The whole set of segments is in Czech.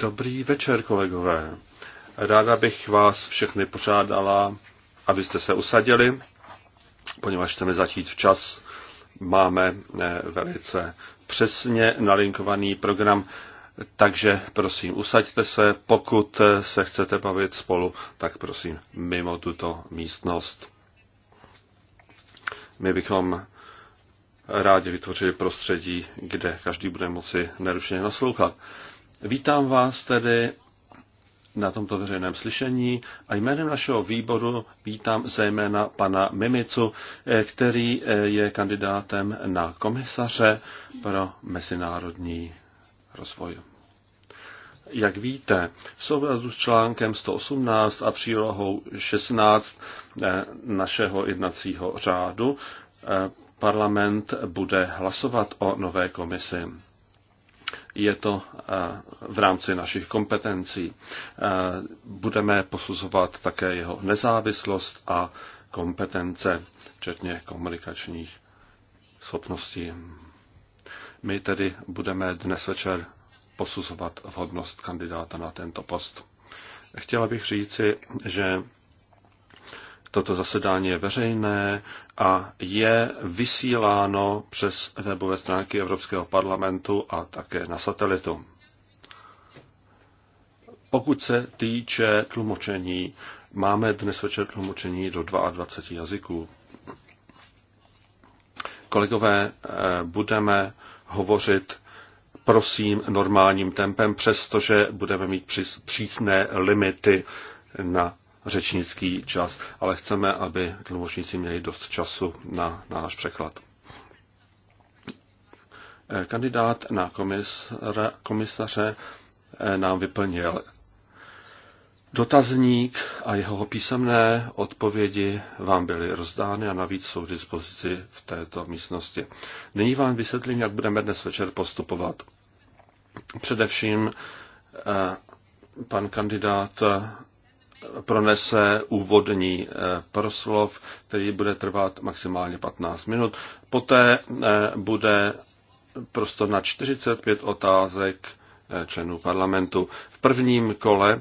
Dobrý večer, kolegové. Ráda bych vás všechny požádala, abyste se usadili, poněvadž chceme začít včas. Máme eh, velice přesně nalinkovaný program, takže prosím, usaďte se. Pokud eh, se chcete bavit spolu, tak prosím, mimo tuto místnost. My bychom rádi vytvořili prostředí, kde každý bude moci nerušeně naslouchat. Vítám vás tedy na tomto veřejném slyšení a jménem našeho výboru vítám zejména pana Mimicu, eh, který eh, je kandidátem na komisaře pro mezinárodní rozvoj. Jak víte, v souhlasu s článkem 118 a přílohou 16 eh, našeho jednacího řádu parlament bude hlasovat o nové komisi. Je to eh, v rámci našich kompetencí. Eh, budeme posuzovat také jeho nezávislost a kompetence, včetně komunikačních schopností. My tedy budeme dnes večer posuzovat vhodnost kandidáta na tento post. Chtěla bych říci, že Toto zasedání je veřejné a je vysíláno přes webové stránky Evropského parlamentu a také na satelitu. Pokud se týče tlumočení, máme dnes večer tlumočení do 22 jazyků. Kolegové, eh, budeme hovořit prosím normálním tempem, přestože budeme mít přísné limity na řečnický čas, ale chceme, aby tlumočníci měli dost času na náš překlad. Eh, kandidát na komisaře, komisaře eh, nám vyplnil dotazník a jeho písemné odpovědi vám byly rozdány a navíc jsou k dispozici v této místnosti. Nyní vám vysvětlím, jak budeme dnes večer postupovat. Především eh, pan kandidát pronese úvodní eh, proslov, který bude trvat maximálně 15 minut. Poté eh, bude prostor na 45 otázek eh, členů parlamentu. V prvním kole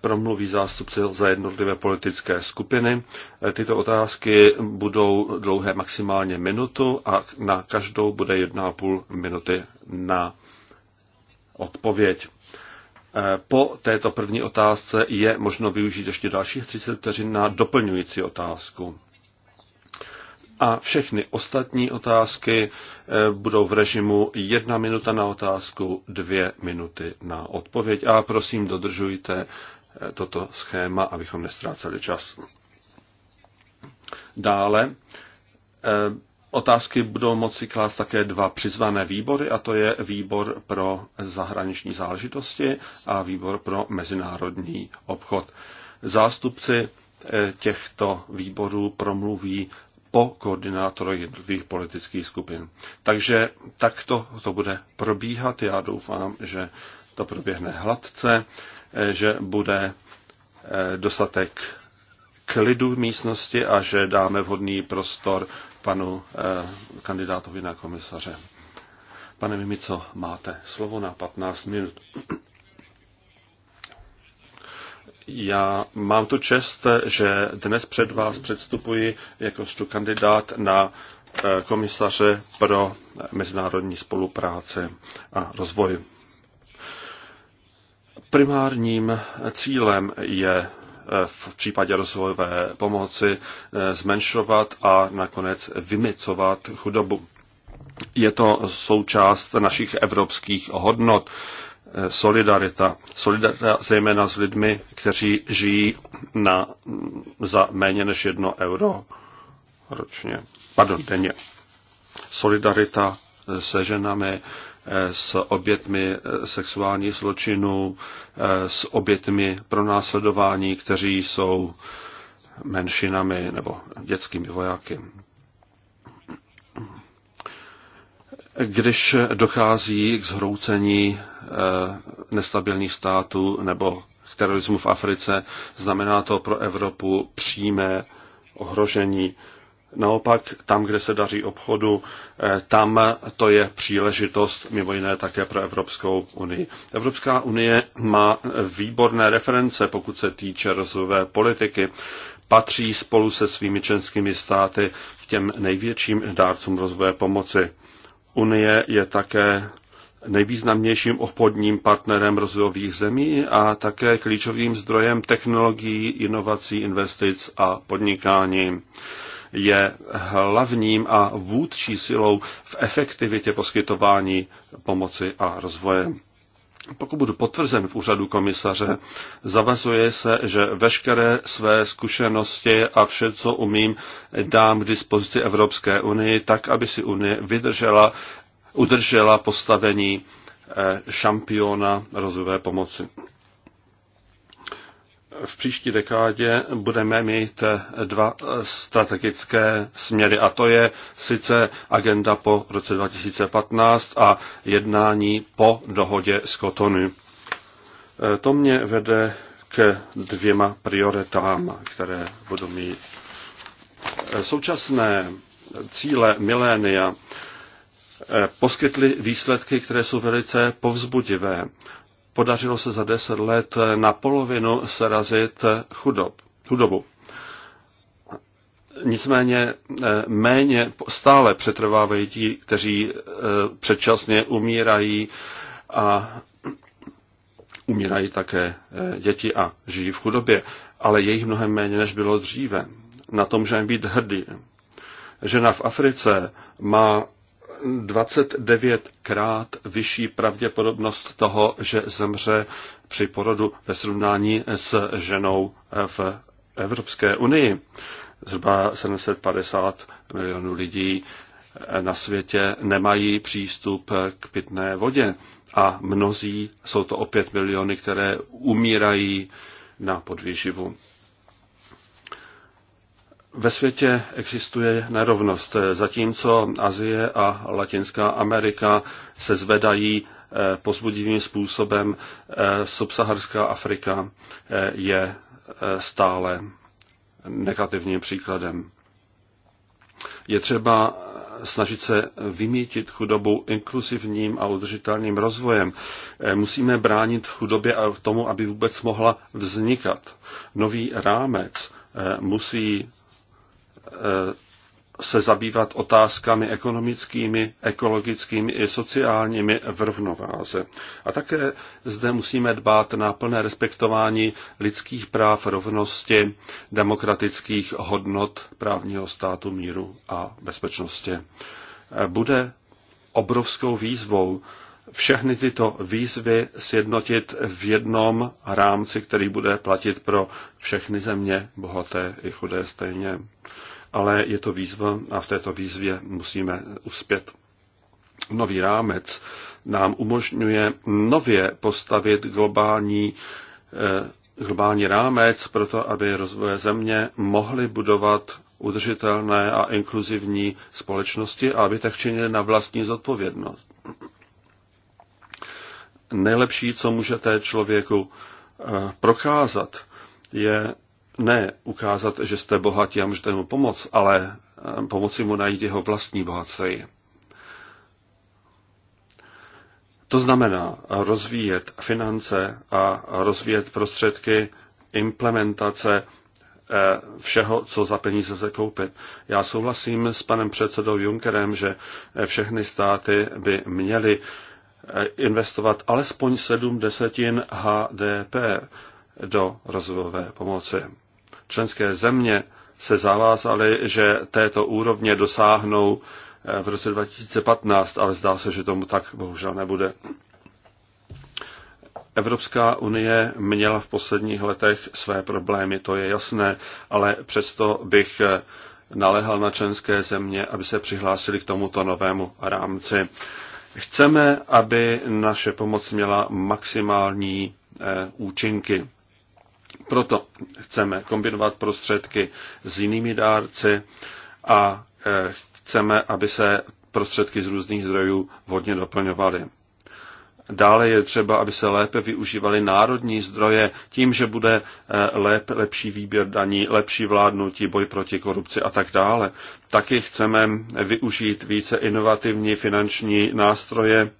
promluví zástupci za jednotlivé politické skupiny. Tyto otázky budou dlouhé maximálně minutu a na každou bude 1,5 minuty na odpověď. Eh, po této první otázce je možno využít ještě dalších 30 vteřin na doplňující otázku. A všechny ostatní otázky eh, budou v režimu jedna minuta na otázku, dvě minuty na odpověď. A prosím, dodržujte eh, toto schéma, abychom nestráceli čas. Dále Otázky budou moci klást také dva přizvané výbory, a to je výbor pro zahraniční záležitosti a výbor pro mezinárodní obchod. Zástupci eh, těchto výborů promluví po koordinátoru jednotlivých politických skupin. Takže takto to bude probíhat. Já doufám, že to proběhne hladce, eh, že bude eh, dostatek klidu v místnosti a že dáme vhodný prostor panu eh, kandidátovi na komisaře. Pane Mimico, máte slovo na 15 minut. Já mám tu čest, že dnes před vás předstupuji jakožto kandidát na eh, komisaře pro mezinárodní spolupráci a rozvoj. Primárním cílem je v případě rozvojové pomoci eh, zmenšovat a nakonec vymicovat chudobu. Je to součást našich evropských hodnot. Eh, solidarita. Solidarita zejména s lidmi, kteří žijí na, mm, za méně než jedno euro ročně. Pardon, denně. Solidarita se ženami, s obětmi eh, sexuálních zločinů, eh, s obětmi pronásledování, kteří jsou menšinami nebo dětskými vojáky. Když dochází k zhroucení eh, nestabilních států nebo k terorismu v Africe, znamená to pro Evropu přímé ohrožení Naopak tam, kde se daří obchodu, eh, tam to je příležitost mimo jiné také pro Evropskou unii. Evropská unie má výborné reference, pokud se týče rozvojové politiky. Patří spolu se svými členskými státy k těm největším dárcům rozvoje pomoci. Unie je také nejvýznamnějším obchodním partnerem rozvojových zemí a také klíčovým zdrojem technologií, inovací, investic a podnikání je hlavním a vůdčí silou v efektivitě poskytování pomoci a rozvoje. Pokud budu potvrzen v úřadu komisaře, zavazuje se, že veškeré své zkušenosti a vše, co umím, dám k dispozici Evropské unii, tak, aby si Unie vydržela, udržela postavení eh, šampiona rozvojové pomoci v příští dekádě budeme mít dva strategické směry a to je sice agenda po roce 2015 a jednání po dohodě s Kotony. To mě vede k dvěma prioritám, které budu mít. Současné cíle milénia poskytly výsledky, které jsou velice povzbudivé podařilo se za deset let na polovinu srazit chudob, chudobu. Nicméně eh, méně stále přetrvávají ti, kteří eh, předčasně umírají a umírají také eh, děti a žijí v chudobě, ale je jich mnohem méně, než bylo dříve. Na to můžeme být hrdí. Žena v Africe má 29krát vyšší pravděpodobnost toho, že zemře při porodu ve srovnání s ženou v Evropské unii. Zhruba 750 milionů lidí na světě nemají přístup k pitné vodě a mnozí, jsou to opět miliony, které umírají na podvýživu ve světě existuje nerovnost, zatímco Azie a Latinská Amerika se zvedají eh, pozbudivým způsobem, eh, subsaharská Afrika eh, je stále negativním příkladem. Je třeba snažit se vymítit chudobu inkluzivním a udržitelným rozvojem. Musíme bránit chudobě a tomu, aby vůbec mohla vznikat. Nový rámec musí Eh, se zabývat otázkami ekonomickými, ekologickými i sociálními v rovnováze. A také zde musíme dbát na plné respektování lidských práv, rovnosti, demokratických hodnot právního státu, míru a bezpečnosti. Eh, bude obrovskou výzvou všechny tyto výzvy sjednotit v jednom rámci, který bude platit pro všechny země, bohaté i chudé stejně ale je to výzva a v této výzvě musíme uspět. Nový rámec nám umožňuje nově postavit globální, eh, globální rámec pro to, aby rozvoje země mohly budovat udržitelné a inkluzivní společnosti a aby tak činili na vlastní zodpovědnost. Nejlepší, co můžete člověku eh, prokázat, je ne ukázat, že jste bohatí a můžete mu pomoct, ale eh, pomoci mu najít jeho vlastní bohatství. To znamená rozvíjet finance a rozvíjet prostředky implementace eh, všeho, co za peníze se koupit. Já souhlasím s panem předsedou Junckerem, že eh, všechny státy by měly investovat alespoň 7 desetin HDP do rozvojové pomoci. Členské země se zavázaly, že této úrovně dosáhnou eh, v roce 2015, ale zdá se, že tomu tak bohužel nebude. Evropská unie měla v posledních letech své problémy, to je jasné, ale přesto bych eh, naléhal na členské země, aby se přihlásili k tomuto novému rámci. Chceme, aby naše pomoc měla maximální eh, účinky. Proto chceme kombinovat prostředky s jinými dárci a e, chceme, aby se prostředky z různých zdrojů vhodně doplňovaly. Dále je třeba, aby se lépe využívaly národní zdroje tím, že bude e, lép, lepší výběr daní, lepší vládnutí, boj proti korupci a tak dále. Taky chceme využít více inovativní finanční nástroje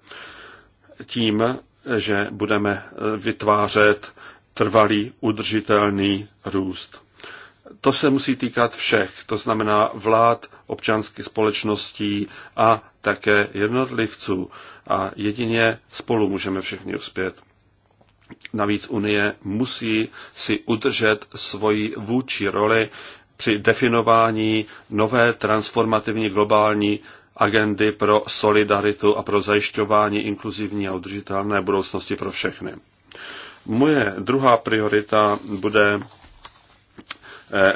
tím, že budeme e, vytvářet trvalý udržitelný růst. To se musí týkat všech, to znamená vlád, občanských společností a také jednotlivců. A jedině spolu můžeme všichni uspět. Navíc Unie musí si udržet svoji vůči roli při definování nové transformativní globální agendy pro solidaritu a pro zajišťování inkluzivní a udržitelné budoucnosti pro všechny. Moje druhá priorita bude eh,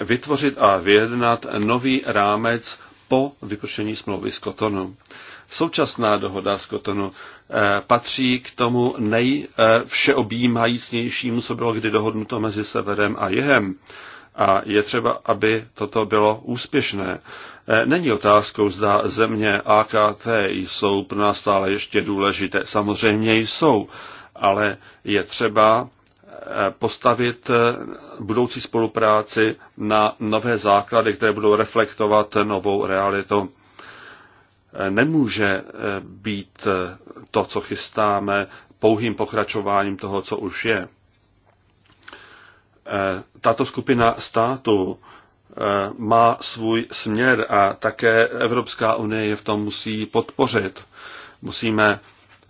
vytvořit a vyjednat nový rámec po vypršení smlouvy z Kotonu. Současná dohoda z Kotonu eh, patří k tomu nejvšeobjímajícnějšímu, co bylo kdy dohodnuto mezi severem a jihem. A je třeba, aby toto bylo úspěšné. Eh, není otázkou, zda země AKT jsou pro nás stále ještě důležité. Samozřejmě jsou ale je třeba eh, postavit eh, budoucí spolupráci na nové základy, které budou reflektovat novou realitu. Eh, nemůže být to, co chystáme, pouhým pokračováním toho, co už je. Tato skupina států má svůj směr a také Evropská unie je v tom musí podpořit. Musíme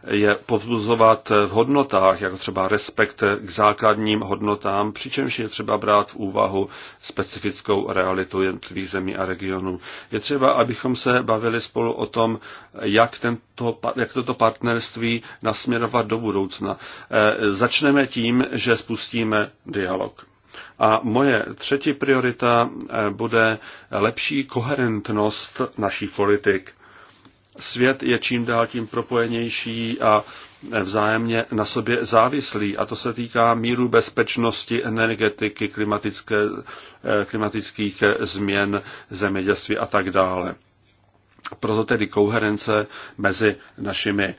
je povzbuzovat v hodnotách, jako třeba respekt k základním hodnotám, přičemž je třeba brát v úvahu specifickou realitu jednotlivých zemí a regionů. Je třeba, abychom se bavili spolu o tom, jak, tento, jak toto partnerství nasměrovat do budoucna. E, začneme tím, že spustíme dialog. A moje třetí priorita e, bude lepší koherentnost našich politik svět je čím dál tím propojenější a vzájemně na sobě závislý. A to se týká míru bezpečnosti, energetiky, klimatické, eh, klimatických eh, změn, zemědělství a tak dále. Proto tedy koherence mezi našimi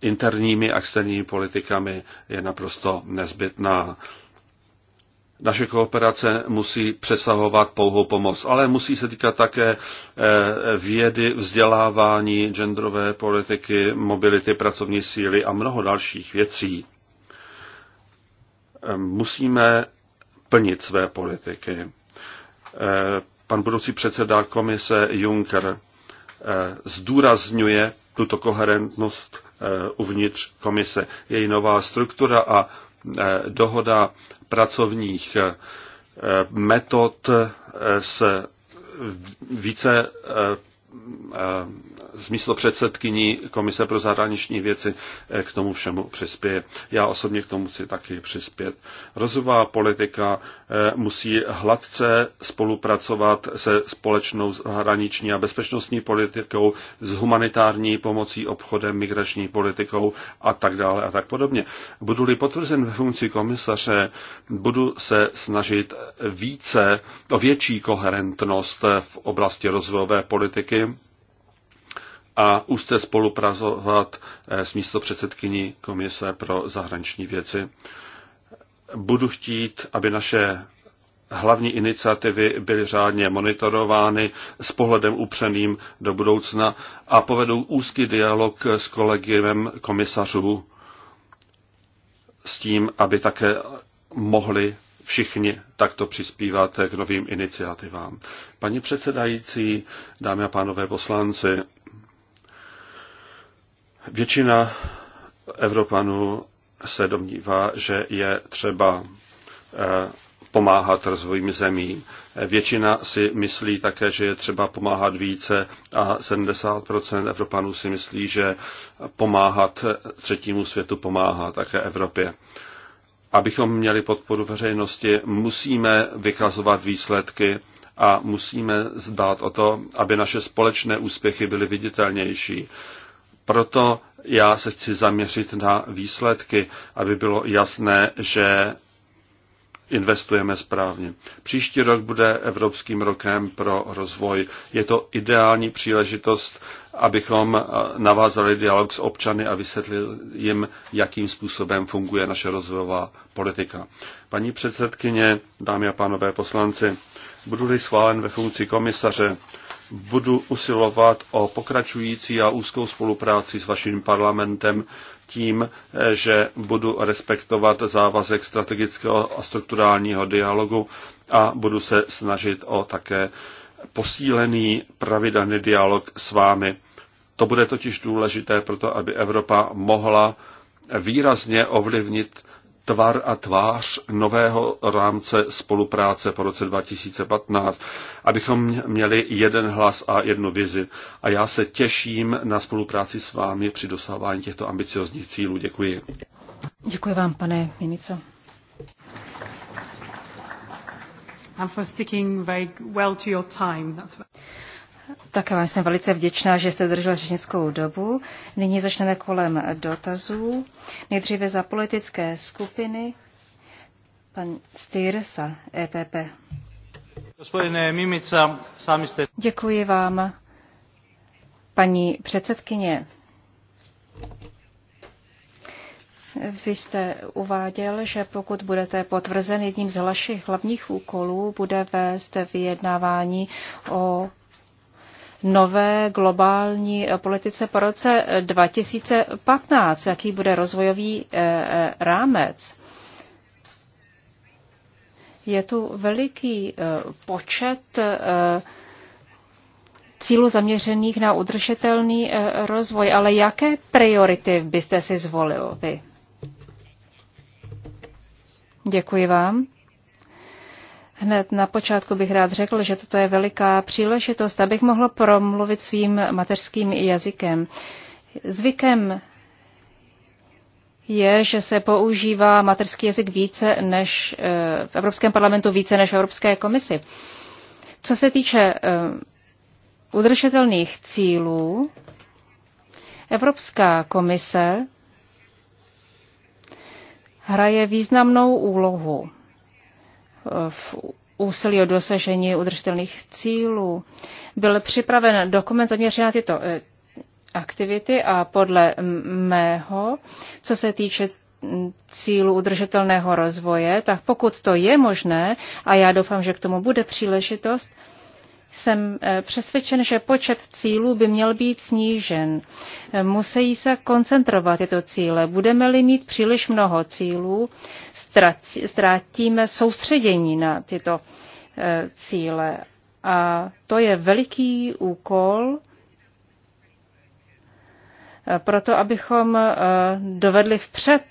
interními a externími politikami je naprosto nezbytná. Naše kooperace musí přesahovat pouhou pomoc, ale musí se týkat také eh, vědy, vzdělávání, genderové politiky, mobility pracovní síly a mnoho dalších věcí. Eh, musíme plnit své politiky. Eh, pan budoucí předseda komise Juncker zdůrazňuje tuto koherentnost uvnitř komise. Její nová struktura a Eh, dohoda pracovních eh, metod eh, s více Eh, z místo předsedkyní Komise pro zahraniční věci eh, k tomu všemu přispěje. Já osobně k tomu chci taky přispět. Rozová politika eh, musí hladce spolupracovat se společnou zahraniční a bezpečnostní politikou, s humanitární pomocí, obchodem, migrační politikou a tak dále a tak podobně. Budu-li potvrzen ve funkci komisaře, budu se snažit více o větší koherentnost v oblasti rozvojové politiky politiky a úzce spolupracovat eh, s místopředsedkyní Komise pro zahraniční věci. Budu chtít, aby naše hlavní iniciativy byly řádně monitorovány s pohledem upřeným do budoucna a povedou úzký dialog s kolegiem komisařů s tím, aby také mohli všichni takto přispíváte k novým iniciativám. Paní předsedající, dámy a pánové poslanci, většina Evropanů se domnívá, že je třeba eh, pomáhat rozvojím zemí. Většina si myslí také, že je třeba pomáhat více a 70% Evropanů si myslí, že pomáhat třetímu světu pomáhá také Evropě abychom měli podporu veřejnosti, musíme vykazovat výsledky a musíme zdát o to, aby naše společné úspěchy byly viditelnější. Proto já se chci zaměřit na výsledky, aby bylo jasné, že investujeme správně. Příští rok bude Evropským rokem pro rozvoj. Je to ideální příležitost, abychom eh, navázali dialog s občany a vysvětlili jim, jakým způsobem funguje naše rozvojová politika. Paní předsedkyně, dámy a pánové poslanci, budu-li schválen ve funkci komisaře, budu usilovat o pokračující a úzkou spolupráci s vaším parlamentem tím, že budu respektovat závazek strategického a strukturálního dialogu a budu se snažit o také posílený pravidelný dialog s vámi. To bude totiž důležité proto aby Evropa mohla výrazně ovlivnit tvar a tvář nového rámce spolupráce po roce 2015, abychom měli jeden hlas a jednu vizi. A já se těším na spolupráci s vámi při dosávání těchto ambiciozních cílů. Děkuji. Děkuji vám, pane Minico. And for sticking very well to your time. That's také já jsem velice vděčná, že jste držel řečnickou dobu. Nyní začneme kolem dotazů. Nejdříve za politické skupiny. Pan Styrsa, EPP. Gospodine Mimica, sami jste... Děkuji vám, paní předsedkyně. Vy jste uváděl, že pokud budete potvrzen, jedním z vašich hlavních úkolů bude vést vyjednávání o nové globální eh, politice po roce 2015, eh, jaký bude rozvojový eh, rámec. Je tu veliký počet cílů zaměřených na udržitelný rozvoj, ale jaké priority byste si zvolil vy? Děkuji vám. Hned na počátku bych rád řekl, že toto je veliká příležitost, abych mohl promluvit svým mateřským jazykem. Zvykem je, že se používá materský jazyk více než eh, v Evropském parlamentu, více než v Evropské komisi. Co se týče eh, udržitelných cílů, Evropská komise hraje významnou úlohu v úsilí o dosažení udržitelných cílů. Byl připraven dokument zaměřený na tyto eh, aktivity a podle mého, co se týče cílu udržitelného rozvoje, tak pokud to je možné, a já doufám, že k tomu bude příležitost, jsem eh, přesvědčen, že počet cílů by měl být snížen. Eh, musí se koncentrovat tyto cíle. Budeme-li mít příliš mnoho cílů, ztrátíme soustředění na tyto eh, cíle. A to je veliký úkol, proto abychom dovedli vpřed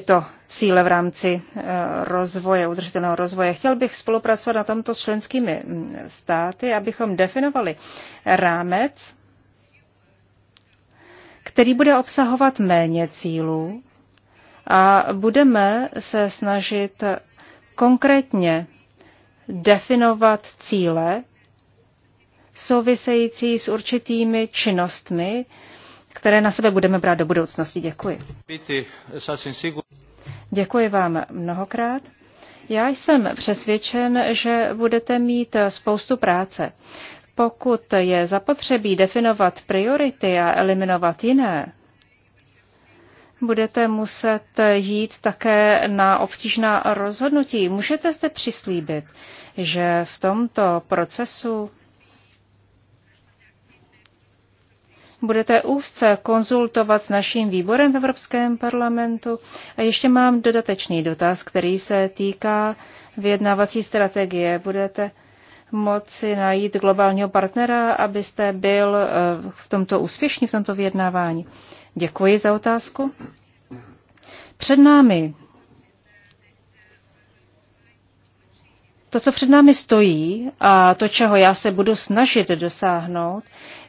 tyto cíle v rámci eh, rozvoje, udržitelného rozvoje. Chtěl bych spolupracovat na tomto s členskými mm, státy, abychom definovali rámec, který bude obsahovat méně cílů a budeme se snažit konkrétně definovat cíle související s určitými činnostmi, které na sebe budeme brát do budoucnosti. Děkuji. Děkuji vám mnohokrát. Já jsem přesvědčen, že budete mít spoustu práce. Pokud je zapotřebí definovat priority a eliminovat jiné, budete muset jít také na obtížná rozhodnutí. Můžete zde přislíbit, že v tomto procesu budete úzce konzultovat s naším výborem v Evropském parlamentu. A ještě mám dodatečný dotaz, který se týká vyjednávací strategie. Budete moci najít globálního partnera, abyste byl eh, v tomto úspěšný, v tomto vyjednávání? Děkuji za otázku. Před námi to, co před námi stojí a to, čeho já se budu snažit dosáhnout,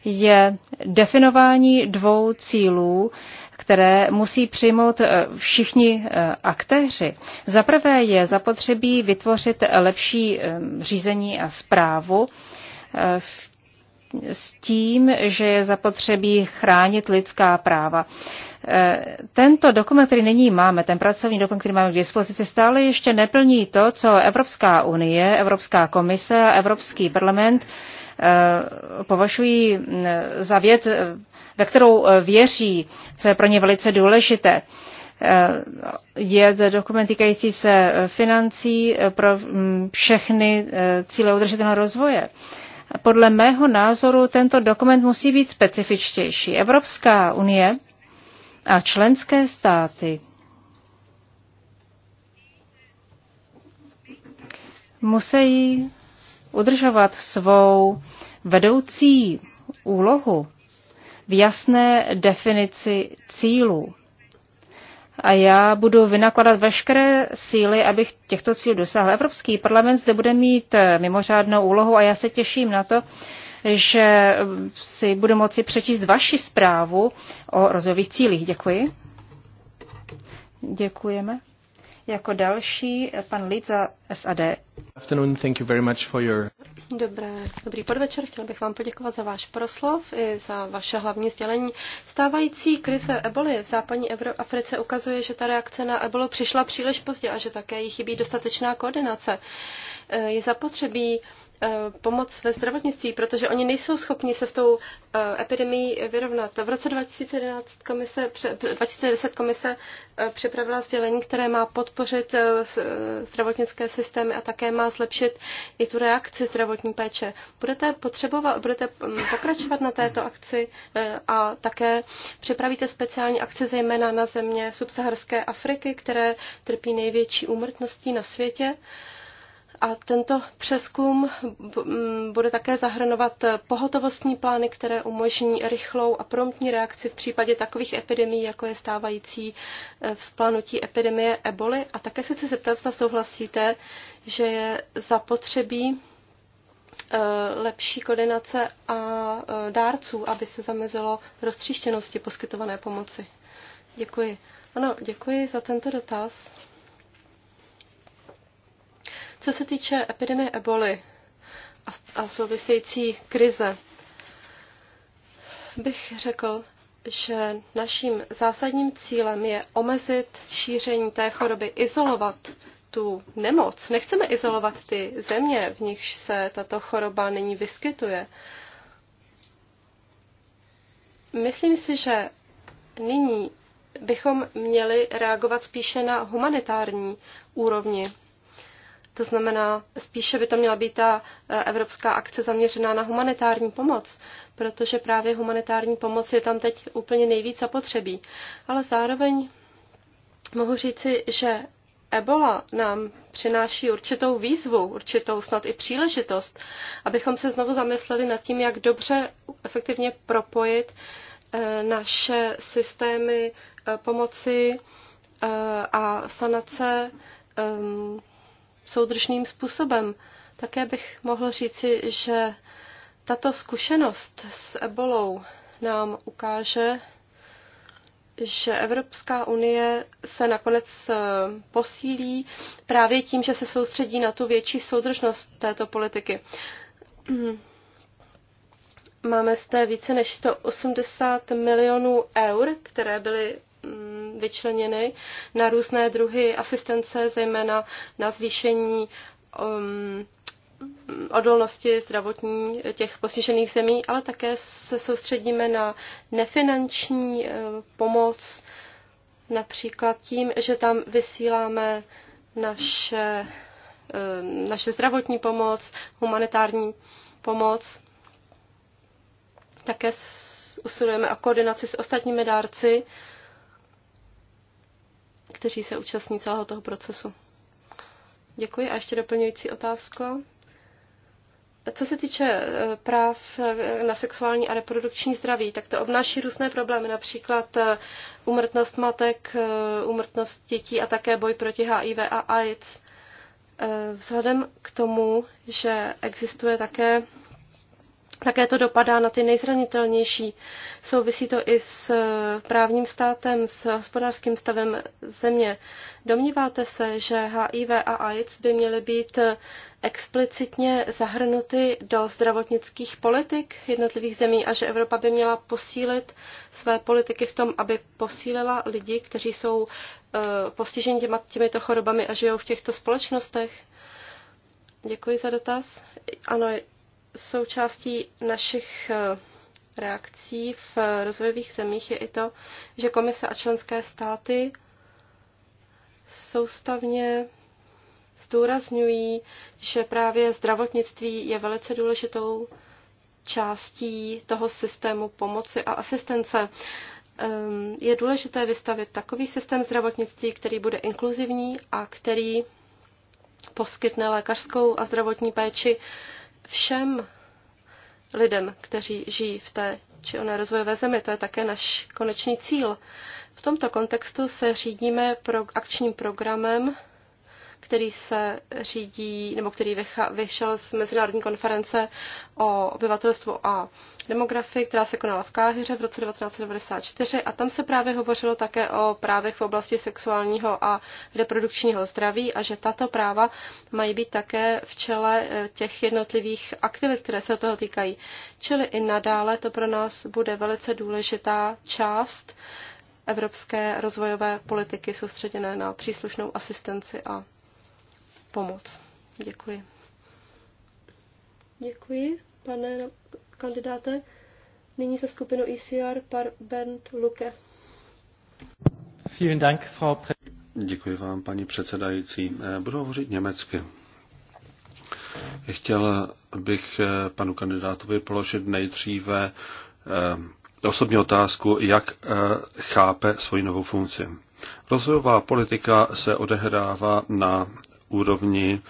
je definování dvou cílů, které musí přijmout eh, všichni eh, aktéři. Za prvé je zapotřebí vytvořit lepší eh, řízení a zprávu s tím, že je zapotřebí chránit lidská práva. Tento dokument, který nyní máme, ten pracovní dokument, který máme k dispozici, stále ještě neplní to, co Evropská unie, Evropská komise a Evropský parlament Eh, považují mm, za věc, eh, ve kterou eh, věří, co je pro ně velice důležité. Je to dokument týkající se financí pro mm, všechny cíle udržitelného rozvoje. Podle mého názoru tento dokument musí být specifičtější. Evropská unie a členské státy musí udržovat svou vedoucí úlohu v jasné definici cílů. A já budu vynakladat veškeré síly, abych těchto cílů dosáhl. Evropský parlament zde bude mít eh, mimořádnou úlohu a já se těším na to, že si budu moci přečíst vaši zprávu o rozvojových cílích. Děkuji. Děkujeme. Jako další pan Lid za SAD. Afternoon, thank you very much for your... Dobré, dobrý podvečer, chtěl bych vám poděkovat za váš proslov i za vaše hlavní sdělení. Stávající krize eboli v západní Africe ukazuje, že ta reakce na ebolu přišla příliš pozdě a že také jí chybí dostatečná koordinace. E, je zapotřebí Eh, pomoc ve zdravotnictví, protože oni nejsou schopni se s tou eh, epidemií vyrovnat. V roce 2011 komise, 2010 komise eh, připravila sdělení, které má podpořit zdravotnické systémy a také má zlepšit i tu reakci zdravotní péče. Budete, potřebovat, budete mm, pokračovat na této akci a také připravíte speciální akce zejména na země subsaharské Afriky, které trpí největší úmrtností na světě. A tento přeskum bude také zahrnovat pohotovostní plány, které umožní rychlou a promptní reakci v případě takových epidemií, jako je stávající e, vzplanutí epidemie eboli. A také se chci zeptat, zda souhlasíte, že je zapotřebí e, lepší koordinace a e, dárců, aby se zamezilo roztříštěnosti poskytované pomoci. Děkuji. Ano, děkuji za tento dotaz. Co se týče epidemie eboli a, a související krize, bych řekl, že naším zásadním cílem je omezit šíření té choroby, izolovat tu nemoc. Nechceme izolovat ty země, v nichž se tato choroba nyní vyskytuje. Myslím si, že nyní bychom měli reagovat spíše na humanitární úrovni to znamená, spíše by to měla být ta eh, evropská akce zaměřená na humanitární pomoc, protože právě humanitární pomoc je tam teď úplně nejvíc zapotřebí. Ale zároveň mohu říci, že Ebola nám přináší určitou výzvu, určitou snad i příležitost, abychom se znovu zamysleli nad tím, jak dobře efektivně propojit eh, naše systémy eh, pomoci a sanace ehm, soudržným způsobem. Také bych mohl říci, že tato zkušenost s ebolou nám ukáže, že Evropská unie se nakonec eh, posílí právě tím, že se soustředí na tu větší soudržnost této politiky. Máme zde více než 180 milionů eur, které byly mm, vyčleněny na různé druhy asistence, zejména na zvýšení um, odolnosti zdravotní těch postižených zemí, ale také se soustředíme na nefinanční eh, pomoc, například tím, že tam vysíláme naše, eh, naše zdravotní pomoc, humanitární pomoc. Také usilujeme o koordinaci s ostatními dárci, kteří se účastní celého toho procesu. Děkuji a ještě doplňující otázka. Co se týče eh, práv eh, na sexuální a reprodukční zdraví, tak to obnáší různé problémy, například umrtnost eh, matek, umrtnost dětí a také boj proti HIV a AIDS. Vzhledem k tomu, že existuje také také to dopadá na ty nejzranitelnější. Souvisí to i s eh, právním státem, s hospodářským stavem země. Domníváte se, že HIV a AIDS by měly být eh, explicitně zahrnuty do zdravotnických politik jednotlivých zemí a že Evropa by měla posílit své politiky v tom, aby posílila lidi, kteří jsou eh, postiženi těma, těmito chorobami a žijou v těchto společnostech? Děkuji za dotaz. Ano, součástí našich eh, reakcí v eh, rozvojových zemích je i to, že komise a členské státy soustavně zdůrazňují, že právě zdravotnictví je velice důležitou částí toho systému pomoci a asistence. Ehm, je důležité vystavit takový systém zdravotnictví, který bude inkluzivní a který poskytne lékařskou a zdravotní péči všem lidem, kteří žijí v té či oné rozvojové zemi. To je také náš konečný cíl. V tomto kontextu se řídíme pro akčním programem který se řídí, nebo který vyšel z Mezinárodní konference o obyvatelstvu a demografii, která se konala v Káhyře v roce 1994 a tam se právě hovořilo také o právech v oblasti sexuálního a reprodukčního zdraví a že tato práva mají být také v čele eh, těch jednotlivých aktivit, které se toho týkají. Čili i nadále to pro nás bude velice důležitá část evropské rozvojové politiky soustředěné na příslušnou asistenci a pomoc. Děkuji. Děkuji, pane kandidáte. Nyní se skupinu ECR par Bernd Luke. Vielen Dank, Frau Děkuji vám, paní předsedající. Eh, budu hovořit německy. Chtěl bych eh, panu kandidátovi položit nejdříve eh, osobní otázku, jak chápe svoji novou funkci. Rozvojová politika se odehrává na úrovni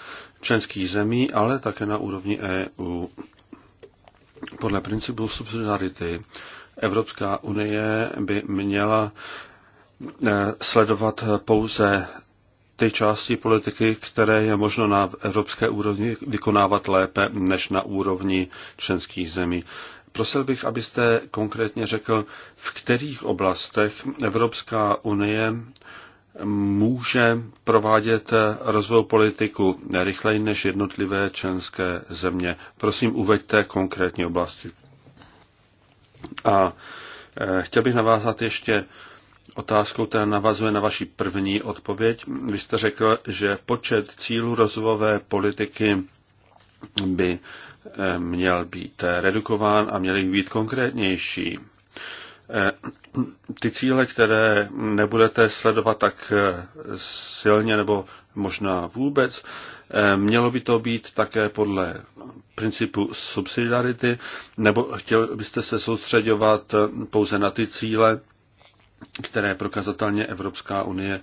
členských zemí, ale také na úrovni EU. Podle principu subsidiarity Evropská unie by měla eh, sledovat pouze ty části politiky, které je možno na evropské úrovni vykonávat lépe než na úrovni členských zemí. Prosil bych, abyste konkrétně řekl, v kterých oblastech Evropská unie může provádět rozvoj politiku rychleji než jednotlivé členské země. Prosím, uveďte konkrétní oblasti. A eh, chtěl bych navázat ještě otázkou, která navazuje na vaši první odpověď. Vy jste řekl, že počet cílů rozvojové politiky by eh, měl být eh, redukován a měl být konkrétnější. Eh, ty cíle, které nebudete sledovat tak eh, silně nebo možná vůbec, eh, mělo by to být také podle principu subsidiarity, nebo chtěl byste se soustředovat pouze na ty cíle, které prokazatelně Evropská unie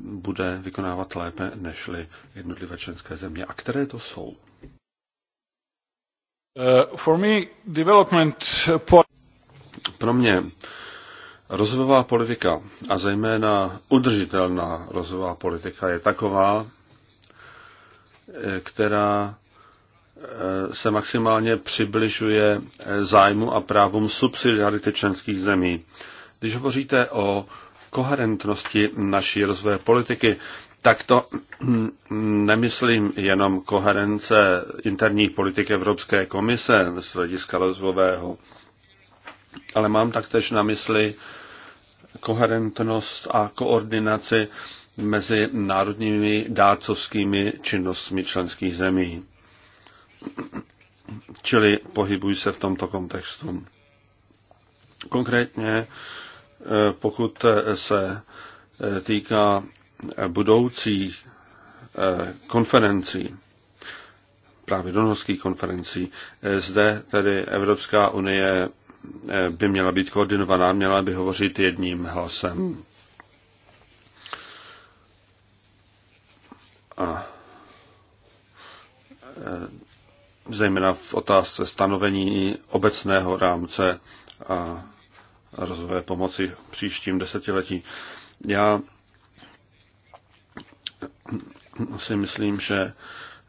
bude vykonávat lépe než jednotlivé členské země. A které to jsou? Uh, for me, development pro mě rozvojová politika a zejména udržitelná rozvojová politika je taková, eh, která eh, se maximálně přibližuje eh, zájmu a právům subsidiarity členských zemí. Když hovoříte o koherentnosti naší rozvoje politiky, tak to hm, nemyslím jenom koherence interní politiky Evropské komise z hlediska rozvojového ale mám taktéž na mysli koherentnost a koordinaci mezi národními dárcovskými činnostmi členských zemí. Čili pohybují se v tomto kontextu. Konkrétně, eh, pokud se eh, týká budoucí eh, konferencí, právě donorských konferencí, zde tedy Evropská unie by měla být koordinovaná, měla by hovořit jedním hlasem. Hmm. A e, zejména v otázce stanovení obecného rámce a rozvoje pomoci v příštím desetiletí. Já si myslím, že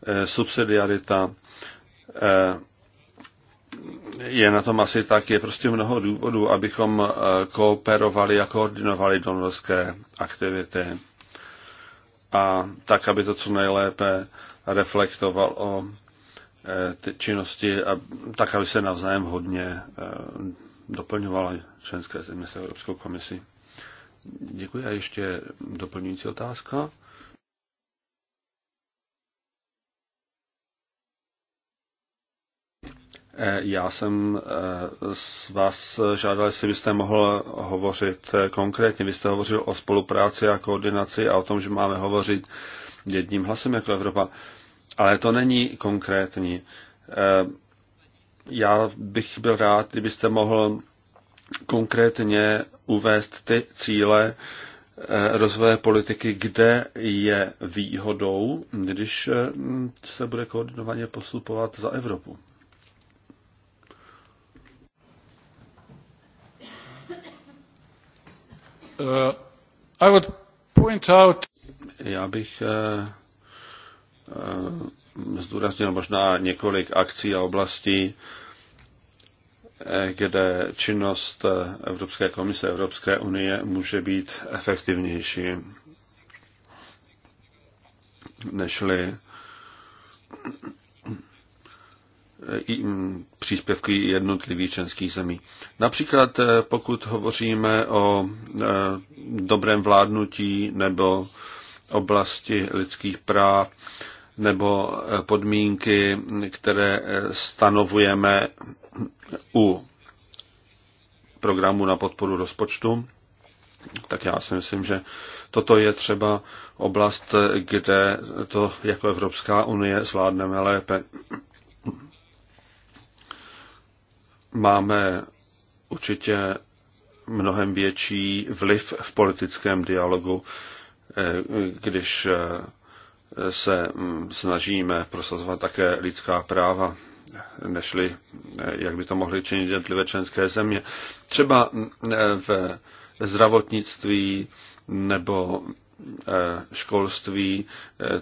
e, subsidiarita e, je na tom asi tak, je prostě mnoho důvodů, abychom eh, kooperovali a koordinovali donorské aktivity a tak, aby to co nejlépe reflektovalo eh, ty činnosti a tak, aby se navzájem hodně eh, doplňovala členské země s Evropskou komisí. Děkuji a ještě doplňující otázka. Eh, já jsem eh, z vás žádal, jestli byste mohl hovořit eh, konkrétně. Vy jste hovořil o spolupráci a koordinaci a o tom, že máme hovořit jedním hlasem jako Evropa. Ale to není konkrétní. Já bych byl rád, kdybyste mohl konkrétně uvést ty cíle rozvoje politiky, kde je výhodou, když se bude koordinovaně postupovat za Evropu. Uh, I would point out... Já bych eh, eh, zdůraznil možná několik akcí a oblastí, eh, kde činnost Evropské komise Evropské unie může být efektivnější nežli Mm, příspěvky jednotlivých členských zemí. Například eh, pokud hovoříme o eh, dobrém vládnutí nebo oblasti lidských práv nebo eh, podmínky, které stanovujeme u programu na podporu rozpočtu, tak já si myslím, že toto je třeba oblast, kde to jako Evropská unie zvládneme lépe máme určitě mnohem větší vliv v politickém dialogu, eh, když eh, se mm, snažíme prosazovat také lidská práva, nežli eh, jak by to mohly činit jednotlivé členské země. Třeba mm, v zdravotnictví nebo školství.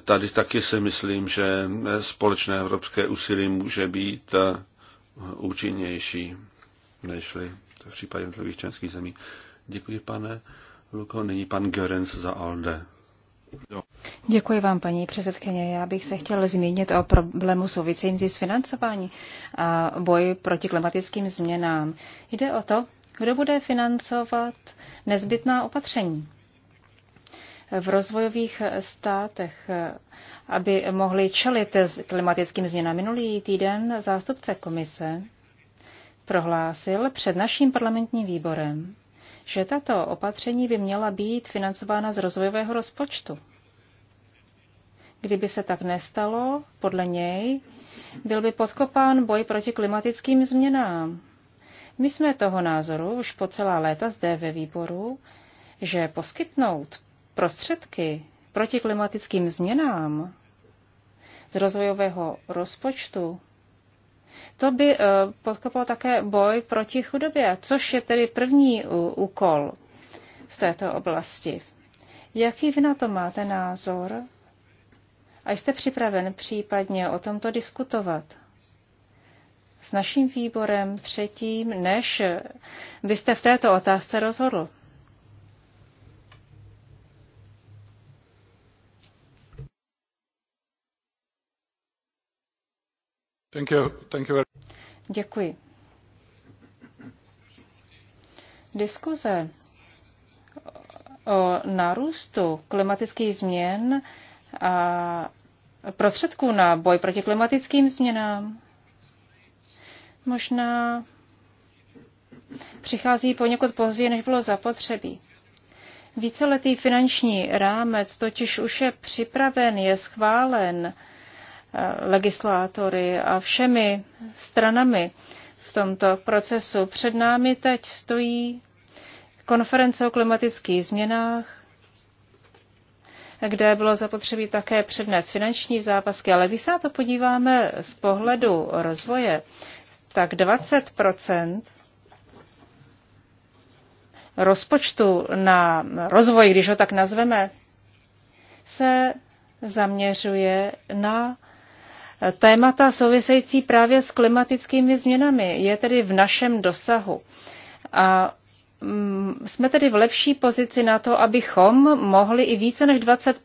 Tady taky si myslím, že mm, společné evropské úsilí může být účinnější než v případě jednotlivých členských zemí. Děkuji, pane Luko. Nyní pan Görens za ALDE. Děkuji vám, paní předsedkyně. Já bych se chtěl zmínit o problému souvisejícím s financování a boji proti klimatickým změnám. Jde o to, kdo bude financovat nezbytná opatření v rozvojových státech, aby mohli čelit klimatickým změnám. Minulý týden zástupce komise prohlásil před naším parlamentním výborem, že tato opatření by měla být financována z rozvojového rozpočtu. Kdyby se tak nestalo, podle něj, byl by podkopán boj proti klimatickým změnám. My jsme toho názoru už po celá léta zde ve výboru, že poskytnout prostředky proti klimatickým změnám z rozvojového rozpočtu, to by eh, podkopalo také boj proti chudobě, což je tedy první úkol v této oblasti. Jaký vy na to máte názor? A jste připraven případně o tomto diskutovat? S naším výborem předtím, než byste v této otázce rozhodl. Thank you. Thank you very... Děkuji. Diskuze o nárůstu klimatických změn a prostředků na boj proti klimatickým změnám možná přichází poněkud později, než bylo zapotřebí. Víceletý finanční rámec totiž už je připraven, je schválen Eh, legislátory a všemi stranami v tomto procesu. Před námi teď stojí konference o klimatických změnách, kde bylo zapotřebí také přednést finanční závazky. Ale když se na to podíváme z pohledu rozvoje, tak 20 rozpočtu na rozvoj, když ho tak nazveme, se zaměřuje na témata související právě s klimatickými změnami. Je tedy v našem dosahu. A mm, jsme tedy v lepší pozici na to, abychom mohli i více než 20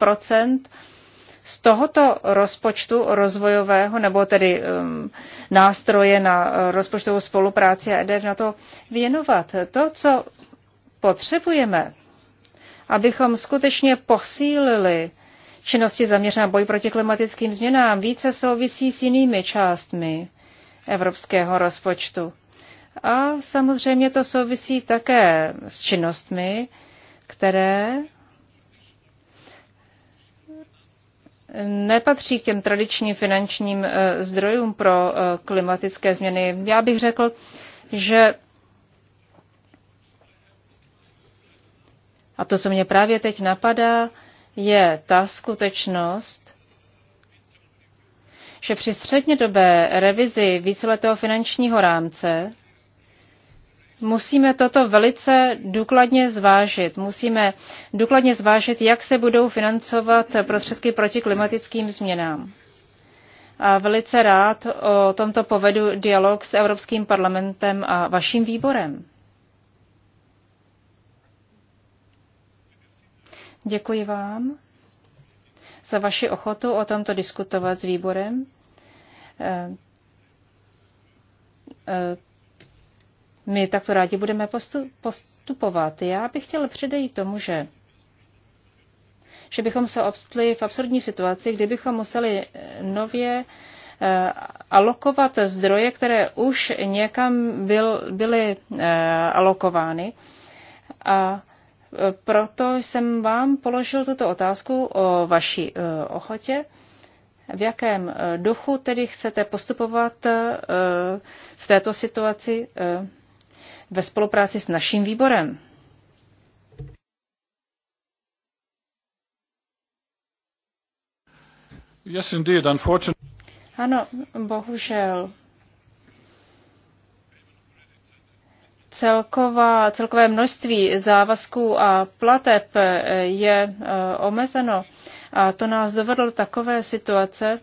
z tohoto rozpočtu rozvojového, nebo tedy um, nástroje na rozpočtovou spolupráci a EDF na to věnovat. To, co potřebujeme, abychom skutečně posílili činnosti zaměřená boj proti klimatickým změnám více souvisí s jinými částmi evropského rozpočtu. A samozřejmě to souvisí také s činnostmi, které nepatří k těm tradičním finančním eh, zdrojům pro eh, klimatické změny. Já bych řekl, že a to, co mě právě teď napadá, je ta skutečnost, že při střednědobé revizi víceletého finančního rámce musíme toto velice důkladně zvážit. Musíme důkladně zvážit, jak se budou financovat prostředky proti klimatickým změnám. A velice rád o tomto povedu dialog s Evropským parlamentem a vaším výborem. Děkuji vám za vaši ochotu o tomto diskutovat s výborem. Eh, eh, my takto rádi budeme postupovat. Já bych chtěl předejít tomu, že že bychom se obstli v absurdní situaci, kdybychom museli nově eh, alokovat zdroje, které už někam byl, byly alokovány. A proto jsem vám položil tuto otázku o vaší eh, ochotě. V jakém eh, duchu tedy chcete postupovat eh, v této situaci ve spolupráci s naším výborem? Yes, indeed, unfortunately. Ano, bohužel. celková, celkové množství závazků a plateb eh, je eh, omezeno. A to nás dovedlo do takové situace,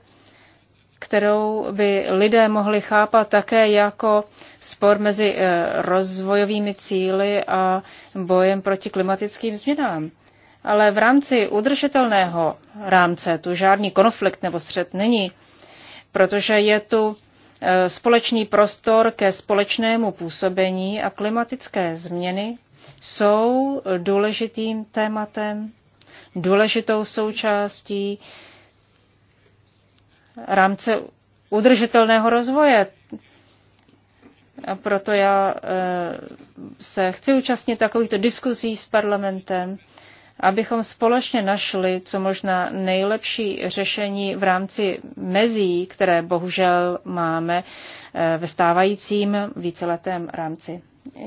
kterou by lidé mohli chápat také jako spor mezi eh, rozvojovými cíly a bojem proti klimatickým změnám. Ale v rámci udržitelného rámce tu žádný konflikt nebo střed není, protože je tu Eh, společný prostor ke společnému působení a klimatické změny jsou důležitým tématem, důležitou součástí rámce udržitelného rozvoje. A proto já eh, se chci účastnit takovýchto diskuzí s parlamentem abychom společně našli co možná nejlepší řešení v rámci mezí, které bohužel máme eh, ve stávajícím víceletém rámci.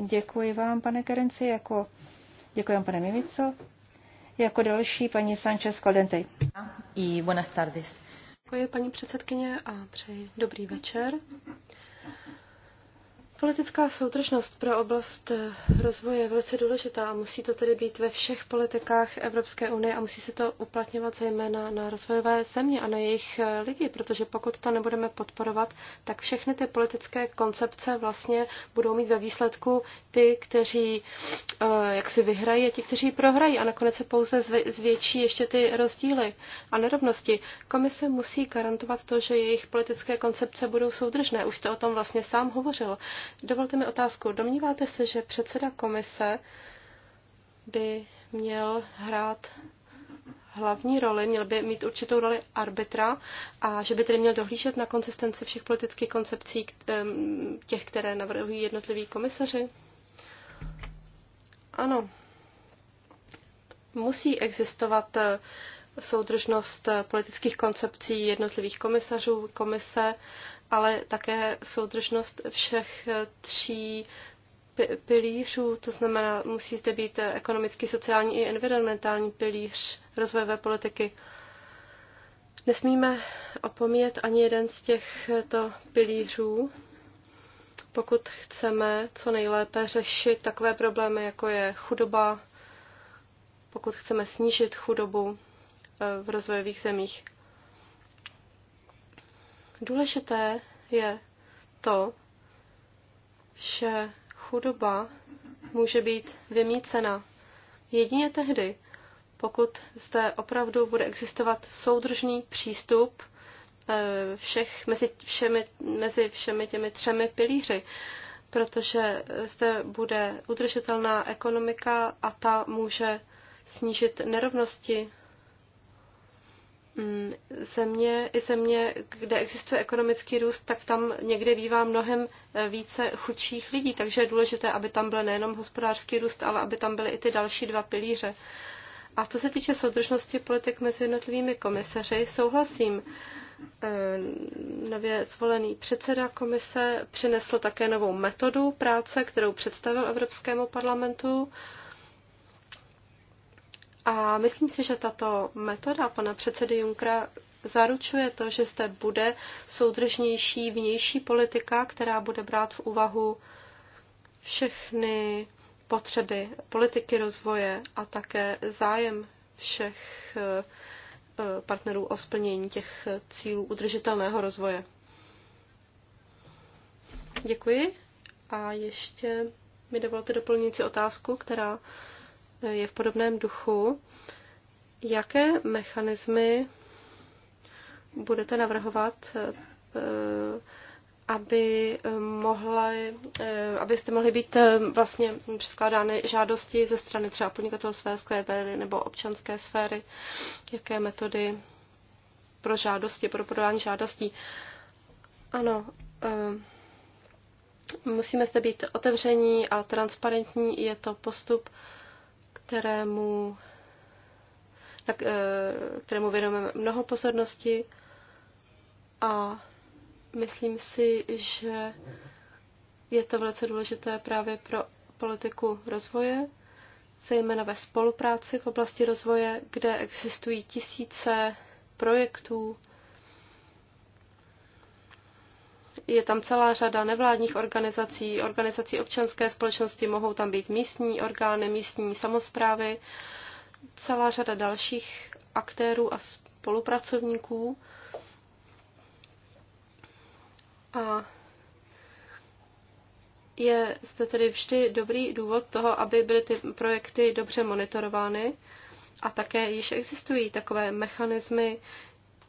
Děkuji vám, pane Kerenci, jako děkuji vám, pane Mimico. Jako další paní Sanchez Caldente. I buenas tardes. Děkuji, paní předsedkyně, a přeji dobrý večer. Politická soudržnost pro oblast eh, rozvoje je velice důležitá a musí to tedy být ve všech politikách Evropské unie a musí se to uplatňovat zejména na rozvojové země a na jejich eh, lidi, protože pokud to nebudeme podporovat, tak všechny ty politické koncepce vlastně budou mít ve výsledku ty, kteří eh, jak si vyhrají a ti, kteří prohrají a nakonec se pouze zvětší ještě ty rozdíly a nerovnosti. Komise musí garantovat to, že jejich politické koncepce budou soudržné. Už jste o tom vlastně sám hovořil Dovolte mi otázku. Domníváte se, že předseda komise by měl hrát hlavní roli, měl by mít určitou roli arbitra a že by tedy měl dohlížet na konsistenci všech politických koncepcí těch, které navrhují jednotliví komisaři? Ano. Musí existovat soudržnost politických koncepcí jednotlivých komisařů, komise, ale také soudržnost všech eh, tří pilířů, to znamená, musí zde být eh, ekonomický, sociální i environmentální pilíř rozvojové politiky. Nesmíme opomíjet ani jeden z těchto pilířů, pokud chceme co nejlépe řešit takové problémy, jako je chudoba, pokud chceme snížit chudobu, v rozvojových zemích. Důležité je to, že chudoba může být vymícena jedině tehdy, pokud zde opravdu bude existovat soudržný přístup eh, všech, mezi, všemi, mezi všemi těmi třemi pilíři, protože zde bude udržitelná ekonomika a ta může snížit nerovnosti země, mm, i země, kde existuje ekonomický růst, tak tam někde bývá mnohem eh, více chudších lidí, takže je důležité, aby tam byl nejenom hospodářský růst, ale aby tam byly i ty další dva pilíře. A co se týče soudržnosti politik mezi jednotlivými komisaři, souhlasím. Eh, nově zvolený předseda komise přinesl také novou metodu práce, kterou představil Evropskému parlamentu. A myslím si, že tato metoda pana předsedy Junkra zaručuje to, že zde bude soudržnější vnější politika, která bude brát v úvahu všechny potřeby politiky rozvoje a také zájem všech eh, eh, partnerů o splnění těch cílů udržitelného rozvoje. Děkuji. A ještě mi dovolte doplnit si otázku, která je v podobném duchu. Jaké mechanismy budete navrhovat, eh, aby eh, mohly, abyste mohli být eh, vlastně předkládány žádosti ze strany třeba podnikatelské sféry nebo občanské sféry, jaké metody pro žádosti, pro podání žádostí. Ano, musíme zde být otevření a transparentní, je to postup, kterému, na, eh, kterému věnujeme mnoho pozornosti a myslím si, že je to velice důležité právě pro politiku rozvoje, zejména ve spolupráci v oblasti rozvoje, kde existují tisíce projektů, je tam celá řada nevládních organizací, organizací občanské společnosti, mohou tam být místní orgány, místní samozprávy, celá řada dalších aktérů a spolupracovníků. A je zde tedy vždy dobrý důvod toho, aby byly ty projekty dobře monitorovány. A také již existují takové mechanismy,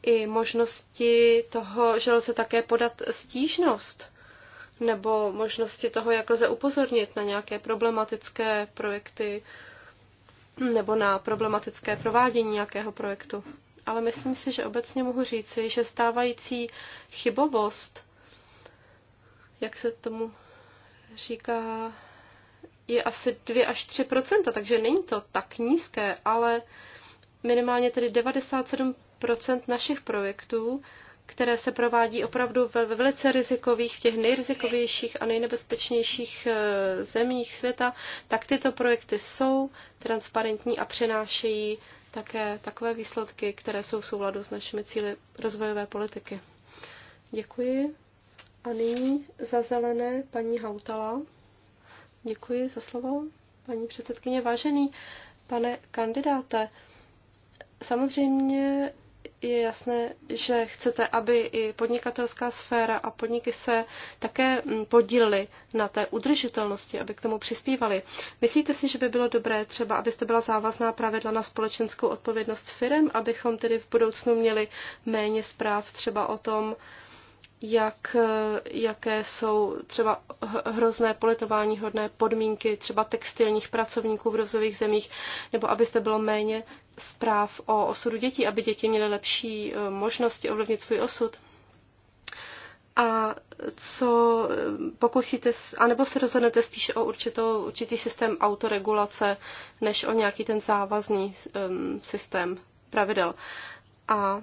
i možnosti toho, že lze také podat stížnost nebo možnosti toho, jak lze upozornit na nějaké problematické projekty nebo na problematické provádění nějakého projektu. Ale myslím si, že obecně mohu říci, že stávající chybovost, jak se tomu říká, je asi 2 až 3 takže není to tak nízké, ale minimálně tedy 97 procent našich projektů, které se provádí opravdu ve velice rizikových, v těch nejrizikovějších a nejnebezpečnějších eh, zemích světa, tak tyto projekty jsou transparentní a přinášejí také takové výsledky, které jsou v souladu s našimi cíly rozvojové politiky. Děkuji. A nyní za zelené paní Hautala. Děkuji za slovo, paní předsedkyně. Vážený pane kandidáte, samozřejmě je jasné, že chcete, aby i podnikatelská sféra a podniky se také mm, podílely na té udržitelnosti, aby k tomu přispívali. Myslíte si, že by bylo dobré třeba, abyste byla závazná pravidla na společenskou odpovědnost firm, abychom tedy v budoucnu měli méně zpráv třeba o tom, jak, eh, jaké jsou třeba hrozné politování, hodné podmínky třeba textilních pracovníků v rozvojových zemích, nebo aby bylo méně zpráv o osudu dětí, aby děti měly lepší eh, možnosti ovlivnit svůj osud. A co eh, pokusíte, anebo se rozhodnete spíš o určitou, určitý systém autoregulace, než o nějaký ten závazný um, systém pravidel. A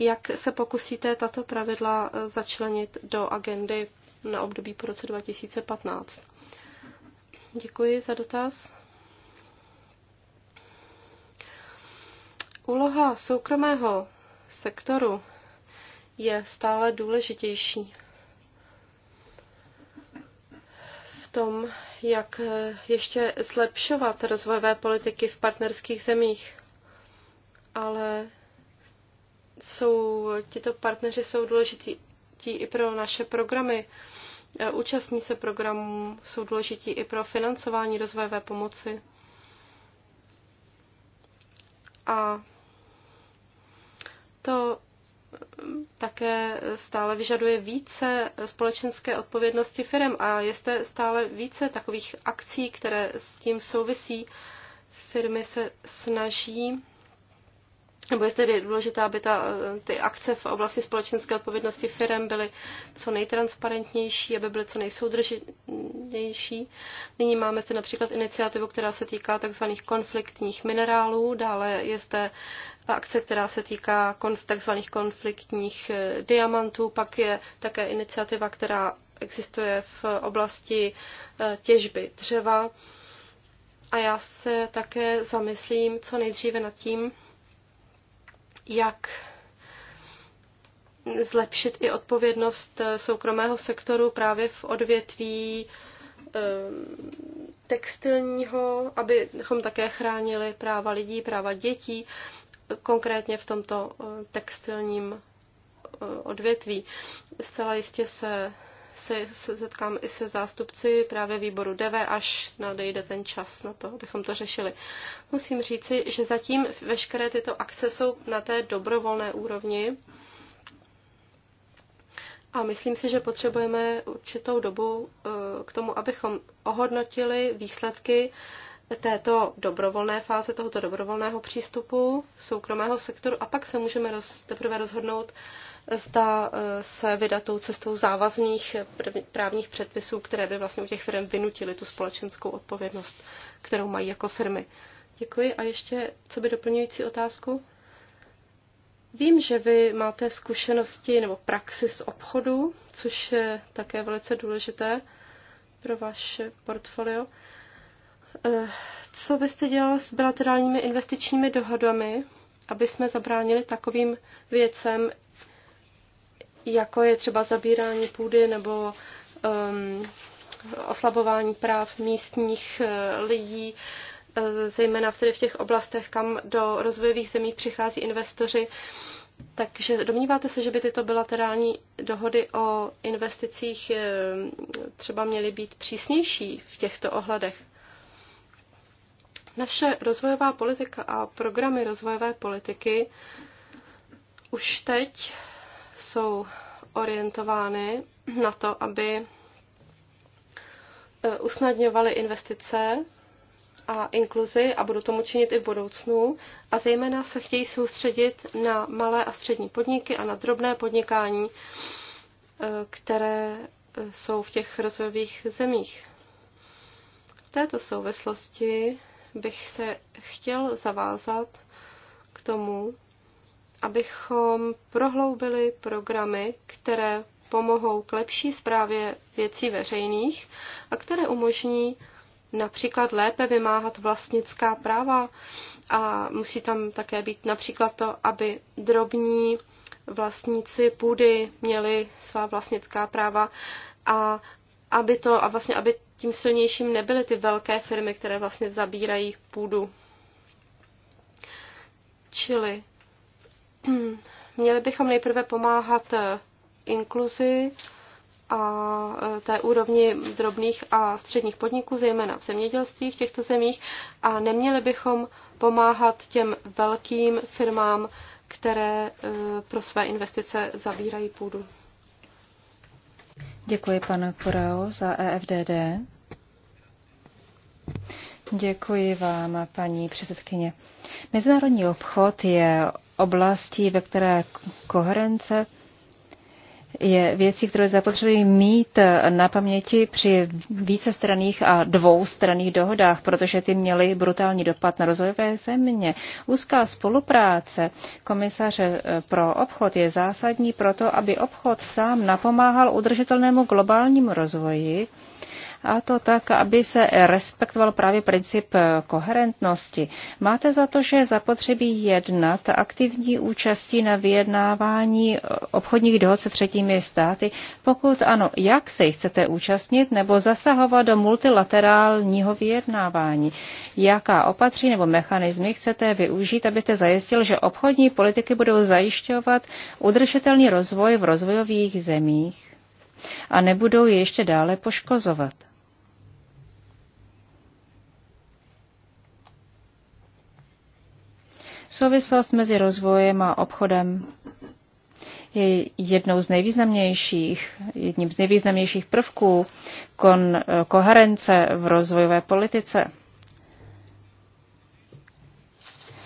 jak se pokusíte tato pravidla eh, začlenit do agendy na období po roce 2015? Děkuji za dotaz. Úloha soukromého sektoru je stále důležitější v tom, jak eh, ještě zlepšovat rozvojové politiky v partnerských zemích. Ale jsou, tito partneři jsou důležití i pro naše programy. Účastní se programů jsou důležití i pro financování rozvojové pomoci. A to také stále vyžaduje více společenské odpovědnosti firm a je zde stále více takových akcí, které s tím souvisí. Firmy se snaží nebo je tedy důležité, aby ta, eh, ty akce v oblasti společenské odpovědnosti firm byly co nejtransparentnější, aby byly co nejsoudržnější. Nyní máme zde například iniciativu, která se týká tzv. konfliktních minerálů, dále je zde akce, která se týká tzv. konfliktních eh, diamantů, pak je také iniciativa, která existuje v oblasti eh, těžby dřeva. A já se také zamyslím co nejdříve nad tím, jak zlepšit i odpovědnost eh, soukromého sektoru právě v odvětví eh, textilního, abychom také chránili práva lidí, práva dětí, konkrétně v tomto eh, textilním odvětví. Zcela jistě se se, se setkám i se zástupci právě výboru DV, až nadejde ten čas na to, abychom to řešili. Musím říci, že zatím veškeré tyto akce jsou na té dobrovolné úrovni a myslím si, že potřebujeme určitou dobu eh, k tomu, abychom ohodnotili výsledky této dobrovolné fáze, tohoto dobrovolného přístupu soukromého sektoru a pak se můžeme roz, teprve rozhodnout, zda eh, se vydat tou cestou závazných právních předpisů, které by vlastně u těch firm vynutily tu společenskou odpovědnost, kterou mají jako firmy. Děkuji. A ještě, co by doplňující otázku? Vím, že vy máte zkušenosti nebo praxi z obchodu, což je také velice důležité pro vaše portfolio. Eh, co byste dělal s bilaterálními investičními dohodami, aby jsme zabránili takovým věcem, jako je třeba zabírání půdy nebo um, oslabování práv místních eh, lidí, eh, zejména tedy v těch oblastech, kam do rozvojových zemí přichází investoři. Takže domníváte se, že by tyto bilaterální dohody o investicích eh, třeba měly být přísnější v těchto ohledech? Naše rozvojová politika a programy rozvojové politiky už teď jsou orientovány na to, aby eh, usnadňovaly investice a inkluzi a budou tomu činit i v budoucnu. A zejména se chtějí soustředit na malé a střední podniky a na drobné podnikání, eh, které eh, jsou v těch rozvojových zemích. V této souvislosti bych se chtěl zavázat k tomu, abychom prohloubili programy, které pomohou k lepší zprávě věcí veřejných a které umožní například lépe vymáhat vlastnická práva a musí tam také být například to, aby drobní vlastníci půdy měli svá vlastnická práva a aby to a vlastně aby tím silnějším nebyly ty velké firmy, které vlastně zabírají půdu. Čili Hmm. Měli bychom nejprve pomáhat eh, inkluzi a eh, té úrovni drobných a středních podniků, zejména v zemědělství v těchto zemích, a neměli bychom pomáhat těm velkým firmám, které eh, pro své investice zabírají půdu. Děkuji, pane Korao, za EFDD. Děkuji vám, paní předsedkyně. Mezinárodní obchod je oblastí, ve které koherence je věcí, které zapotřebí mít na paměti při vícestranných a dvoustranných dohodách, protože ty měly brutální dopad na rozvojové země. Úzká spolupráce komisaře eh, pro obchod je zásadní proto, aby obchod sám napomáhal udržitelnému globálnímu rozvoji a to tak, aby se respektoval právě princip koherentnosti. Máte za to, že zapotřebí jednat aktivní účastí na vyjednávání obchodních dohod se třetími státy? Pokud ano, jak se jich chcete účastnit nebo zasahovat do multilaterálního vyjednávání? Jaká opatření nebo mechanizmy chcete využít, abyste zajistil, že obchodní politiky budou zajišťovat udržitelný rozvoj v rozvojových zemích? a nebudou je ještě dále poškozovat. Souvislost mezi rozvojem a obchodem je jednou z nejvýznamnějších, jedním z nejvýznamnějších prvků kon, koherence v rozvojové politice.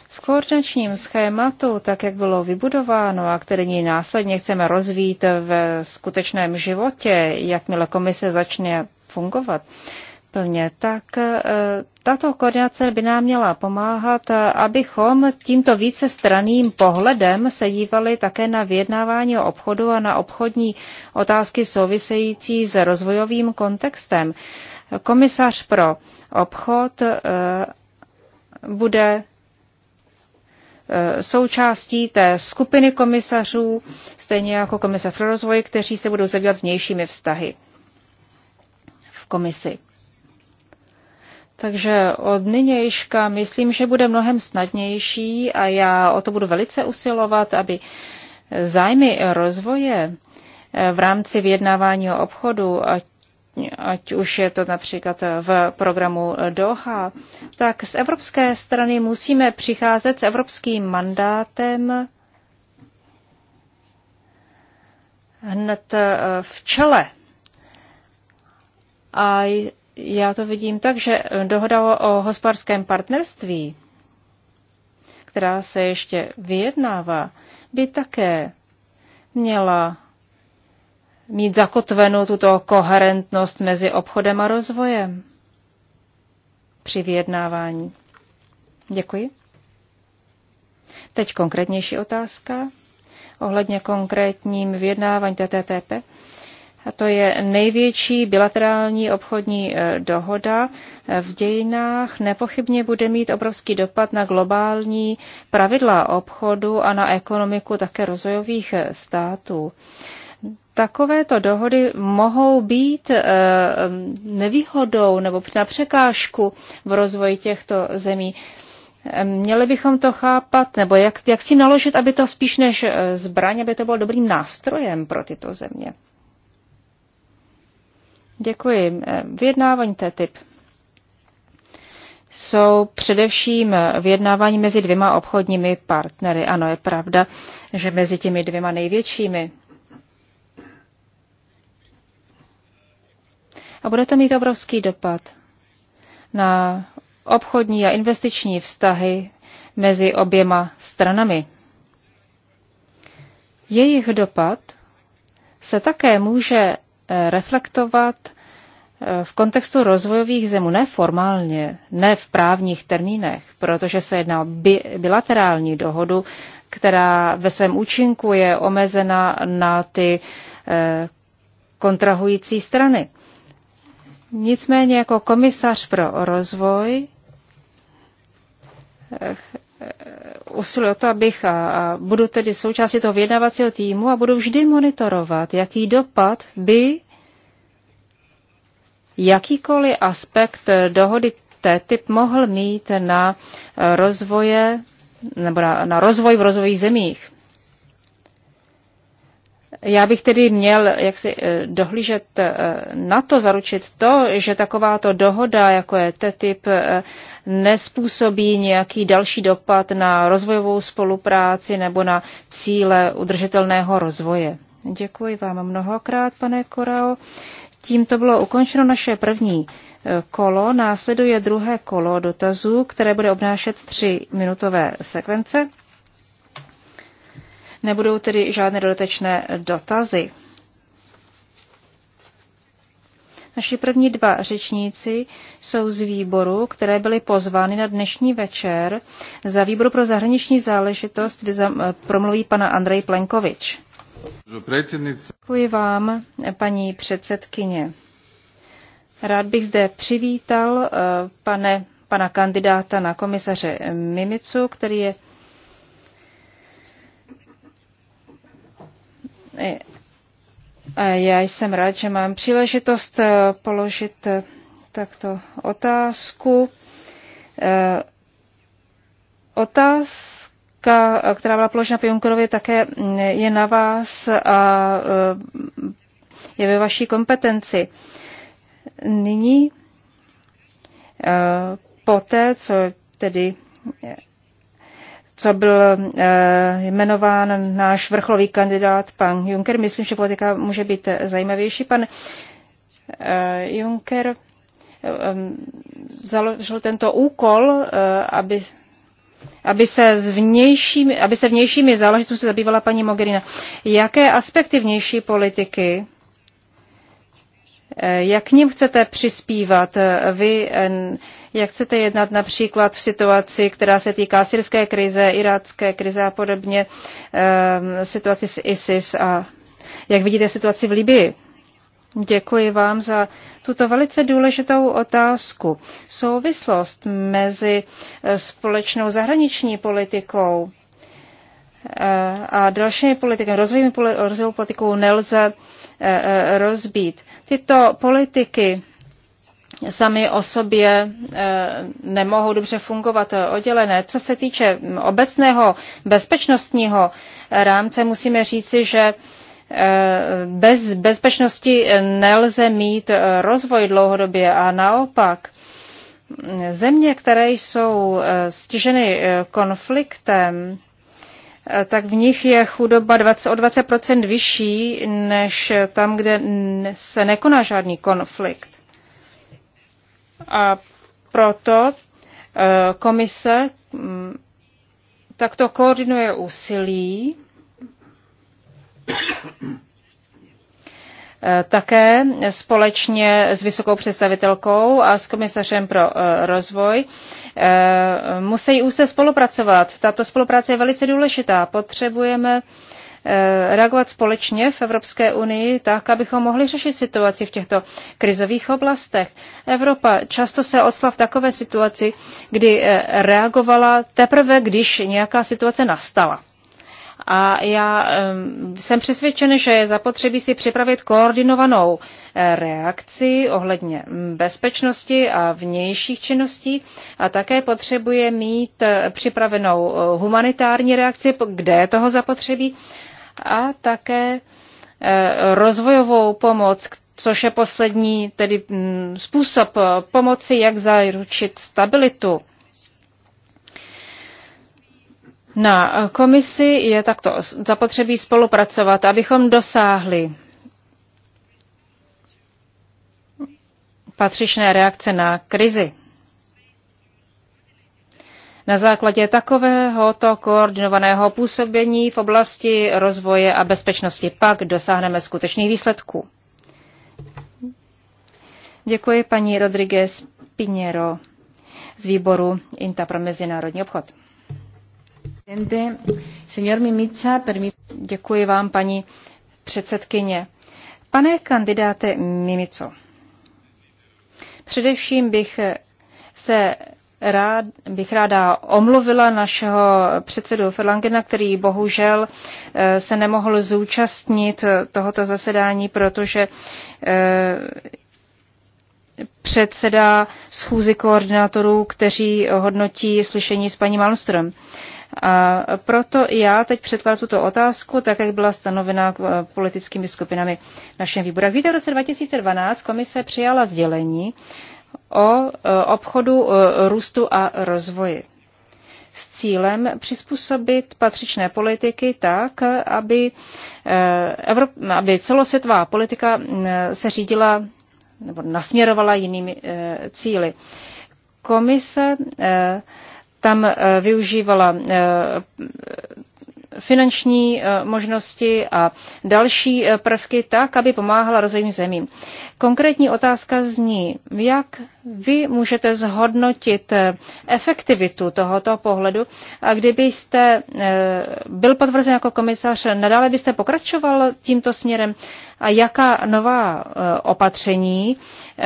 V koordinačním schématu, tak jak bylo vybudováno a který následně chceme rozvít v skutečném životě, jakmile komise začne fungovat, plně, tak eh, tato koordinace by nám měla pomáhat, eh, abychom tímto straným pohledem se dívali také na vyjednávání o obchodu a na obchodní otázky související s rozvojovým kontextem. Komisař pro obchod eh, bude součástí té skupiny komisařů, stejně jako komisař pro rozvoj, kteří se budou zabývat vnějšími vztahy v komisi. Takže od nynějška myslím, že bude mnohem snadnější a já o to budu velice usilovat, aby zájmy rozvoje eh, v rámci vyjednávání o obchodu, ať, ať už je to například eh, v programu eh, Doha, tak z evropské strany musíme přicházet s evropským mandátem hned v čele. A já to vidím tak, že eh, dohoda o hospodářském partnerství, která se ještě vyjednává, by také měla mít zakotvenou tuto koherentnost mezi obchodem a rozvojem při vyjednávání. Děkuji. Teď konkrétnější otázka ohledně konkrétním vyjednávání TTP. To je největší bilaterální obchodní e, dohoda e, v dějinách. Nepochybně bude mít obrovský dopad na globální pravidla obchodu a na ekonomiku také rozvojových e, států. Takovéto dohody mohou být nevýhodou nebo na překážku v rozvoji těchto zemí. Měli bychom to chápat, nebo jak, jak si naložit, aby to spíš než zbraň, aby to bylo dobrým nástrojem pro tyto země. Děkuji. Eh, vyjednávání TTIP jsou především eh, vyjednávání mezi dvěma obchodními partnery. Ano, je pravda, že mezi těmi dvěma největšími. A bude to mít obrovský dopad na obchodní a investiční vztahy mezi oběma stranami. Jejich dopad se také může reflektovat eh, v kontextu rozvojových zemů, ne formálně, ne v právních termínech, protože se jedná o bi- bilaterální dohodu, která ve svém účinku je omezena na ty eh, kontrahující strany. Nicméně jako komisař pro rozvoj eh, Eh, usiluji o to, abych a, a budu tedy součástí toho vyjednávacího týmu a budu vždy monitorovat, jaký dopad by jakýkoliv aspekt dohody TTIP mohl mít na eh, rozvoje nebo na, na rozvoj v rozvojích zemích. Já bych tedy měl jak si eh, dohlížet eh, na to, zaručit to, že takováto dohoda, jako je TTIP, eh, nespůsobí nějaký další dopad na rozvojovou spolupráci nebo na cíle udržitelného rozvoje. Děkuji vám mnohokrát, pane Korao. Tímto bylo ukončeno naše první kolo. Následuje druhé kolo dotazů, které bude obnášet tři minutové sekvence. Nebudou tedy žádné dodatečné dotazy. Naši první dva řečníci jsou z výboru, které byly pozvány na dnešní večer. Za výboru pro zahraniční záležitost promluví pana Andrej Plenkovič. Děkuji vám, paní předsedkyně. Rád bych zde přivítal eh, pane, pana kandidáta na komisaře Mimicu, který je Já jsem rád, že mám příležitost eh, položit eh, takto otázku. Eh, otázka, která byla položena po také mm, je na vás a je ve vaší kompetenci. Nyní, poté, co tedy co byl eh, jmenován náš vrcholový kandidát, pan Juncker. Myslím, že politika může být zajímavější. Pan eh, Juncker eh, založil tento úkol, aby aby se, s vnějšími, aby se vnějšími záležitostmi zabývala paní Mogherina. Jaké aspekty vnější politiky Eh, jak k ním chcete přispívat? Eh, vy jak chcete jednat například v situaci, která se týká syrské krize, irácké krize a podobně, ehm, situaci s ISIS a jak vidíte situaci v Libii? Děkuji vám za tuto velice důležitou otázku. Souvislost mezi eh, společnou zahraniční politikou a dalšími politikami, rozvojovou politikou nelze rozbít. Tyto politiky sami o sobě eh, nemohou dobře fungovat oddělené. Co se týče obecného bezpečnostního rámce, musíme říci, že eh, bez bezpečnosti nelze mít rozvoj dlouhodobě a naopak země, které jsou eh, stiženy konfliktem, Eh, tak v nich je chudoba 20, o 20 vyšší než tam, kde se nekoná žádný konflikt. A proto eh, komise mm, takto koordinuje úsilí Eh, také společně s vysokou představitelkou a s komisařem pro eh, rozvoj eh, musí úzce spolupracovat. Tato spolupráce je velice důležitá. Potřebujeme reagovat společně v Evropské unii tak, abychom mohli řešit situaci v těchto krizových oblastech. Evropa často se odstla v takové situaci, kdy reagovala teprve, když nějaká situace nastala. A já jsem přesvědčen, že je zapotřebí si připravit koordinovanou eh, reakci ohledně mm, bezpečnosti a vnějších činností a také potřebuje mít eh, připravenou eh, humanitární reakci, kde je toho zapotřebí, a také rozvojovou pomoc, což je poslední tedy mm, způsob pomoci, jak zaručit stabilitu na komisi je takto zapotřebí spolupracovat, abychom dosáhli patřičné reakce na krizi. Na základě takovéhoto koordinovaného působení v oblasti rozvoje a bezpečnosti pak dosáhneme skutečných výsledků. Děkuji paní Rodriguez Pinheiro z výboru INTA pro mezinárodní obchod. Děkuji vám, paní předsedkyně. Pane kandidáte Mimico, především bych se rád, bych ráda omluvila našeho předsedu Ferlangena, který bohužel eh, se nemohl zúčastnit tohoto zasedání, protože eh, předseda schůzi koordinátorů, kteří hodnotí slyšení s paní Malmström. A proto já teď předkládám tuto otázku, tak jak byla stanovena eh, politickými skupinami v našem výboru. víte, v roce 2012 komise přijala sdělení o eh, obchodu eh, růstu a rozvoji s cílem přizpůsobit patřičné politiky tak, aby, Evrop- aby celosvětová politika mm, se řídila nebo nasměrovala jinými cíly. Komise eh, tam eh, využívala eh, finanční eh, možnosti a další eh, prvky tak, aby pomáhala rozvojovým zemím. Konkrétní otázka zní, jak vy můžete zhodnotit eh, efektivitu tohoto pohledu a kdybyste byl potvrzen jako komisař, nadále byste pokračoval tímto směrem a jaká nová opatření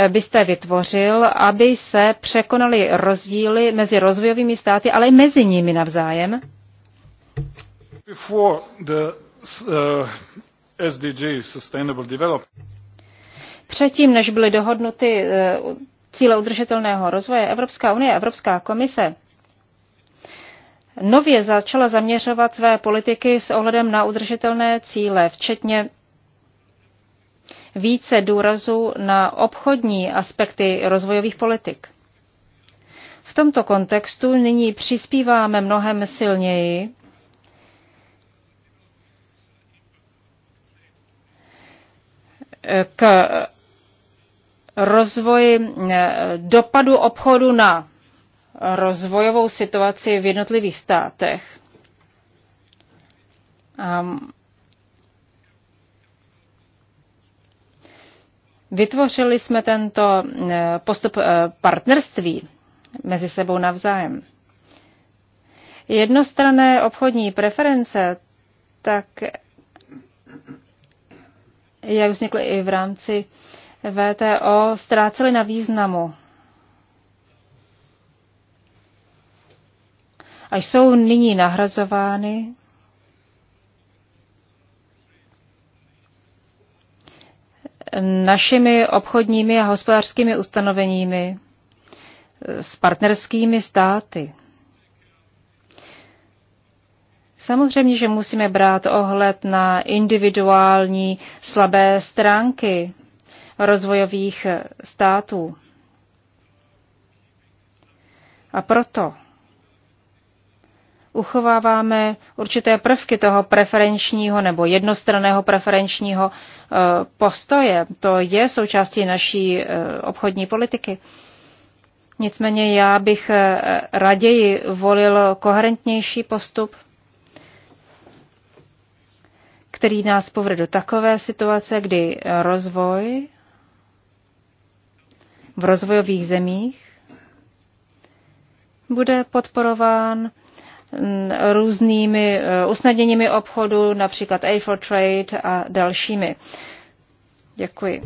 byste vytvořil, aby se překonaly rozdíly mezi rozvojovými státy, ale i mezi nimi navzájem? Uh, Předtím, než byly dohodnuty uh, cíle udržitelného rozvoje, Evropská unie a Evropská komise nově začala zaměřovat své politiky s ohledem na udržitelné cíle, včetně více důrazu na obchodní aspekty rozvojových politik. V tomto kontextu nyní přispíváme mnohem silněji k rozvoji eh, dopadu obchodu na rozvojovou situaci v jednotlivých státech. Ehm, vytvořili jsme tento eh, postup eh, partnerství mezi sebou navzájem. Jednostranné obchodní preference tak jak vznikly i v rámci VTO, ztrácely na významu. A jsou nyní nahrazovány našimi obchodními a hospodářskými ustanoveními s partnerskými státy. Samozřejmě, že musíme brát ohled na individuální slabé stránky rozvojových států. A proto uchováváme určité prvky toho preferenčního nebo jednostranného preferenčního eh, postoje. To je součástí naší eh, obchodní politiky. Nicméně já bych eh, raději volil koherentnější postup který nás povede do takové situace, kdy rozvoj v rozvojových zemích bude podporován mm, různými eh, usnadněními obchodu, například A for Trade a dalšími. Děkuji.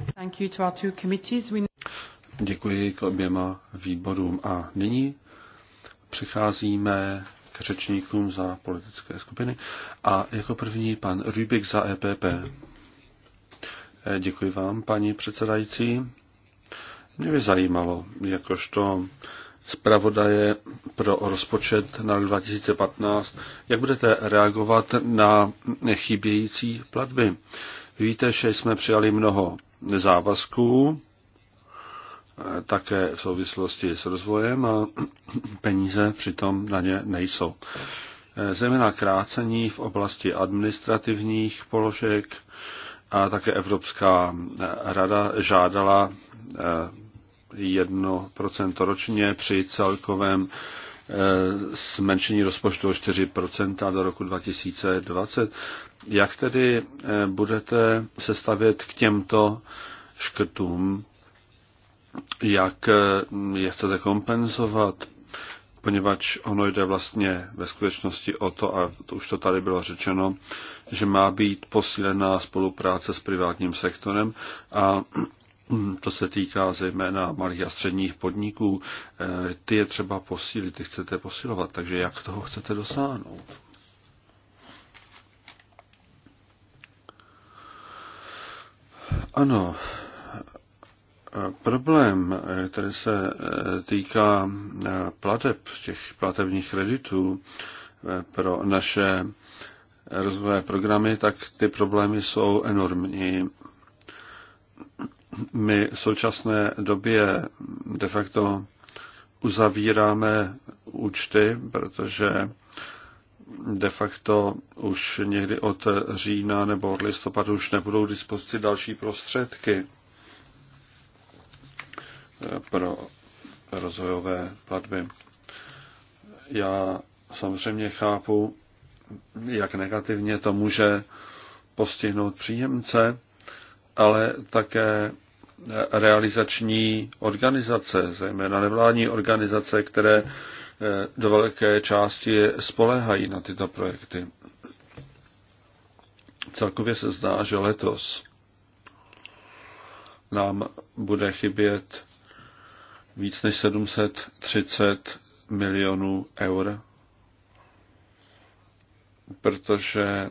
Děkuji k oběma výborům a nyní přicházíme řečníkům za politické skupiny. A jako první pan Rybik za EPP. Eh, děkuji vám, paní předsedající. Mě by zajímalo, jakožto zpravodaje pro rozpočet na rok 2015, jak budete reagovat na chybějící platby. Víte, že jsme přijali mnoho závazků, také v souvislosti s rozvojem a peníze přitom na ně nejsou. Eh, zejména krácení v oblasti administrativních položek a také Evropská eh, rada žádala 1% eh, ročně při celkovém zmenšení rozpočtu o 4% do roku 2020. Jak tedy budete se stavět k těmto škrtům jak eh, je chcete kompenzovat, poněvadž ono jde vlastně ve skutečnosti o to, a to už to tady bylo řečeno, že má být posílená spolupráce s privátním sektorem a to se týká zejména malých a středních podniků. Eh, ty je třeba posílit, ty chcete posilovat, takže jak toho chcete dosáhnout? Ano, Problém, eh, který se eh, týká eh, plateb, těch platebních kreditů pro naše rozvojové programy, tak ty problémy jsou enormní. My v současné době de facto uzavíráme účty, protože de facto už někdy od října nebo od listopadu už nebudou dispozici další prostředky pro rozvojové platby. Já samozřejmě chápu, jak negativně to může postihnout příjemce, ale také realizační organizace, zejména nevládní organizace, které eh, do velké části spolehají na tyto projekty. Celkově se zdá, že letos nám bude chybět víc než 730 milionů eur, protože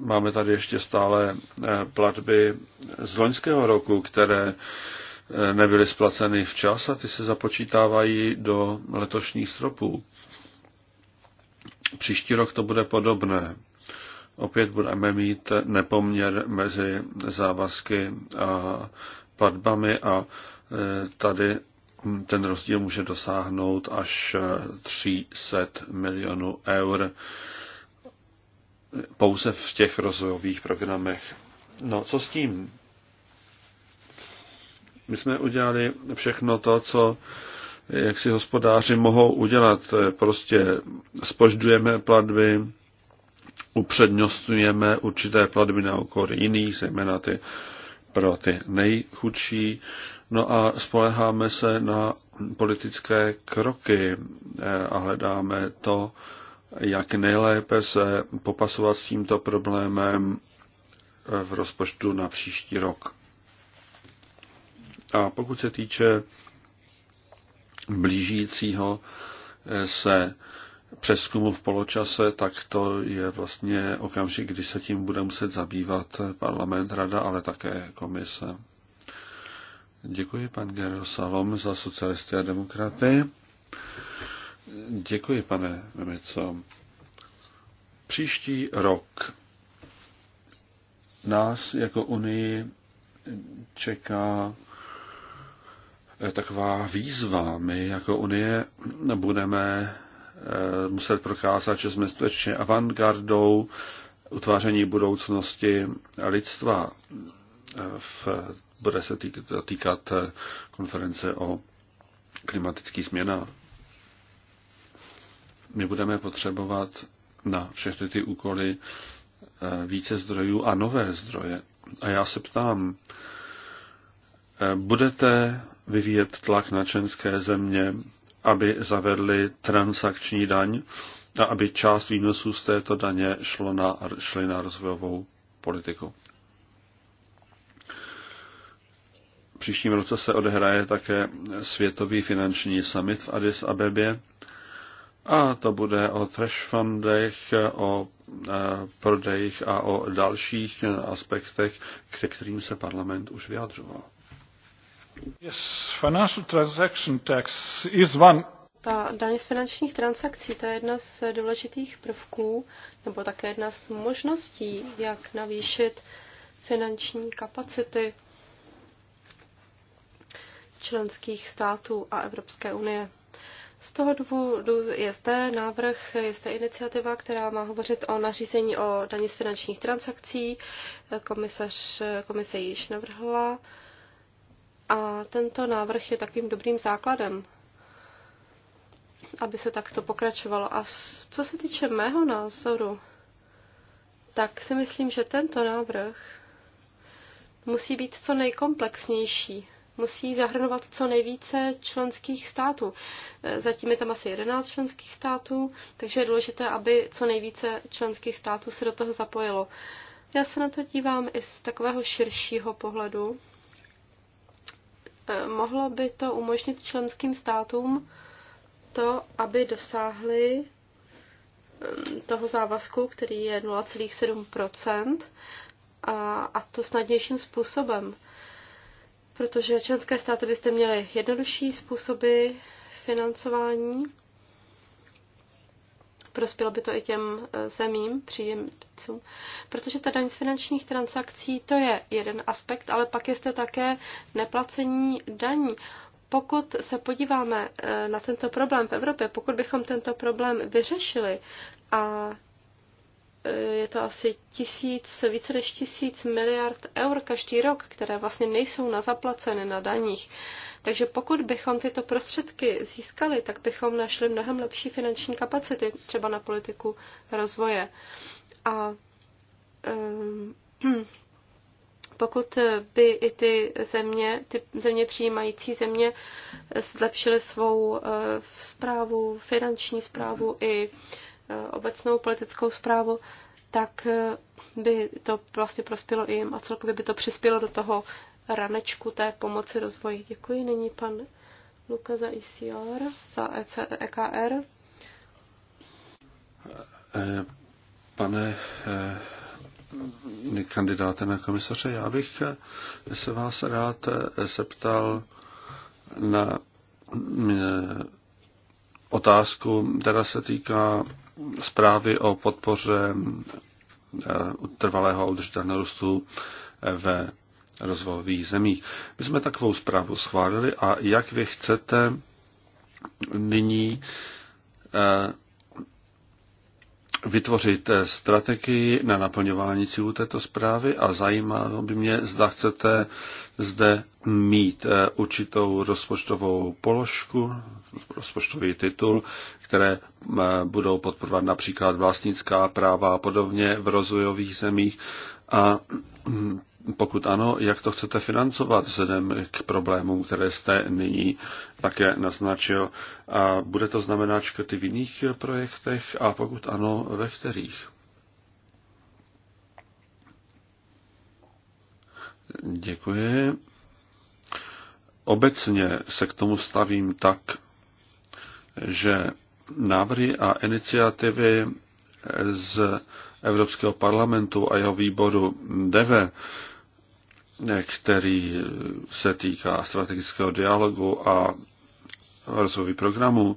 máme tady ještě stále eh, platby z loňského roku, které eh, nebyly splaceny včas a ty se započítávají do letošních stropů. Příští rok to bude podobné. Opět budeme mít nepoměr mezi závazky a platbami a e, tady ten rozdíl může dosáhnout až 300 e, milionů eur pouze v těch rozvojových programech. No, co s tím? My jsme udělali všechno to, co jak si hospodáři mohou udělat. Prostě spoždujeme platby, upřednostňujeme určité platby na okor jiných, zejména ty uh, pro ty nejchudší. No a spoleháme se na politické kroky eh, a hledáme to, jak nejlépe se popasovat s tímto problémem eh, v rozpočtu na příští rok. A pokud se týče blížícího eh, se přeskumu v poločase, tak to je vlastně okamžik, kdy se tím bude muset zabývat parlament, rada, ale také komise. Děkuji pan Gero Salom za socialisty a demokraty. Děkuji, pane Mimico. Příští rok nás jako Unii čeká taková výzva. My jako Unie budeme Eh, muset prokázat, že jsme skutečně avantgardou utváření budoucnosti lidstva. Eh, v, bude se týkat, eh, konference o klimatických změnách. My budeme potřebovat na všechny ty úkoly více zdrojů a nové zdroje. A já se ptám, budete vyvíjet tlak na členské země, aby zavedli transakční daň a aby část výnosů z této daně šlo na, šly na rozvojovou politiku. příštím roce se odehraje také Světový finanční summit v Addis Abebě a to bude o trash fundech, o e, prodejích a o dalších aspektech, ke kterým se parlament už vyjadřoval ta daň z finančních transakcí, to je jedna z důležitých prvků, nebo také jedna z možností, jak navýšit finanční kapacity členských států a Evropské unie. Z toho důvodu je zde návrh, je zde iniciativa, která má hovořit o nařízení o daní z finančních transakcí. Komisař, komise již navrhla a tento návrh je takovým dobrým základem, aby se takto pokračovalo. A co se týče mého názoru, tak si myslím, že tento návrh musí být co nejkomplexnější. Musí zahrnovat co nejvíce členských států. E, zatím je tam asi 11 členských států, takže je důležité, aby co nejvíce členských států se do toho zapojilo. Já se na to dívám i z takového širšího pohledu, Eh, mohlo by to umožnit členským státům to, aby dosáhli eh, toho závazku, který je 0,7 a, a to snadnějším způsobem. Protože členské státy byste měly jednodušší způsoby financování prospělo by to i těm eh, zemím, příjemcům. Protože ta daň z finančních transakcí, to je jeden aspekt, ale pak jste také neplacení daní. Pokud se podíváme eh, na tento problém v Evropě, pokud bychom tento problém vyřešili a je to asi tisíc, více než tisíc miliard eur každý rok, které vlastně nejsou na zaplacené na daních. Takže pokud bychom tyto prostředky získali, tak bychom našli mnohem lepší finanční kapacity, třeba na politiku rozvoje. A um, pokud by i ty země, ty země přijímající země zlepšily svou uh, eh, zprávu, finanční zprávu i uh, Eh, obecnou politickou zprávu, tak eh, by to vlastně prospělo i jim a celkově by to přispělo do toho ranečku té pomoci rozvoji. Děkuji. Nyní pan Luka za ICR, za EC, EKR. Eh, pane kandidáte na komisaře, já bych se vás rád zeptal na otázku, která se týká zprávy o podpoře eh, trvalého a udržitelného růstu eh, ve rozvojových zemích. My jsme takovou zprávu schválili a jak vy chcete nyní eh, vytvořit eh, strategii na naplňování cílů této zprávy a zajímalo by mě, zda chcete zde mít eh, určitou rozpočtovou položku, rozpočtový titul, které eh, budou podporovat například vlastnická práva a podobně v rozvojových zemích, a mm, pokud ano, jak to chcete financovat vzhledem k problémům, které jste nyní také naznačil? A bude to znamenat škrty v jiných projektech a pokud ano, ve kterých? Děkuji. Obecně se k tomu stavím tak, že návrhy a iniciativy z Evropského parlamentu a jeho výboru DEVE, který se týká strategického dialogu a rozvojový programu,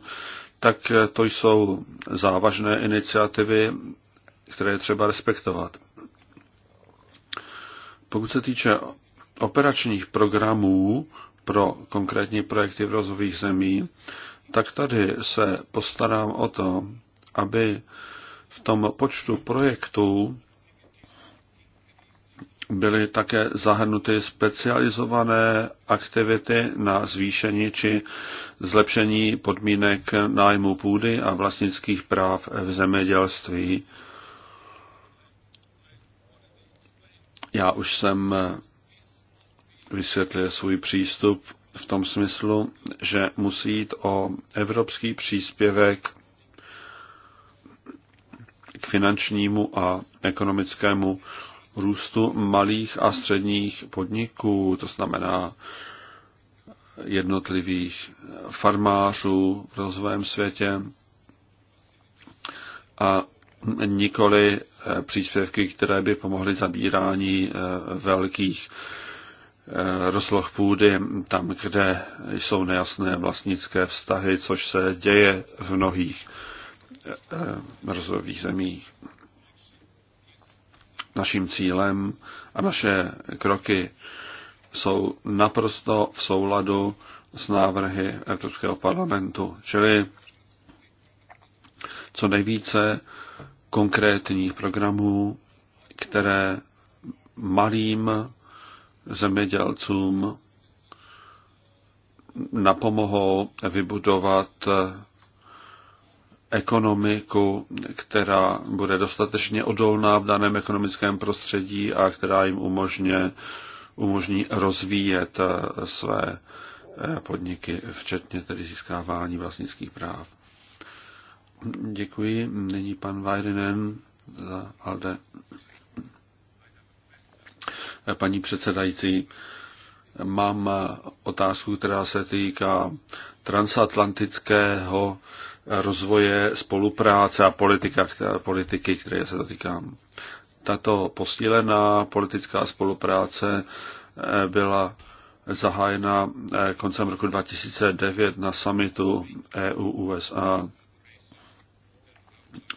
tak to jsou závažné iniciativy, které je třeba respektovat. Pokud se týče operačních programů pro konkrétní projekty v rozvojových zemí, tak tady se postarám o to, aby tom počtu projektů byly také zahrnuty specializované aktivity na zvýšení či zlepšení podmínek nájmu půdy a vlastnických práv v zemědělství. Já už jsem vysvětlil svůj přístup v tom smyslu, že musí jít o evropský příspěvek finančnímu a ekonomickému růstu malých a středních podniků, to znamená jednotlivých farmářů v rozvojem světě a nikoli eh, příspěvky, které by pomohly zabírání eh, velkých eh, rozloh půdy tam, kde jsou nejasné vlastnické vztahy, což se děje v mnohých mrzových eh, eh, zemích. Naším cílem a naše kroky jsou naprosto v souladu s návrhy Evropského parlamentu, čili co nejvíce konkrétních programů, které malým zemědělcům napomohou vybudovat ekonomiku, která bude dostatečně odolná v daném ekonomickém prostředí a která jim umožně, umožní rozvíjet eh, své eh, podniky, včetně tedy získávání vlastnických práv. Děkuji. Nyní pan Vajrinen za ALDE. Paní předsedající, mám eh, otázku, která se týká transatlantického rozvoje, spolupráce a politika, politiky, které se dotýkám. Tato posílená politická spolupráce eh, byla zahájena eh, koncem roku 2009 na summitu EU-USA.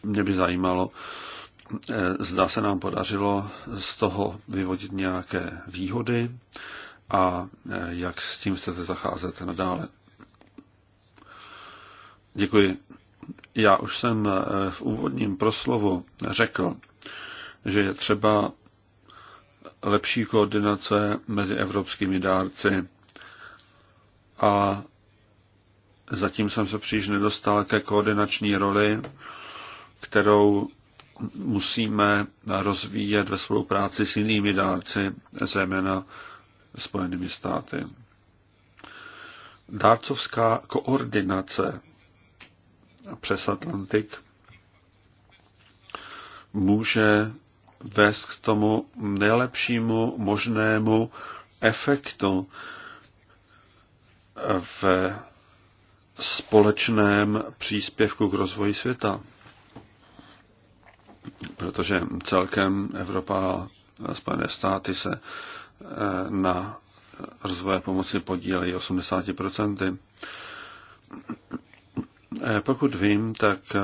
Mě by zajímalo, eh, zda se nám podařilo z toho vyvodit nějaké výhody a jak s tím chcete zacházet nadále. Děkuji. Já už jsem eh, v úvodním proslovu řekl, že je třeba lepší koordinace mezi evropskými dárci a zatím jsem se příliš nedostal ke koordinační roli, kterou musíme rozvíjet ve spolupráci s jinými dárci, zejména Spojenými státy. Dárcovská koordinace přes Atlantik může vést k tomu nejlepšímu možnému efektu v společném příspěvku k rozvoji světa. Protože celkem Evropa a Spojené státy se eh, na rozvoje pomoci podílejí 80%. Eh, pokud vím, tak eh,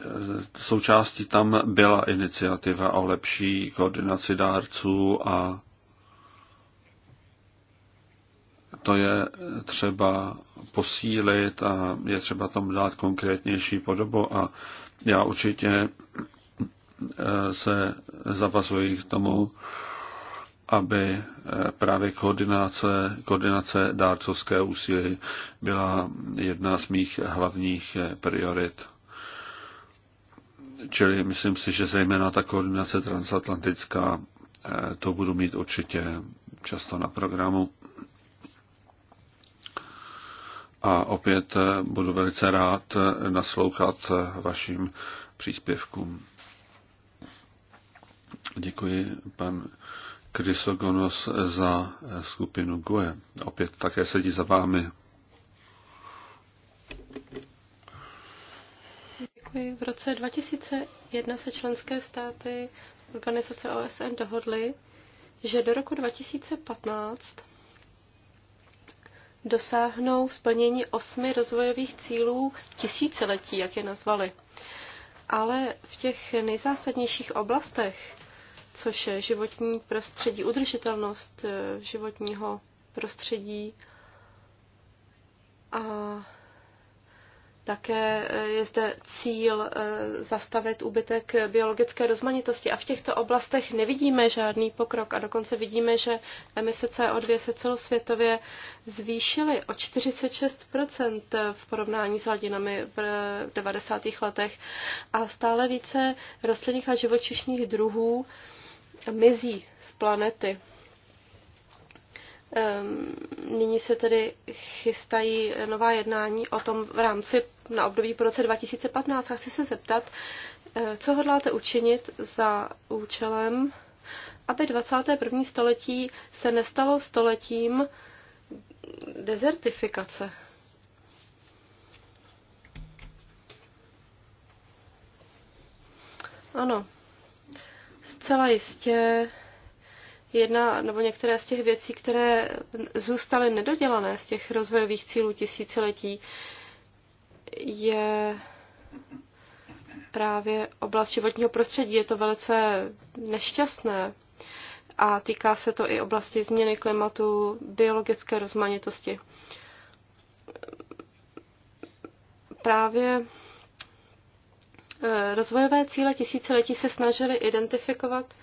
eh, součástí tam byla iniciativa o lepší koordinaci dárců a to je třeba posílit a je třeba tam dát konkrétnější podobu a já určitě se zavazuji k tomu, aby eh, právě koordinace, koordinace dárcovské úsilí byla jedna z mých hlavních eh, priorit. Čili myslím si, že zejména ta koordinace transatlantická, eh, to budu mít určitě často na programu. A opět budu velice rád naslouchat vašim příspěvkům. Děkuji, pan Krysogonos za eh, skupinu GUE. Opět také sedí za vámi. Děkuji. V roce 2001 se členské státy organizace OSN dohodly, že do roku 2015 dosáhnou splnění osmi rozvojových cílů tisíciletí, jak je nazvali. Ale v těch nejzásadnějších oblastech což je životní prostředí, udržitelnost eh, životního prostředí a také eh, je zde cíl eh, zastavit úbytek biologické rozmanitosti a v těchto oblastech nevidíme žádný pokrok a dokonce vidíme, že emise CO2 se celosvětově zvýšily o 46% v porovnání s hladinami v 90. letech a stále více rostlinných a živočišných druhů mizí z planety. Ehm, nyní se tedy chystají nová jednání o tom v rámci na období po roce 2015 a chci se zeptat, eh, co hodláte učinit za účelem, aby 21. století se nestalo stoletím dezertifikace? Ano, Zcela jistě jedna nebo některé z těch věcí, které zůstaly nedodělané z těch rozvojových cílů tisíciletí, je právě oblast životního prostředí. Je to velice nešťastné a týká se to i oblasti změny klimatu, biologické rozmanitosti. Právě Eh, rozvojové cíle tisíciletí se snažily identifikovat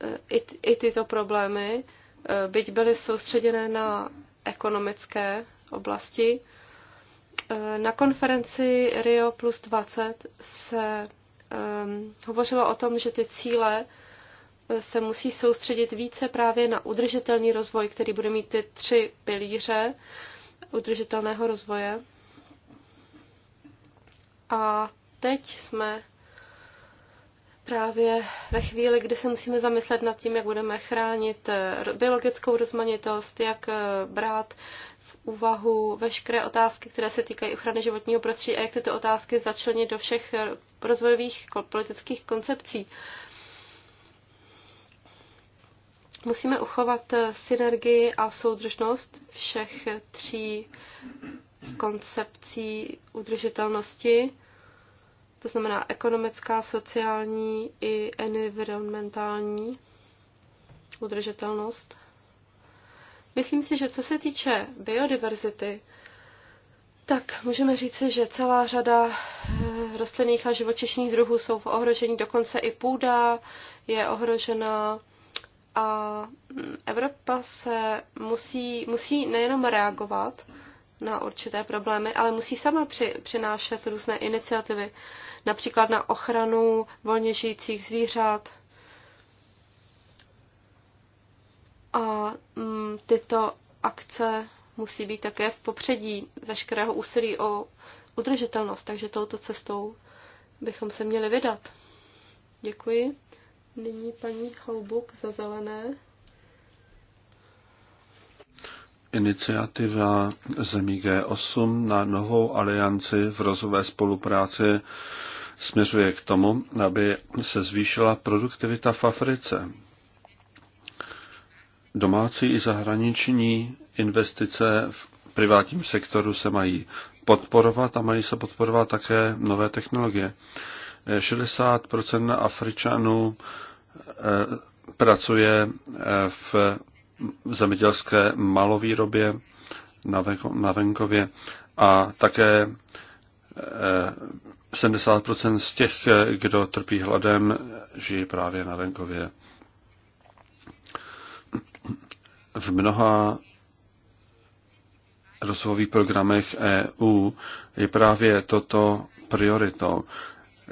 eh, i, i tyto problémy, eh, byť byly soustředěné na ekonomické oblasti. Na konferenci Rio plus 20 se um, hovořilo o tom, že ty cíle se musí soustředit více právě na udržitelný rozvoj, který bude mít ty tři pilíře udržitelného rozvoje. A teď jsme právě ve chvíli, kdy se musíme zamyslet nad tím, jak budeme chránit eh, biologickou rozmanitost, jak eh, brát v úvahu veškeré otázky, které se týkají ochrany životního prostředí a jak tyto otázky začlenit do všech eh, rozvojových politických koncepcí. Musíme uchovat synergii a soudržnost všech tří koncepcí udržitelnosti to znamená ekonomická, sociální i environmentální udržitelnost. Myslím si, že co se týče biodiverzity, tak můžeme říci, že celá řada eh, rostlinných a živočišných druhů jsou v ohrožení, dokonce i půda je ohrožena a mm, Evropa se musí, musí nejenom reagovat, na určité problémy, ale musí sama při, přinášet různé iniciativy, například na ochranu volně žijících zvířat. A mm, tyto akce musí být také v popředí veškerého úsilí o udržitelnost, takže touto cestou bychom se měli vydat. Děkuji. Nyní paní Houbuk za zelené iniciativa zemí G8 na novou alianci v rozvojové spolupráci směřuje k tomu, aby se zvýšila produktivita v Africe. Domácí i zahraniční investice v privátním sektoru se mají podporovat a mají se podporovat také nové technologie. 60 Afričanů eh, pracuje eh, v zemědělské malovýrobě na venkově a také 70% eh, z těch, kdo trpí hladem, žijí právě na venkově. V mnoha rozvojových programech EU je právě toto prioritou.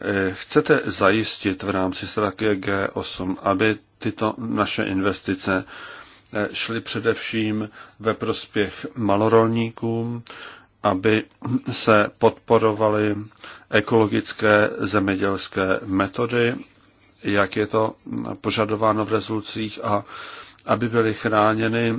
Eh, chcete zajistit v rámci strategie G8, aby tyto naše investice Eh, šly především ve prospěch malorolníkům, aby se podporovaly ekologické zemědělské metody, jak je to požadováno v rezolucích a aby byly chráněny,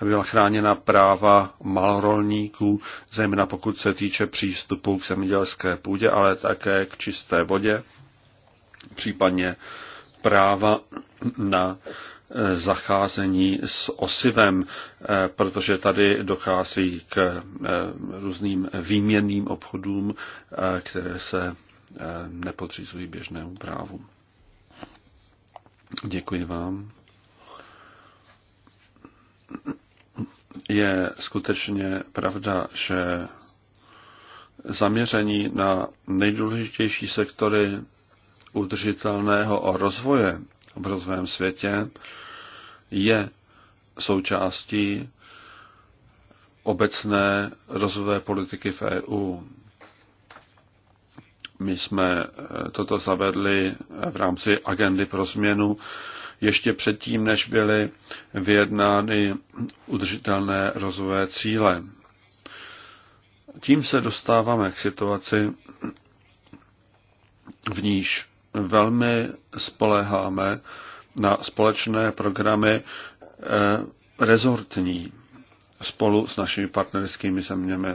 aby byla chráněna práva malorolníků, zejména pokud se týče přístupu k zemědělské půdě, ale také k čisté vodě, případně práva na zacházení s osivem, eh, protože tady dochází k eh, různým výměnným obchodům, eh, které se nepodřizují běžnému právu. Děkuji vám. Je skutečně pravda, že zaměření na nejdůležitější sektory udržitelného rozvoje v rozvém světě je součástí obecné rozvojové politiky v EU. My jsme eh, toto zavedli eh, v rámci agendy pro změnu ještě předtím, než byly vyjednány udržitelné rozvojové cíle. Tím se dostáváme k situaci, v níž velmi spoléháme na společné programy eh, rezortní spolu s našimi partnerskými zeměmi.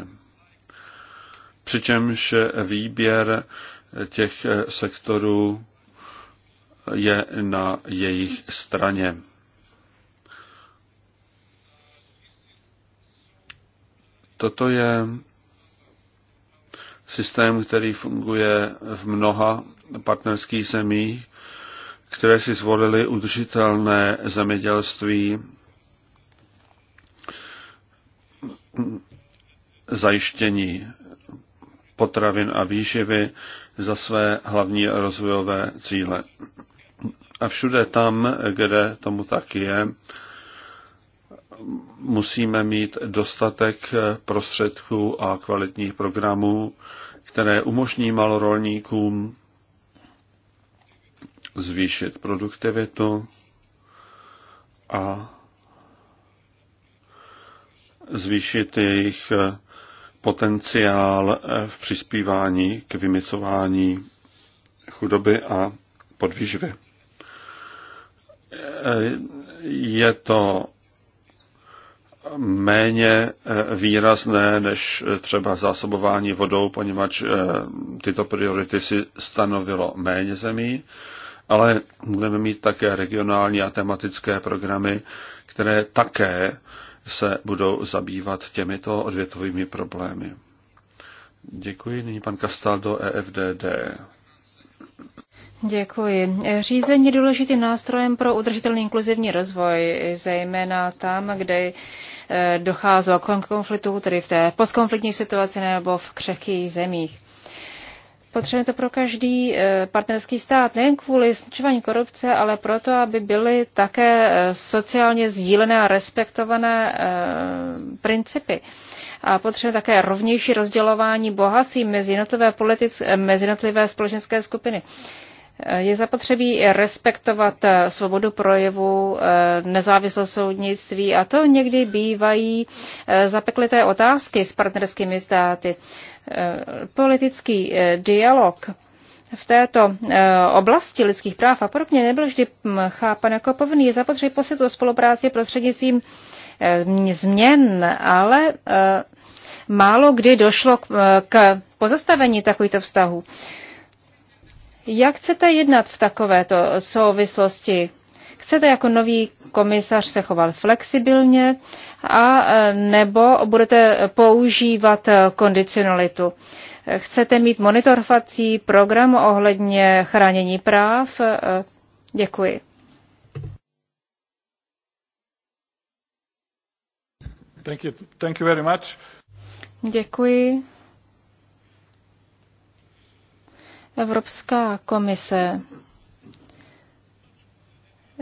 Přičemž výběr těch eh, sektorů je na jejich straně. Toto je systém, který funguje v mnoha partnerských zemí, které si zvolili udržitelné zemědělství, zajištění potravin a výživy za své hlavní rozvojové cíle. A všude tam, kde tomu tak je, musíme mít dostatek prostředků a kvalitních programů, které umožní malorolníkům zvýšit produktivitu a zvýšit jejich eh, potenciál eh, v přispívání k vymicování chudoby a podvýživy. Eh, je to méně výrazné než třeba zásobování vodou, poněvadž tyto priority si stanovilo méně zemí ale budeme mít také regionální a tematické programy, které také se budou zabývat těmito odvětovými problémy. Děkuji. Nyní pan Castaldo EFDD. Děkuji. Řízení je důležitým nástrojem pro udržitelný inkluzivní rozvoj, zejména tam, kde eh, docházelo k konfliktu, tedy v té postkonfliktní situaci nebo v křehkých zemích. Potřebujeme to pro každý eh, partnerský stát, nejen kvůli snižování korupce, ale proto, aby byly také eh, sociálně sdílené a respektované eh, principy. A potřebujeme také rovnější rozdělování bohatství mezi jednotlivé, mezi jednotlivé společenské skupiny. Je zapotřebí respektovat svobodu projevu, nezávislost soudnictví a to někdy bývají zapeklité otázky s partnerskými státy. Eh, politický eh, dialog v této eh, oblasti lidských práv a podobně nebyl vždy hm, chápan jako povinný. Je zapotřebí posit o spolupráci prostřednictvím změn, ale málo kdy došlo k pozastavení takovýchto vztahů. Jak chcete jednat v takovéto souvislosti? Chcete jako nový komisař se choval flexibilně a e, nebo budete používat e, kondicionalitu? Chcete mít monitorovací program ohledně chránění práv? E, děkuji. Thank you. Thank you very much. Děkuji. Evropská komise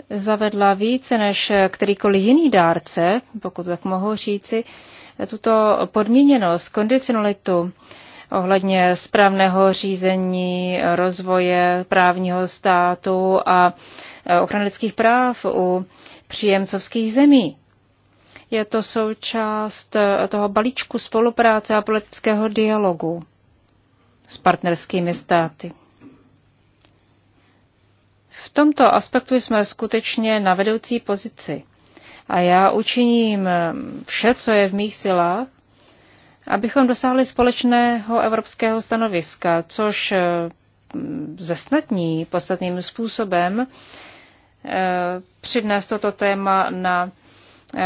zavedla více než kterýkoliv jiný dárce, pokud tak mohu říci, tuto podmíněnost, kondicionalitu ohledně správného řízení, rozvoje právního státu a eh, ochrany lidských práv u příjemcovských zemí. Je to součást eh, toho balíčku spolupráce a politického dialogu s partnerskými státy. V tomto aspektu jsme skutečně na vedoucí pozici. A já učiním eh, vše, co je v mých silách, abychom dosáhli společného evropského stanoviska, což eh, zesnatní podstatným způsobem eh, přidnes toto téma na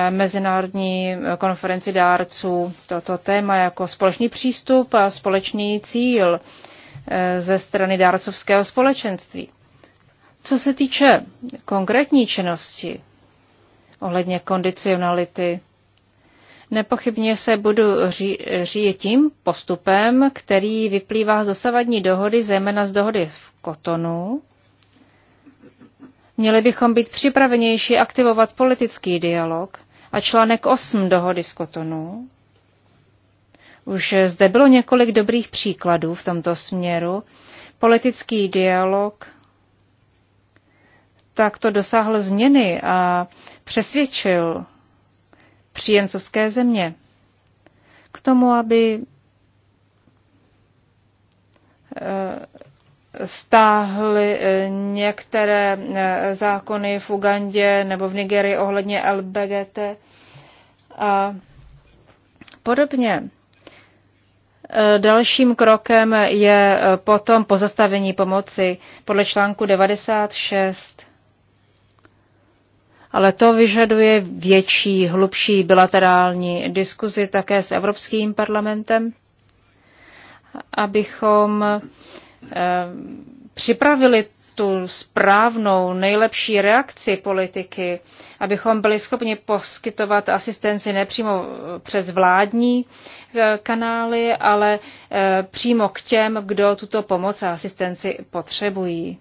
mezinárodní konferenci dárců. Toto téma jako společný přístup a společný cíl ze strany dárcovského společenství. Co se týče konkrétní činnosti ohledně kondicionality, nepochybně se budu řídit tím postupem, který vyplývá z dosavadní dohody, zejména z dohody v Kotonu. Měli bychom být připravenější aktivovat politický dialog a článek 8 dohody z Kotonu. Už zde bylo několik dobrých příkladů v tomto směru. Politický dialog tak to dosáhl změny a přesvědčil příjemcovské země k tomu, aby eh, stáhly eh, některé eh, zákony v Ugandě nebo v Nigerii ohledně LBGT a podobně. Dalším krokem je potom pozastavení pomoci podle článku 96 ale to vyžaduje větší, hlubší bilaterální diskuzi také s Evropským parlamentem, abychom eh, připravili tu správnou, nejlepší reakci politiky, abychom byli schopni poskytovat asistenci nepřímo eh, přes vládní eh, kanály, ale přímo k těm, kdo tuto pomoc a asistenci potřebují.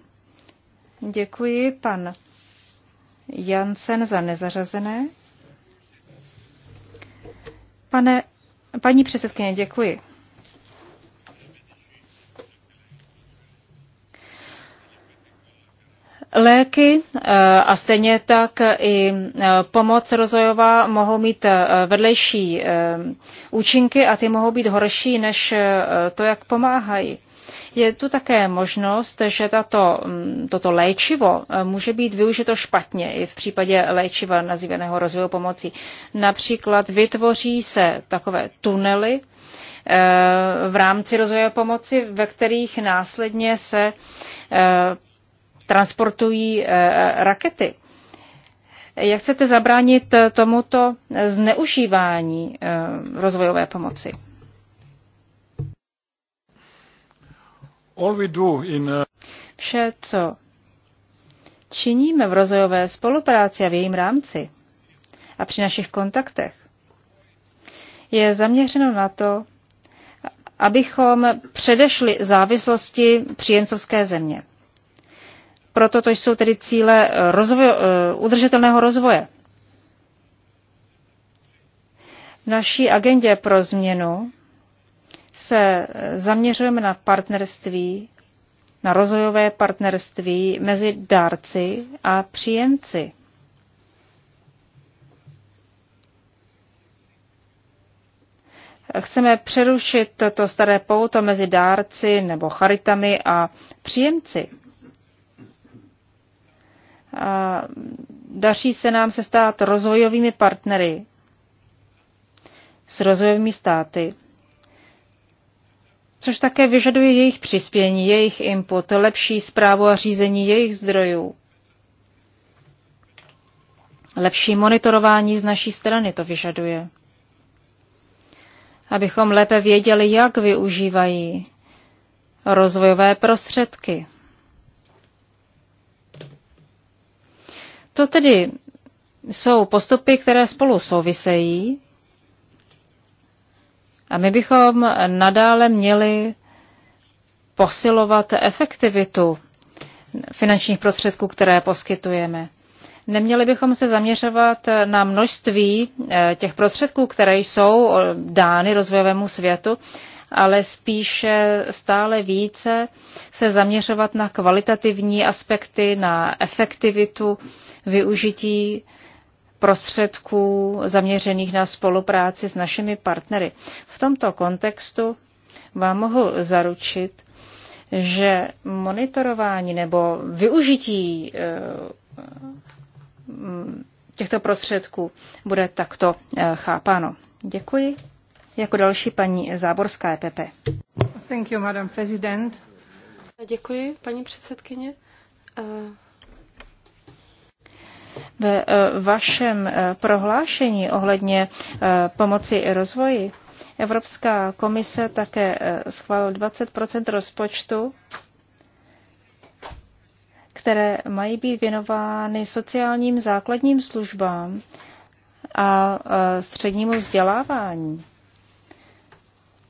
Děkuji, pan Jansen za nezařazené. Pane, paní předsedkyně, děkuji. Léky eh, a stejně tak i eh, pomoc rozvojová mohou mít eh, vedlejší účinky a ty mohou být horší než to, jak pomáhají. Je tu také možnost, že tato, mm, toto léčivo eh, může být využito špatně i v případě léčiva nazývaného rozvojovou pomocí. Například vytvoří se takové tunely, eh, v rámci rozvoje pomoci, ve kterých následně se eh, transportují rakety. Jak chcete zabránit tomuto zneužívání rozvojové pomoci? Uh, Vše, co činíme v rozvojové spolupráci a v jejím rámci a při našich kontaktech, je zaměřeno na to, abychom předešli závislosti příjemcovské země. Proto to jsou tedy cíle eh, rozvoj, eh, udržitelného rozvoje. V naší agendě pro změnu se zaměřujeme na partnerství, na rozvojové partnerství mezi dárci a příjemci. Chceme přerušit to staré pouto mezi dárci nebo charitami a příjemci. A daří se nám se stát rozvojovými partnery s rozvojovými státy což také vyžaduje jejich přispění, jejich input, lepší zprávu a řízení jejich zdrojů. Lepší monitorování z naší strany to vyžaduje. Abychom lépe věděli, jak využívají rozvojové prostředky. To tedy jsou postupy, které spolu souvisejí a my bychom nadále měli posilovat efektivitu finančních prostředků, které poskytujeme. Neměli bychom se zaměřovat na množství eh, těch prostředků, které jsou dány rozvojovému světu, ale spíše stále více se zaměřovat na kvalitativní aspekty, na efektivitu využití prostředků zaměřených na spolupráci s našimi partnery. V tomto kontextu vám mohu zaručit, že monitorování nebo využití eh, mm, těchto prostředků bude takto eh, chápáno. Děkuji. Jako další paní Záborská EPP. Thank you, madam president. Děkuji, paní předsedkyně. Eh, ve e, vašem e, prohlášení ohledně e, pomoci rozvoji Evropská komise také schválila 20 rozpočtu, které mají být věnovány sociálním základním službám a střednímu vzdělávání.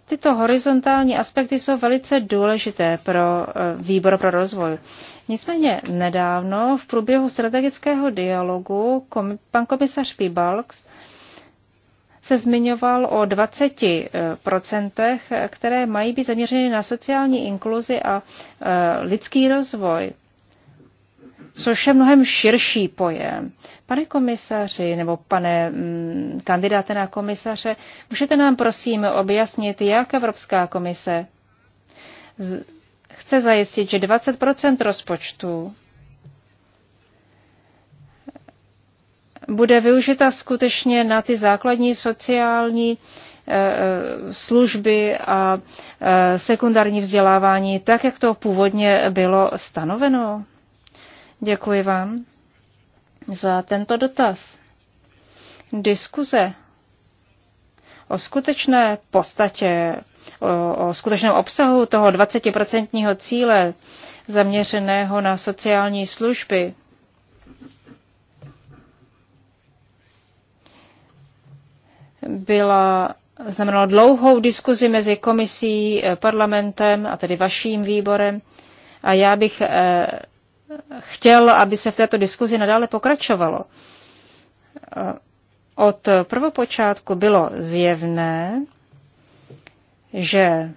Tyto horizontální aspekty jsou velice důležité pro e, výbor pro rozvoj. Nicméně nedávno v průběhu strategického dialogu pan komisař Pibalks se zmiňoval o 20%, e, e, které mají být zaměřeny na sociální inkluzi a lidský rozvoj což je mnohem širší pojem. Pane komisaři nebo pane mm, kandidáte na komisaře, můžete nám prosím objasnit, jak Evropská komise z, chce zajistit, že 20 rozpočtu bude využita skutečně na ty základní sociální e, e, služby a e, sekundární vzdělávání, tak jak to původně bylo stanoveno? Děkuji vám za tento dotaz. Diskuze o skutečné podstatě, o, o skutečném obsahu toho 20% cíle zaměřeného na sociální služby byla znamenala dlouhou diskuzi mezi komisí, eh, parlamentem a tedy vaším výborem. A já bych eh, chtěl, aby se v této diskuzi nadále pokračovalo. Od prvopočátku bylo zjevné, že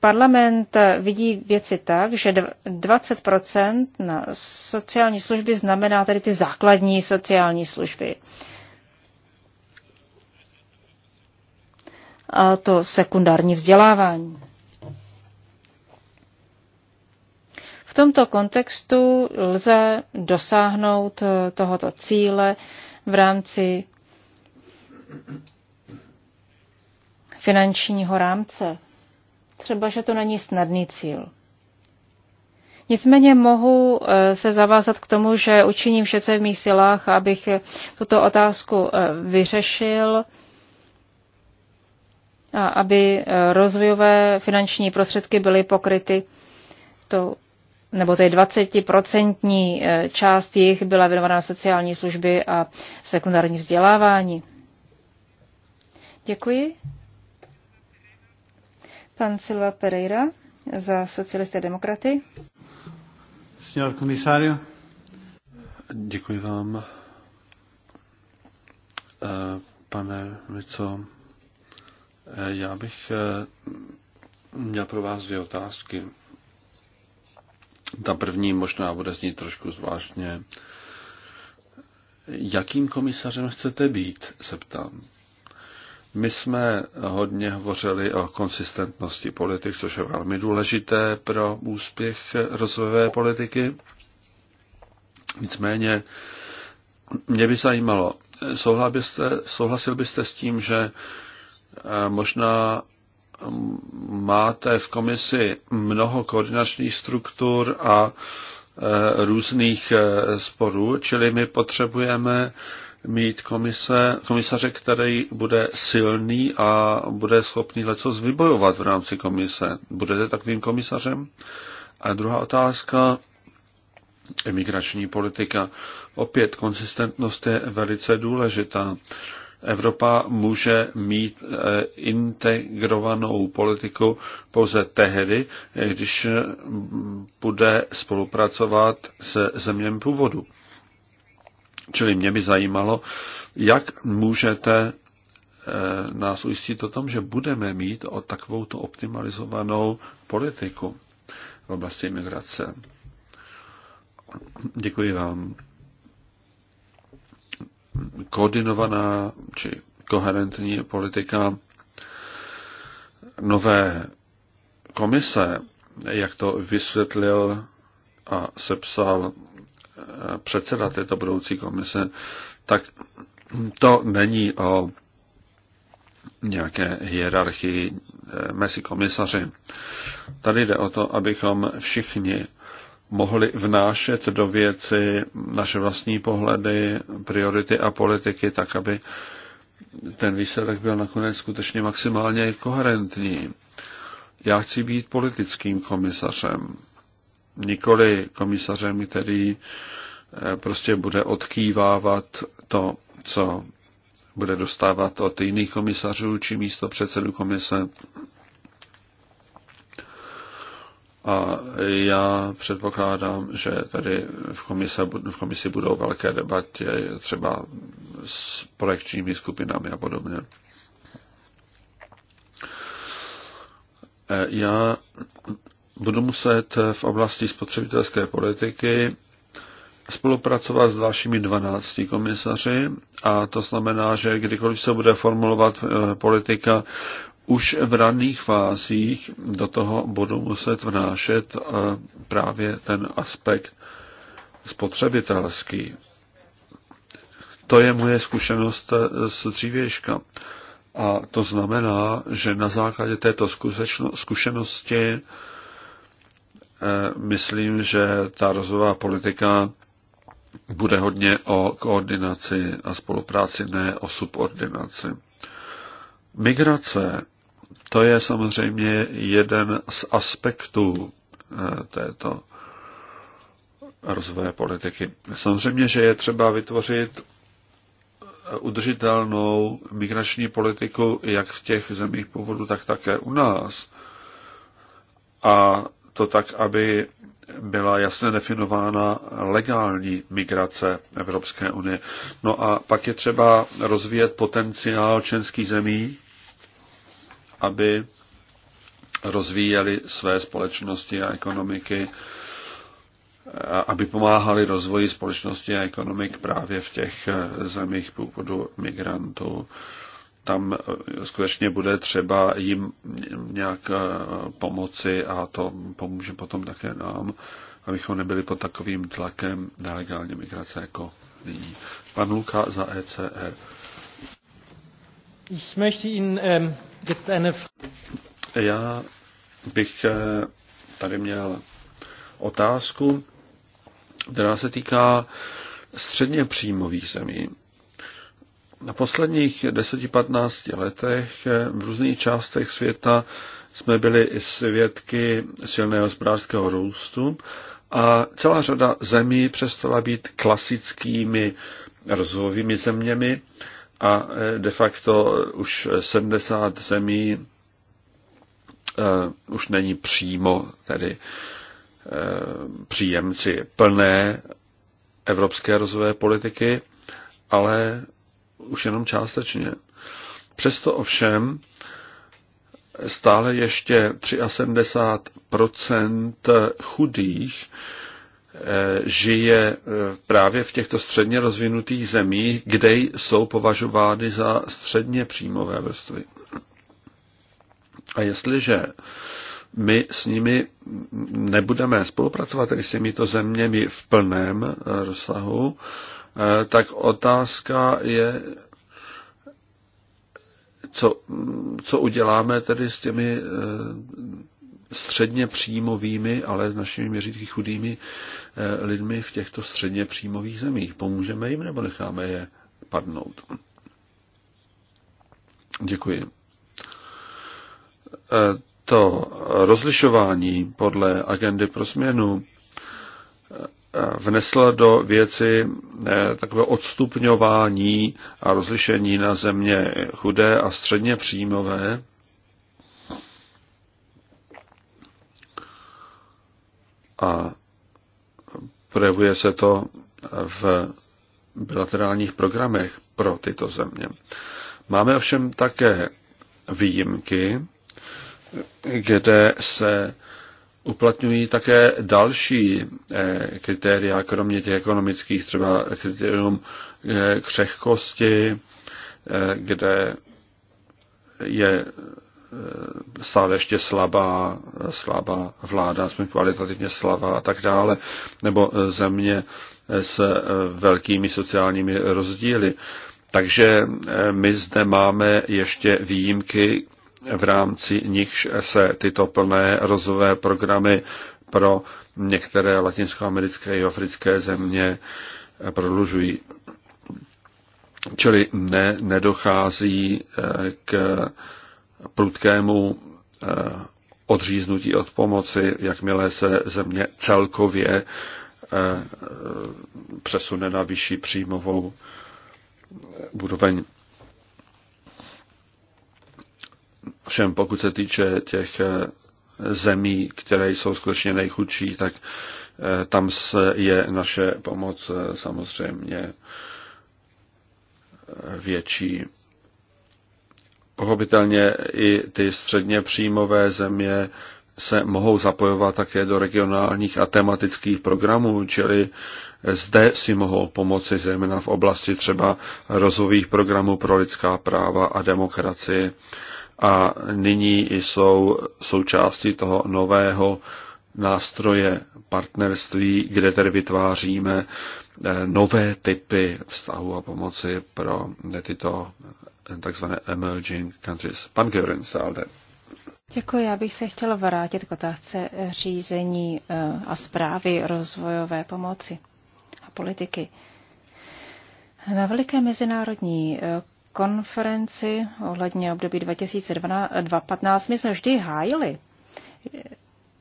parlament vidí věci tak, že 20 na sociální služby znamená tedy ty základní sociální služby. A to sekundární vzdělávání. V tomto kontextu lze dosáhnout eh, tohoto cíle v rámci finančního rámce. Třeba, že to není snadný cíl. Nicméně mohu eh, se zavázat k tomu, že učiním vše, co v mých silách, abych tuto otázku eh, vyřešil a aby rozvojové finanční prostředky byly pokryty tou nebo tedy 20% eh, část jich byla věnovaná sociální služby a sekundární vzdělávání. Děkuji. Pan Silva Pereira za socialisté demokraty. Senhor komisario. Děkuji vám. Eh, pane Vico, eh, já bych měl pro vás dvě otázky. Ta první možná bude znít trošku zvláštně. Jakým komisařem chcete být, se ptám. My jsme hodně hovořili o konsistentnosti politik, což je velmi důležité pro úspěch rozvojové politiky. Nicméně mě by zajímalo, souhlasil byste, souhlasil byste s tím, že možná máte v komisi mnoho koordinačních struktur a e, různých e, sporů, čili my potřebujeme mít komise, komisaře, který bude silný a bude schopný leco vybojovat v rámci komise. Budete takovým komisařem? A druhá otázka, imigrační politika. Opět, konsistentnost je velice důležitá. Evropa může mít eh, integrovanou politiku pouze tehdy, když eh, bude spolupracovat se zeměm původu. Čili mě by zajímalo, jak můžete eh, nás ujistit o tom, že budeme mít o takovou optimalizovanou politiku v oblasti imigrace. Děkuji vám koordinovaná či koherentní politika nové komise, jak to vysvětlil a sepsal eh, předseda této budoucí komise, tak to není o nějaké hierarchii eh, mezi komisaři. Tady jde o to, abychom všichni mohli vnášet do věci naše vlastní pohledy, priority a politiky, tak aby ten výsledek byl nakonec skutečně maximálně koherentní. Já chci být politickým komisařem, nikoli komisařem, který eh, prostě bude odkývávat to, co bude dostávat od jiných komisařů či místo předsedu komise a já předpokládám, že tady v, komise, v komisi budou velké debaty třeba s projekčními skupinami a podobně. E, já budu muset v oblasti spotřebitelské politiky spolupracovat s dalšími 12 komisaři a to znamená, že kdykoliv se bude formulovat e, politika už v raných fázích do toho budu muset vnášet eh, právě ten aspekt spotřebitelský. To je moje zkušenost eh, z dřívěžka. A to znamená, že na základě této zkušenosti eh, myslím, že ta rozvojová politika bude hodně o koordinaci a spolupráci, ne o subordinaci. Migrace to je samozřejmě jeden z aspektů eh, této rozvoje politiky. Samozřejmě, že je třeba vytvořit eh, udržitelnou migrační politiku jak v těch zemích původu, tak také u nás. A to tak, aby byla jasně definována legální migrace Evropské unie. No a pak je třeba rozvíjet potenciál členských zemí aby rozvíjeli své společnosti a ekonomiky, aby pomáhali rozvoji společnosti a ekonomik právě v těch eh, zemích původu migrantů. Tam eh, skutečně bude třeba jim nějak eh, pomoci a to pomůže potom také nám, abychom nebyli pod takovým tlakem nelegální migrace jako nyní. Pan Luka za ECR. E. Ich möchte Ihnen ähm, jetzt eine... Já bych eh, tady měl otázku, která se týká středně příjmových zemí. Na posledních 10-15 letech eh, v různých částech světa jsme byli svědky silného hospodářského růstu a celá řada zemí přestala být klasickými rozvojovými zeměmi a e, de facto už 70 zemí e, už není přímo tedy e, příjemci plné evropské rozvojové politiky, ale už jenom částečně. Přesto ovšem stále ještě 73 chudých Eh, žije eh, právě v těchto středně rozvinutých zemích, kde jsou považovány za středně příjmové vrstvy. A jestliže my s nimi nebudeme spolupracovat, tedy s těmito zeměmi v plném eh, rozsahu, tak otázka je, co, co uděláme tedy s těmi středně příjmovými, ale s našimi měřítky chudými eh, lidmi v těchto středně příjmových zemích. Pomůžeme jim nebo necháme je padnout? Děkuji. Eh, to rozlišování podle agendy pro změnu eh, vneslo do věci takové odstupňování a rozlišení na země chudé a středně příjmové a projevuje se to v bilaterálních programech pro tyto země. Máme ovšem také výjimky, kde se uplatňují také další eh, kritéria, kromě těch ekonomických, třeba kritérium eh, křehkosti, eh, kde je E, stále ještě slabá, slabá vláda, jsme kvalitativně slabá a tak dále, nebo e, země e, s velkými sociálními rozdíly. Takže my zde máme ještě výjimky, v rámci nichž se tyto plné rozvojové programy pro některé latinskoamerické i africké země prodlužují. Čili ne, nedochází k prudkému eh, odříznutí od pomoci, jakmile se země celkově eh, přesune na vyšší příjmovou budoveň. Eh, Všem, pokud se týče těch zemí, které jsou skutečně nejchudší, tak tam se je naše pomoc samozřejmě větší pochopitelně i ty středně příjmové země se mohou zapojovat také do regionálních a tematických programů, čili zde si mohou pomoci zejména v oblasti třeba rozvojových programů pro lidská práva a demokracii. A nyní jsou součástí toho nového nástroje partnerství, kde tedy vytváříme eh, nové typy vztahu a pomoci pro tyto takzvané emerging countries. Pan Gören Salde. Děkuji. Já bych se chtěla vrátit k otázce eh, řízení eh, a zprávy rozvojové pomoci a politiky. Na veliké mezinárodní eh, konferenci ohledně období 2015 my jsme vždy hájili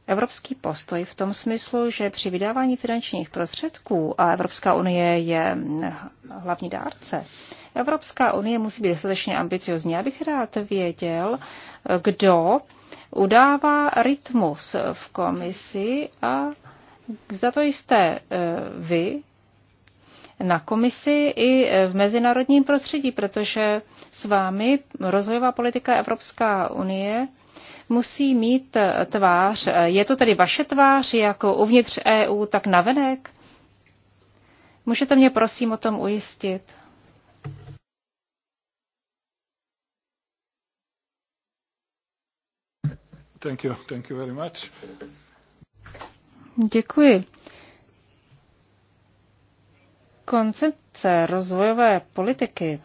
evropský postoj v tom smyslu, že při vydávání finančních prostředků, a Evropská unie je hm, hlavní dárce, Evropská unie musí být dostatečně ambiciozní. Já bych rád věděl, kdo udává rytmus v komisi a za to jste e, vy na komisi i v mezinárodním prostředí, protože s vámi rozvojová politika Evropská unie musí mít tvář. Je to tedy vaše tvář, jako uvnitř EU, tak navenek? Můžete mě prosím o tom ujistit? Thank you, thank you very much. Děkuji. Koncepce rozvojové politiky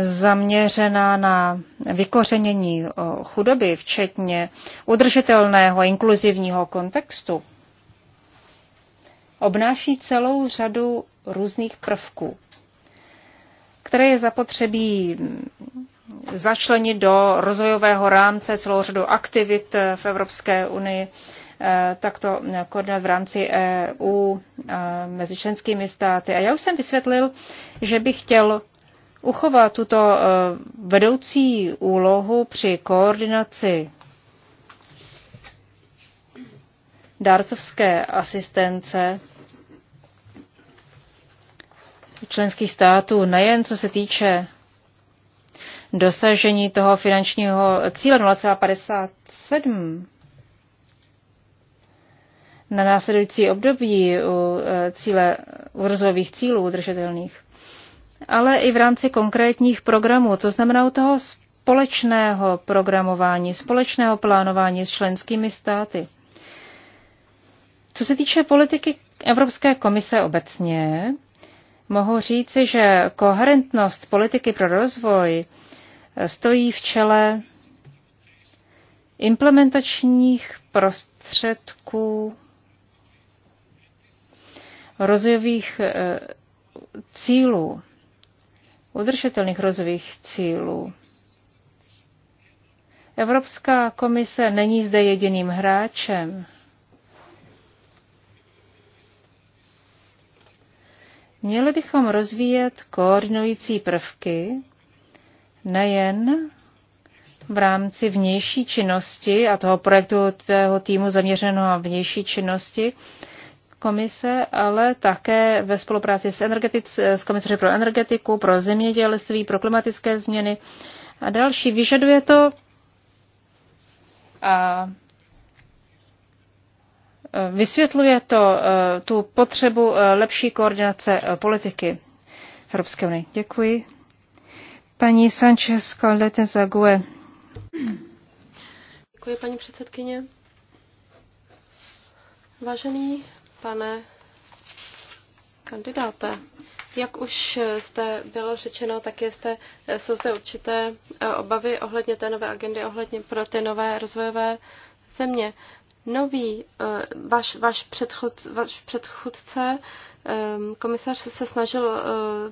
zaměřená na vykořenění chudoby, včetně udržitelného a inkluzivního kontextu, obnáší celou řadu různých prvků, které je zapotřebí začlenit do rozvojového rámce celou řadu aktivit eh, v Evropské unii, eh, takto koordinovat v rámci EU eh, mezi členskými státy. A já už jsem vysvětlil, že bych chtěl uchovat tuto vedoucí úlohu při koordinaci dárcovské asistence členských států, nejen co se týče dosažení toho finančního cíle 0,57 na následující období u, e, cíle, u rozvojových cílů udržitelných, ale i v rámci konkrétních programů, to znamená u toho společného programování, společného plánování s členskými státy. Co se týče politiky Evropské komise obecně, mohu říci, že koherentnost politiky pro rozvoj stojí v čele implementačních prostředků rozvojových eh, cílů, udržitelných rozvojových cílů. Evropská komise není zde jediným hráčem. Měli bychom rozvíjet koordinující prvky, nejen v rámci vnější činnosti a toho projektu tvého týmu zaměřeného na vnější činnosti komise, ale také ve spolupráci s, s komisaři pro energetiku, pro zemědělství, pro klimatické změny a další. Vyžaduje to a e, vysvětluje to e, tu potřebu e, lepší koordinace politiky Evropské unie. Děkuji. Paní Sanchez Caldete Zague. Děkuji, paní předsedkyně. Vážený pane kandidáte, jak už jste bylo řečeno, tak jste, jsou zde určité eh, obavy ohledně té nové agendy, ohledně pro ty nové rozvojové země. Nový, eh, váš, váš, předchod, váš předchůdce Ehm, komisař se snažil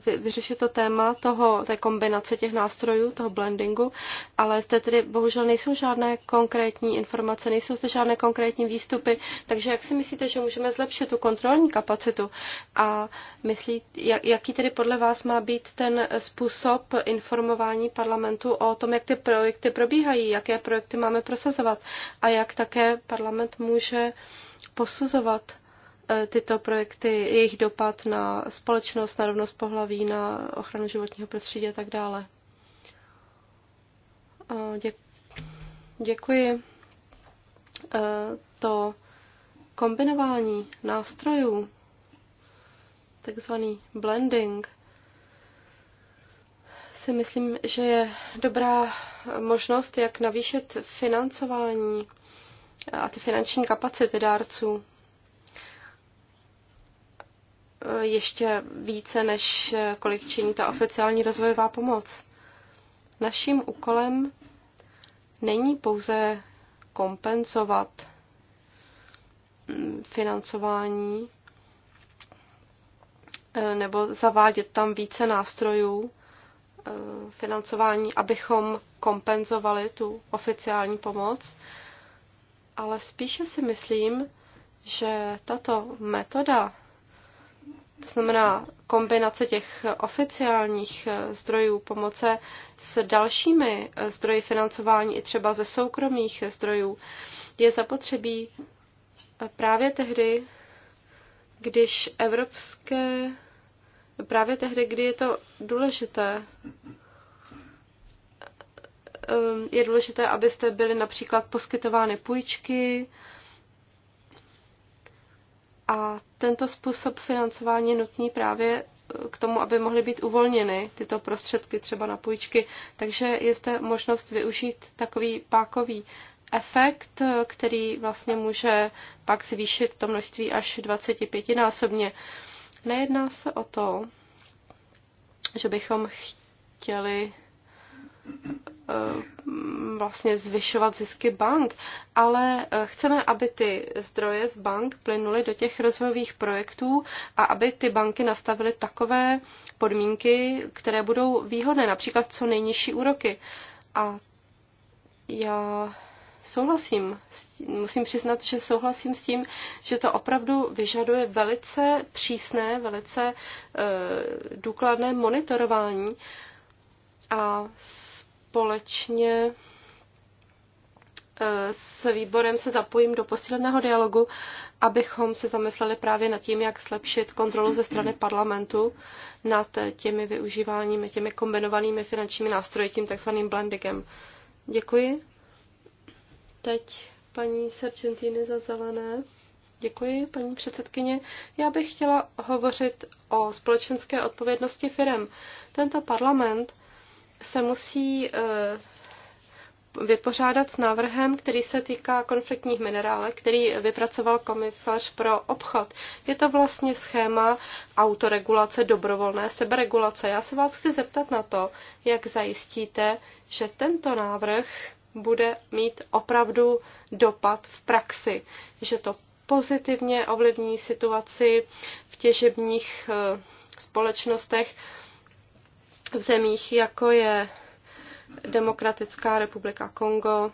eh, vyřešit to téma toho, té kombinace těch nástrojů, toho blendingu, ale zde tedy bohužel nejsou žádné konkrétní informace, nejsou zde žádné konkrétní výstupy, takže jak si myslíte, že můžeme zlepšit tu kontrolní kapacitu a myslí, jaký tedy podle vás má být ten způsob informování parlamentu o tom, jak ty projekty probíhají, jaké projekty máme prosazovat a jak také parlament může posuzovat E, tyto projekty, jejich dopad na společnost, na rovnost pohlaví, na ochranu životního prostředí a tak dále. E, děkuji. E, to kombinování nástrojů, takzvaný blending, si myslím, že je dobrá možnost, jak navýšit financování a ty finanční kapacity dárců Eh, ještě více, než eh, kolik činí ta oficiální rozvojová pomoc. Naším úkolem není pouze kompenzovat mm, financování eh, nebo zavádět tam více nástrojů financování, abychom kompenzovali tu oficiální pomoc, ale spíše si myslím, že tato metoda to znamená kombinace těch oficiálních eh, zdrojů pomoce s dalšími eh, zdroji financování, i třeba ze soukromých zdrojů, je zapotřebí eh, právě tehdy, když evropské, právě tehdy, kdy je to důležité, je důležité, abyste byly například poskytovány půjčky, a tento způsob financování je nutný právě eh, k tomu, aby mohly být uvolněny tyto prostředky třeba na půjčky. Takže je zde možnost využít takový pákový efekt, eh, který vlastně může pak zvýšit to množství až 25 násobně. Nejedná se o to, že bychom chtěli Eh, vlastně zvyšovat zisky bank, ale eh, chceme, aby ty zdroje z bank plynuly do těch rozvojových projektů a aby ty banky nastavily takové podmínky, které budou výhodné, například co nejnižší úroky. A já souhlasím, musím přiznat, že souhlasím s tím, že to opravdu vyžaduje velice přísné, velice e, důkladné monitorování a společně eh, s výborem se zapojím do posíleného dialogu, abychom se zamysleli právě nad tím, jak zlepšit kontrolu ze strany parlamentu nad těmi využíváními, těmi kombinovanými finančními nástroji, tím takzvaným blendigem. Děkuji. Teď paní Serčentýny za zelené. Děkuji, paní předsedkyně. Já bych chtěla hovořit o společenské odpovědnosti firem. Tento parlament se musí eh, vypořádat s návrhem, který se týká konfliktních minerálek, který vypracoval komisař pro obchod. Je to vlastně schéma autoregulace, dobrovolné seberegulace. Já se vás chci zeptat na to, jak zajistíte, že tento návrh bude mít opravdu dopad v praxi, že to pozitivně ovlivní situaci v těžebních eh, společnostech, v zemích, jako je Demokratická republika Kongo.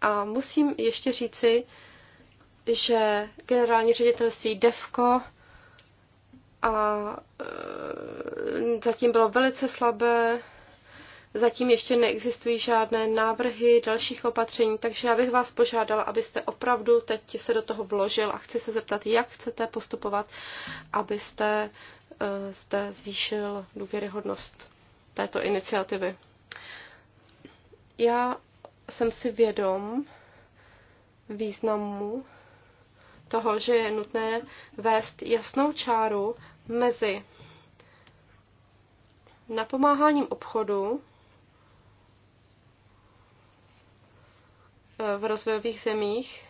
A musím ještě říci, že generální ředitelství DEFCO a e, zatím bylo velice slabé, zatím ještě neexistují žádné návrhy dalších opatření, takže já bych vás požádala, abyste opravdu teď se do toho vložil a chci se zeptat, jak chcete postupovat, abyste e, zde zvýšil důvěryhodnost této iniciativy. Já jsem si vědom významu toho, že je nutné vést jasnou čáru mezi napomáháním obchodu v rozvojových zemích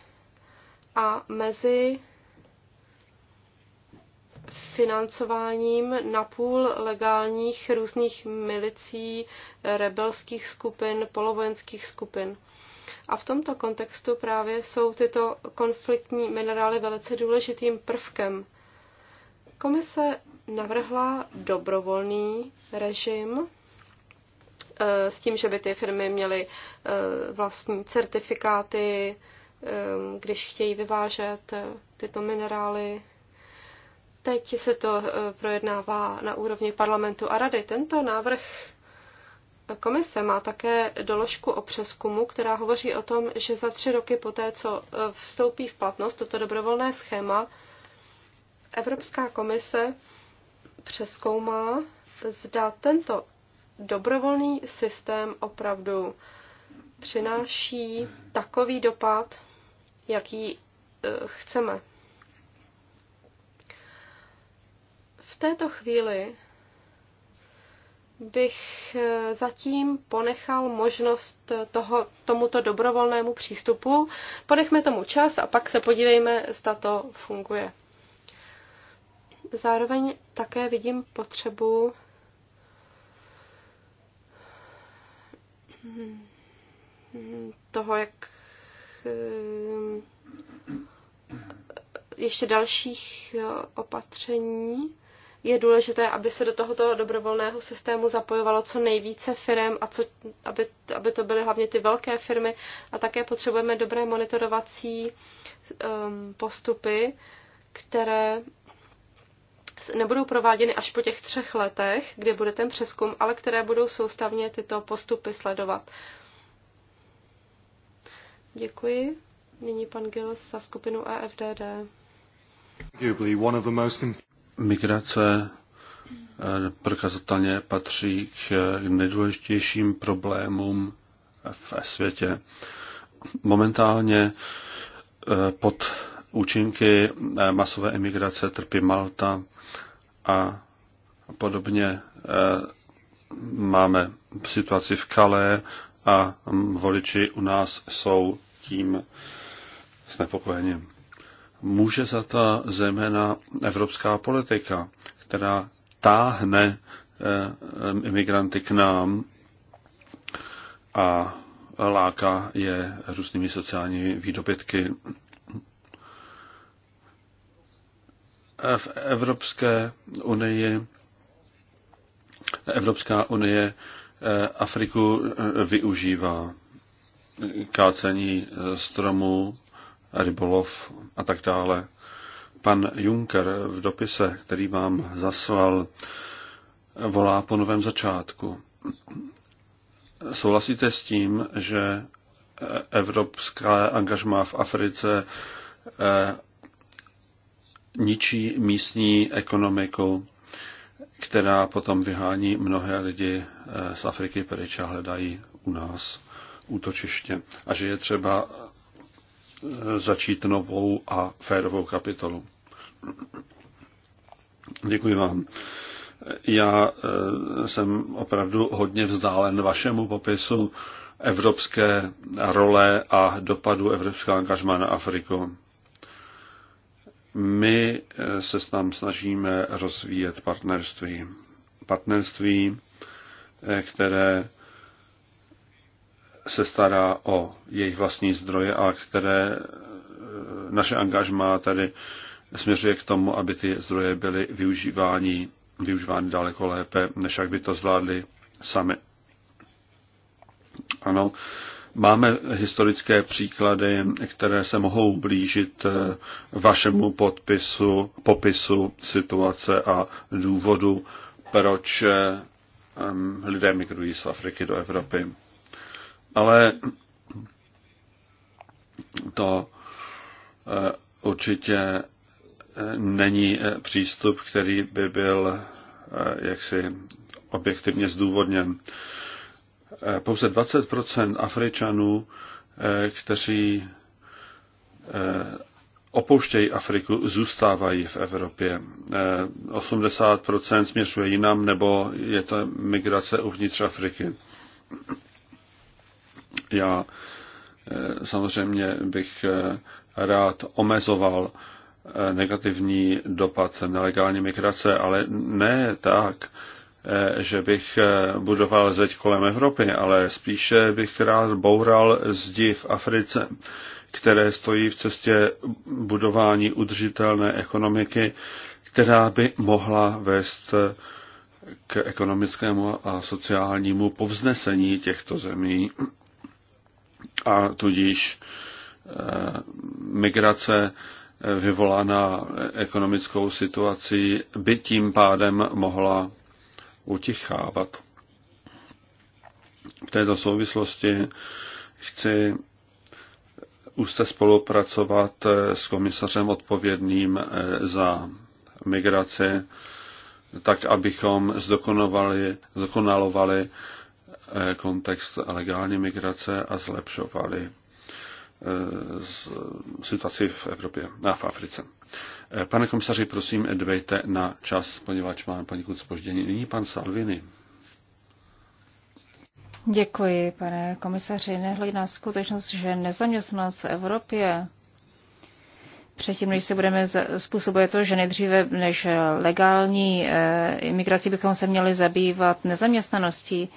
a mezi financováním napůl legálních různých milicí, eh, rebelských skupin, polovojenských skupin. A v tomto kontextu právě jsou tyto konfliktní minerály velice důležitým prvkem. Komise navrhla dobrovolný režim eh, s tím, že by ty firmy měly eh, vlastní certifikáty, když chtějí vyvážet tyto minerály Teď se to eh, projednává na úrovni parlamentu a rady. Tento návrh komise má také doložku o přeskumu, která hovoří o tom, že za tři roky poté, co eh, vstoupí v platnost toto dobrovolné schéma, Evropská komise přeskoumá, zda tento dobrovolný systém opravdu přináší takový dopad, jaký eh, chceme. této chvíli bych eh, zatím ponechal možnost toho, tomuto dobrovolnému přístupu. Ponechme tomu čas a pak se podívejme, zda to funguje. Zároveň také vidím potřebu hm, toho, jak hm, ještě dalších eh, opatření, je důležité, aby se do tohoto dobrovolného systému zapojovalo co nejvíce firm a co, aby, aby to byly hlavně ty velké firmy. A také potřebujeme dobré monitorovací um, postupy, které nebudou prováděny až po těch třech letech, kdy bude ten přeskum, ale které budou soustavně tyto postupy sledovat. Děkuji. Nyní pan Gilles za skupinu EFDD. Migrace eh, prokazatelně patří k nejdůležitějším problémům v světě. Momentálně eh, pod účinky eh, masové emigrace trpí Malta a podobně máme situaci v Kalé a mm, voliči u nás jsou tím znepokojeni může za ta zejména evropská politika, která táhne eh, imigranty k nám a láká je různými sociálními výdobytky. V Evropské unii Evropská unie eh, Afriku eh, využívá kácení stromů, rybolov a tak dále. Pan Juncker v dopise, který vám zaslal, volá po novém začátku. Souhlasíte s tím, že evropská angažma v Africe eh, ničí místní ekonomiku, která potom vyhání mnohé lidi eh, z Afriky pryč a hledají u nás útočiště. A že je třeba začít novou a férovou kapitolu. Děkuji vám. Já eh, jsem opravdu hodně vzdálen vašemu popisu evropské role a dopadu evropského angažmá na Afriku. My eh, se tam snažíme rozvíjet partnerství. Partnerství, eh, které se stará o jejich vlastní zdroje a které e, naše angažmá tady směřuje k tomu, aby ty zdroje byly využívány, využívány daleko lépe, než jak by to zvládli sami. Ano, máme historické příklady, které se mohou blížit e, vašemu podpisu, popisu situace a důvodu, proč e, lidé migrují z Afriky do Evropy. Ale to eh, určitě eh, není eh, přístup, který by byl jaksi objektivně zdůvodněn. Pouze 20 Afričanů, kteří opouštějí Afriku, zůstávají v Evropě. 80 směřuje jinam, nebo je to migrace uvnitř Afriky. Já eh, samozřejmě bych eh, rád omezoval eh, negativní dopad nelegální migrace, ale ne tak, že bych budoval zeď kolem Evropy, ale spíše bych rád boural zdi v Africe, které stojí v cestě budování udržitelné ekonomiky, která by mohla vést k ekonomickému a sociálnímu povznesení těchto zemí a tudíž eh, migrace eh, vyvolaná ekonomickou situací by tím pádem mohla utichávat. V této souvislosti chci úzce spolupracovat eh, s komisařem odpovědným za migraci, tak abychom zdokonalovali Eh, kontext legální migrace a zlepšovali eh, situaci v Evropě a v Africe. Eh, pane komisaři, prosím, dvejte na čas, poněvadž mám poněkud spoždění. Nyní pan Salvini. Děkuji, pane komisaři. Nehledě na skutečnost, že nezaměstnanost v Evropě předtím, než se budeme způsobuje to, že nejdříve než legální imigrací bychom se měli zabývat nezaměstnaností,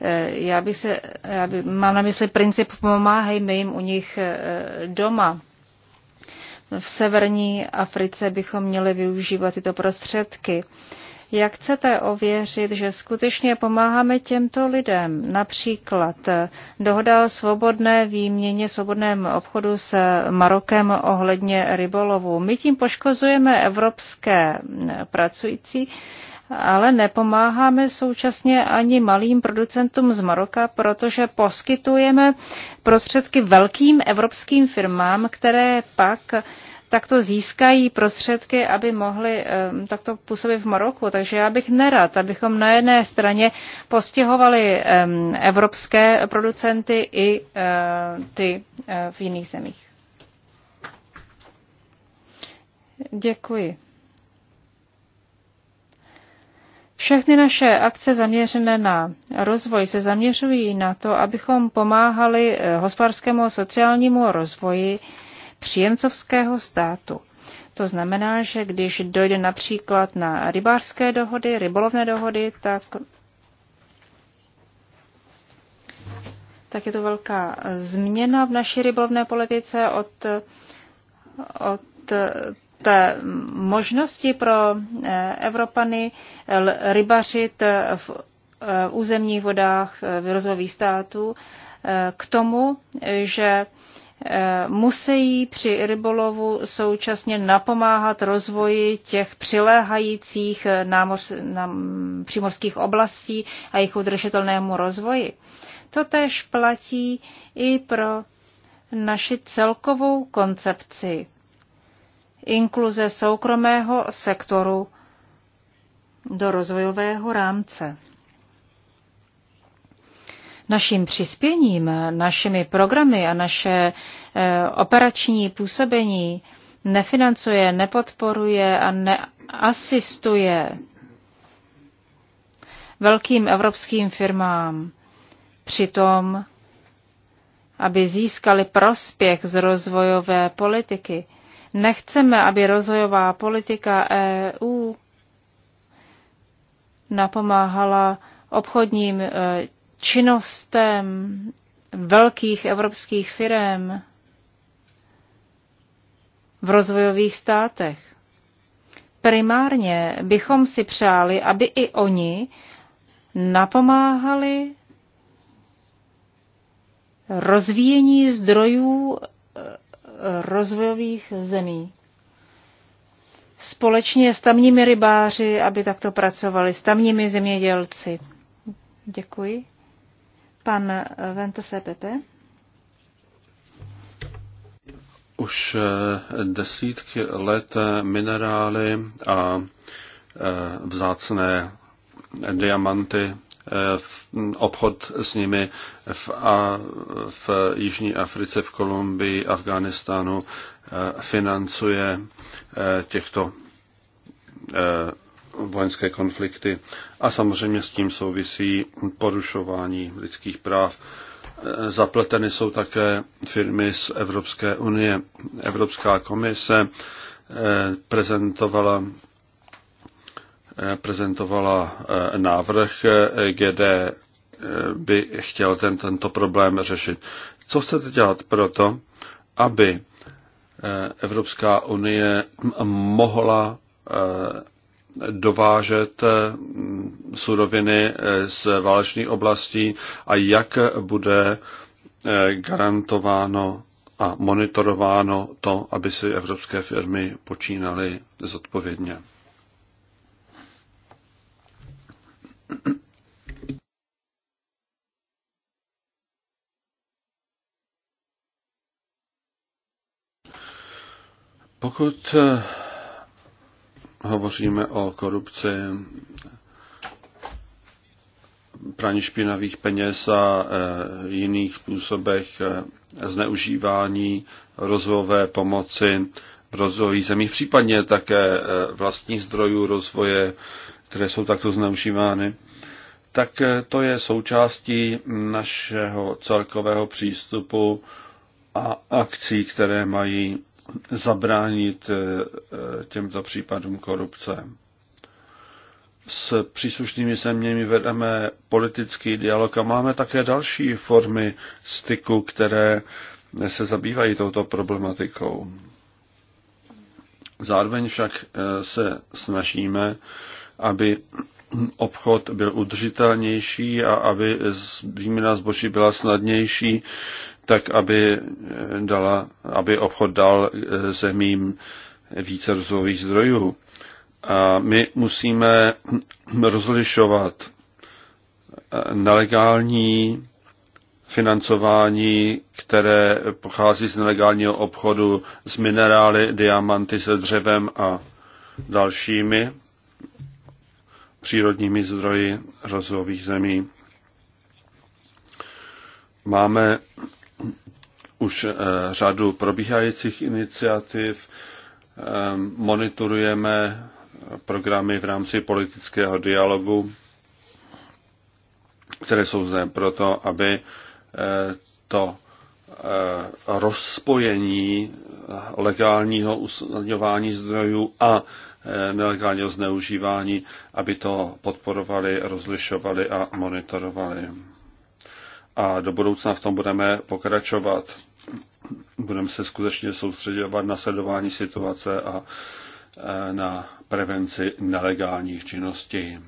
Eh, já bych se, já by, mám na mysli princip pomáhejme jim u nich eh, doma. V severní Africe bychom měli využívat tyto prostředky. Jak chcete ověřit, že skutečně pomáháme těmto lidem? Například eh, dohoda o svobodné výměně, svobodném obchodu s Marokem ohledně rybolovu. My tím poškozujeme evropské pracující, ale nepomáháme současně ani malým producentům z Maroka, protože poskytujeme prostředky velkým evropským firmám, které pak takto získají prostředky, aby mohli takto působit v Maroku. Takže já bych nerad, abychom na jedné straně postihovali evropské producenty i e, ty e, v jiných zemích. Děkuji. Všechny naše akce zaměřené na rozvoj se zaměřují na to, abychom pomáhali eh, hospodářskému a sociálnímu rozvoji příjemcovského státu. To znamená, že když dojde například na rybářské dohody, rybolovné dohody, tak, tak je to velká změna v naší rybolovné politice od, od možnosti pro eh, Evropany eh, rybařit eh, v územních vodách v rozvojových států k tomu, že musí při rybolovu současně napomáhat rozvoji těch přiléhajících námoř, nám, přímorských oblastí a jejich udržitelnému rozvoji. To Totež platí i pro naši celkovou koncepci inkluze soukromého sektoru do rozvojového rámce. Naším přispěním, našimi programy a naše eh, operační působení nefinancuje, nepodporuje a neasistuje velkým evropským firmám tom, aby získali prospěch z rozvojové politiky. Nechceme, aby rozvojová politika EU napomáhala obchodním e, činnostem velkých evropských firm v rozvojových státech. Primárně bychom si přáli, aby i oni napomáhali rozvíjení zdrojů rozvojových zemí společně s tamními rybáři, aby takto pracovali, s tamními zemědělci. Děkuji. Pan Vente Pepe. Už eh, desítky let eh, minerály a eh, vzácné diamanty Eh, obchod s nimi v, a, v Jižní Africe, v Kolumbii, Afghánistánu eh, financuje eh, těchto vojenské konflikty a samozřejmě s tím souvisí porušování lidských práv. Zapleteny jsou také firmy z Evropské unie. Evropská komise prezentovala prezentovala eh, návrh, eh, kde eh, by chtěl ten, tento problém řešit. Co chcete dělat to, aby Evropská unie mohla dovážet suroviny z válečných oblastí a jak bude garantováno a monitorováno to, aby si evropské firmy počínaly zodpovědně. Pokud eh, hovoříme o korupci, praní špinavých peněz a eh, jiných způsobech eh, zneužívání rozvojové pomoci v rozvojových zemích, případně také vlastních zdrojů rozvoje které jsou takto zneužívány, tak eh, to je součástí našeho celkového přístupu a akcí, které mají zabránit eh, eh, těmto případům korupce. S příslušnými zeměmi vedeme politický dialog a máme také další formy styku, které se zabývají touto problematikou. Zároveň však se snažíme aby obchod byl udržitelnější a aby výměna zboží byla snadnější, tak aby, dala, aby obchod dal eh, zemím více rozvojových zdrojů. A my musíme rozlišovat eh, nelegální financování, které pochází z nelegálního obchodu s minerály, diamanty se dřevem a dalšími přírodními zdroji rozvojových zemí. Máme už eh, řadu probíhajících iniciativ, eh, monitorujeme programy v rámci politického dialogu, které jsou zde proto, aby eh, to rozpojení legálního usnadňování zdrojů a Eh, nelegálního zneužívání, aby to podporovali, rozlišovali a monitorovali. A do budoucna v tom budeme pokračovat. Budeme se skutečně soustředovat na sledování situace a eh, na prevenci nelegálních činností.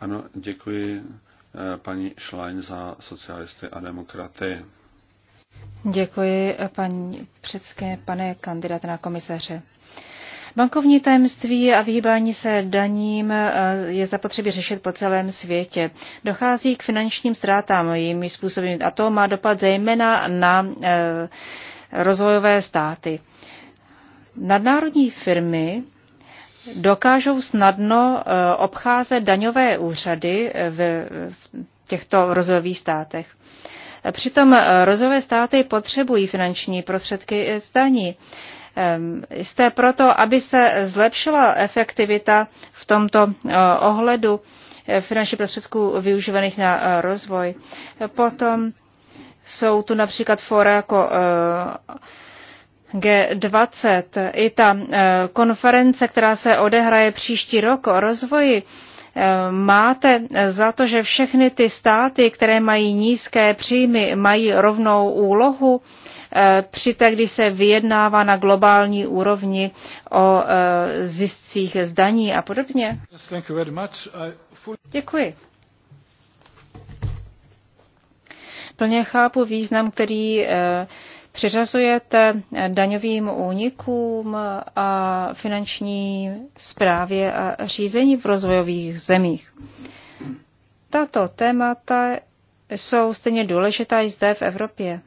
Ano, děkuji eh, paní Schlein za socialisty a demokraty. Děkuji, paní předské, pane kandidáte na komisaře. Bankovní tajemství a vyhýbání se daním eh, je zapotřebí řešit po celém světě. Dochází k finančním ztrátám jimi způsobem a to má dopad zejména na eh, rozvojové státy. Nadnárodní firmy dokážou snadno eh, obcházet daňové úřady v těchto rozvojových státech. Přitom rozvojové státy potřebují finanční prostředky z daní. Ehm, jste proto, aby se zlepšila efektivita v tomto eh, ohledu eh, finančních prostředků využívaných na eh, rozvoj. Potom jsou tu například fora jako G20. I ta konference, která se odehraje příští rok o rozvoji, máte za to, že všechny ty státy, které mají nízké příjmy, mají rovnou úlohu? při té, kdy se vyjednává na globální úrovni o e, ziscích zdaní a podobně? Děkuji. Plně chápu význam, který e, přiřazujete daňovým únikům a finanční správě a řízení v rozvojových zemích. Tato témata jsou stejně důležitá i zde v Evropě.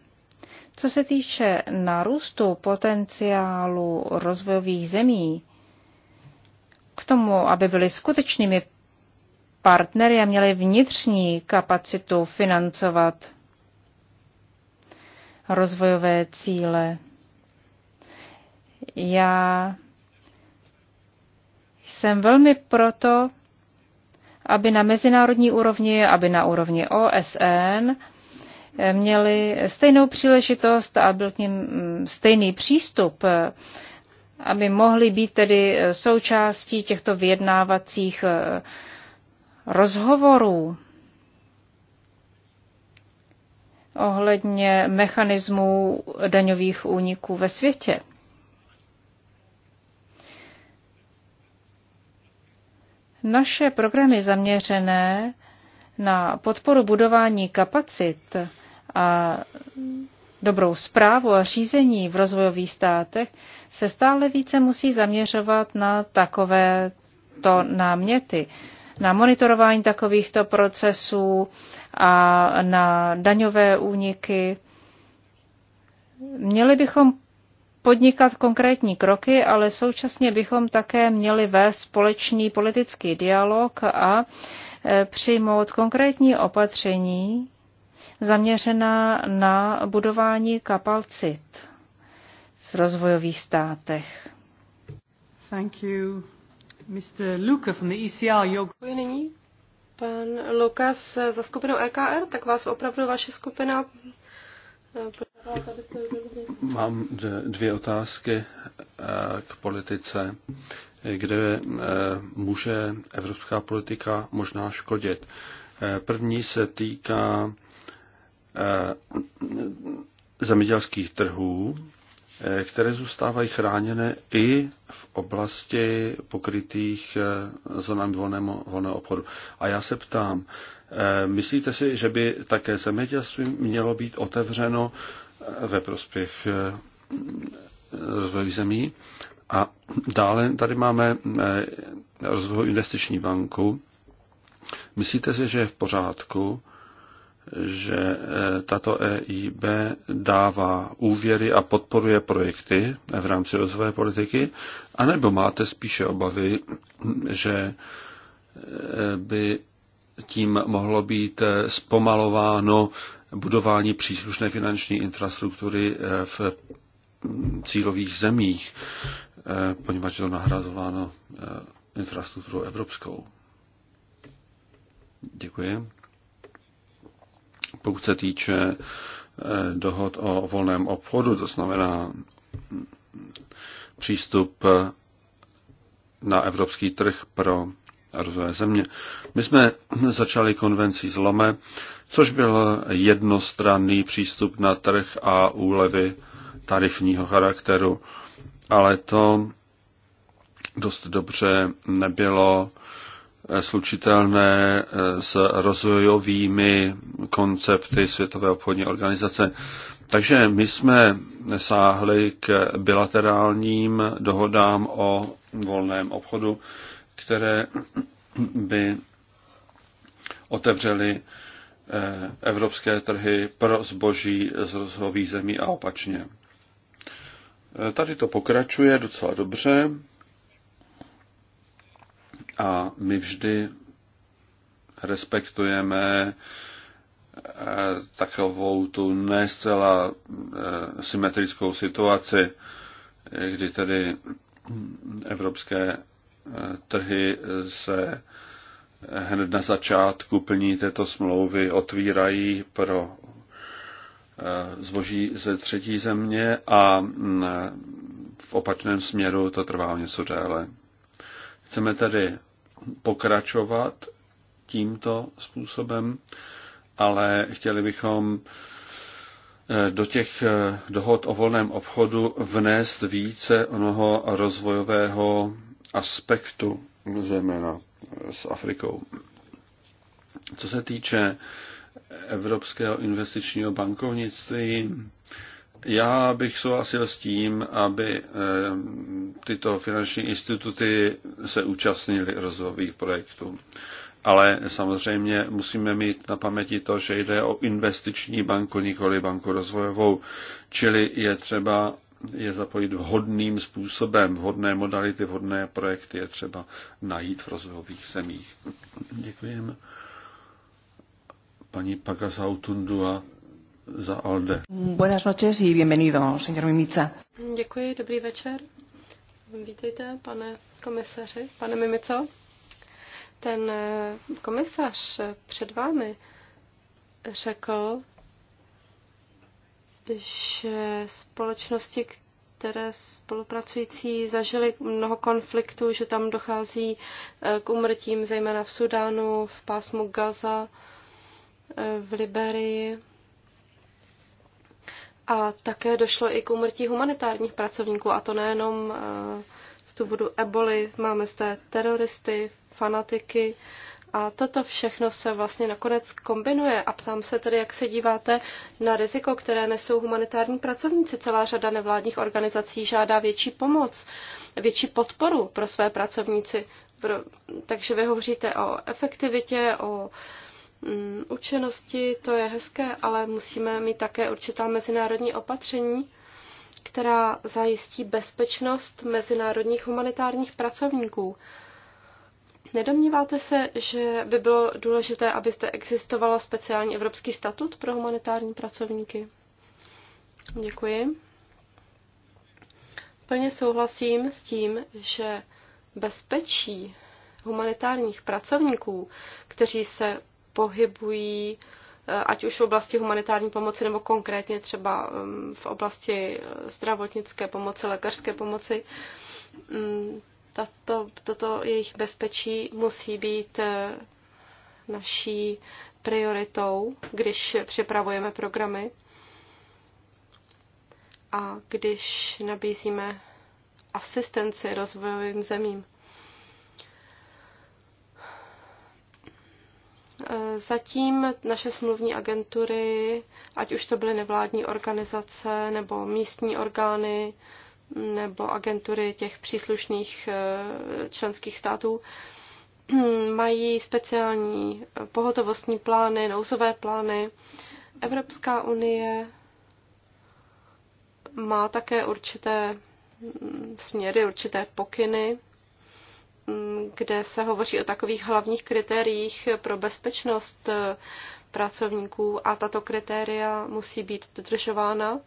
Co se týče narůstu potenciálu rozvojových zemí, k tomu, aby byly skutečnými partnery a měli vnitřní kapacitu financovat rozvojové cíle. Já jsem velmi proto, aby na mezinárodní úrovni, aby na úrovni OSN, měli stejnou příležitost a byl k ním mm, stejný přístup, eh, aby mohli být tedy eh, součástí těchto vyjednávacích eh, rozhovorů ohledně mechanismů daňových úniků ve světě. Naše programy zaměřené na podporu budování kapacit a dobrou zprávu a řízení v rozvojových státech se stále více musí zaměřovat na takovéto náměty, na monitorování takovýchto procesů a na daňové úniky. Měli bychom podnikat konkrétní kroky, ale současně bychom také měli vést společný politický dialog a eh, přijmout konkrétní opatření, zaměřená na budování kapacit v rozvojových státech. Thank you. Mr. Luca from the ECR, your... Nyní pan Lukas za skupinou EKR, tak vás opravdu vaše skupina Mám dvě otázky eh, k politice, kde eh, může evropská politika možná škodit. Eh, první se týká Eh, zemědělských trhů, eh, které zůstávají chráněné i v oblasti pokrytých eh, zónami volného, volného obchodu. A já se ptám, myslíte si, že by také zemědělství mělo být otevřeno ve prospěch rozvojových zemí? A dále tady máme rozvoj investiční banku. Myslíte si, že je v pořádku, že eh, tato EIB dává úvěry a podporuje projekty v rámci rozvoje politiky, anebo máte spíše obavy, že eh, by tím mohlo být eh, zpomalováno budování příslušné finanční infrastruktury v cílových zemích, poněvadž je to nahrazováno infrastrukturou evropskou. Děkuji pokud se týče eh, dohod o volném obchodu, to znamená přístup eh, na evropský trh pro rozvoje země. My jsme začali konvencí z Lome, což byl jednostranný přístup na trh a úlevy tarifního charakteru, ale to dost dobře nebylo slučitelné eh, s rozvojovými koncepty Světové obchodní organizace. Takže my jsme sáhli k bilaterálním dohodám o volném obchodu, které by otevřely eh, evropské trhy pro zboží z rozvojových zemí a opačně. Eh, tady to pokračuje docela dobře. A my vždy respektujeme eh, takovou tu ne zcela eh, symetrickou situaci, kdy tedy evropské eh, trhy se hned na začátku plní této smlouvy otvírají pro zboží ze třetí země a mm, v opačném směru to trvá o něco déle. Chceme tedy pokračovat tímto způsobem, ale chtěli bychom eh, do těch eh, dohod o volném obchodu vnést více onoho rozvojového aspektu, zejména s Afrikou. Co se týče Evropského investičního bankovnictví, já bych souhlasil s tím, aby eh, tyto finanční instituty se účastnily rozvojových projektů. Ale samozřejmě musíme mít na paměti to, že jde o investiční banku, nikoli banku rozvojovou, čili je třeba je zapojit vhodným způsobem, vhodné modality, vhodné projekty je třeba najít v rozvojových zemích. Děkujeme. Paní Pagasau Tundua za ALDE. Buenas noches y bienvenido, señor Mimica. Děkuji, dobrý večer. Vítejte, pane komisaři, pane Mimico. Ten eh, komisař eh, před vámi řekl, že společnosti, které spolupracující zažili mnoho konfliktů, že tam dochází eh, k umrtím, zejména v Sudánu, v pásmu Gaza, v Liberii. A také došlo i k úmrtí humanitárních pracovníků, a to nejenom eh, z důvodu eboli, máme zde teroristy, fanatiky, a toto všechno se vlastně nakonec kombinuje a ptám se tedy, jak se díváte na riziko, které nesou humanitární pracovníci. Celá řada nevládních organizací žádá větší pomoc, větší podporu pro své pracovníci. takže vy hovoříte o efektivitě, o učenosti, mm, to je hezké, ale musíme mít také určitá mezinárodní opatření, která zajistí bezpečnost mezinárodních humanitárních pracovníků. Nedomníváte se, že by bylo důležité, aby zde existovala speciální evropský statut pro humanitární pracovníky? Děkuji. Plně souhlasím s tím, že bezpečí humanitárních pracovníků, kteří se pohybují, eh, ať už v oblasti humanitární pomoci nebo konkrétně třeba mm, v oblasti eh, zdravotnické pomoci, lékařské pomoci. Mm, tato, toto jejich bezpečí musí být eh, naší prioritou, když připravujeme programy a když nabízíme asistenci rozvojovým zemím. Eh, zatím naše smluvní agentury, ať už to byly nevládní organizace nebo místní orgány nebo agentury těch příslušných eh, členských států, mají speciální pohotovostní plány, nouzové plány. Evropská unie má také určité mm, směry, určité pokyny Mm, kde se hovoří o takových hlavních kritériích pro bezpečnost eh, pracovníků a tato kritéria musí být dodržována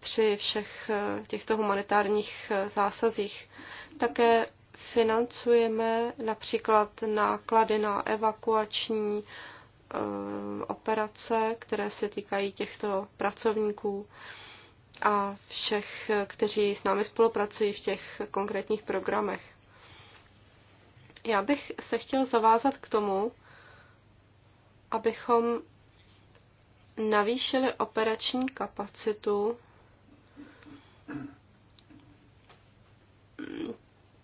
při všech eh, těchto humanitárních eh, zásazích. Také financujeme například náklady na evakuační operace, které se týkají těchto pracovníků a všech, kteří s námi spolupracují v těch konkrétních programech. Já bych se chtěl zavázat k tomu, abychom navýšili operační kapacitu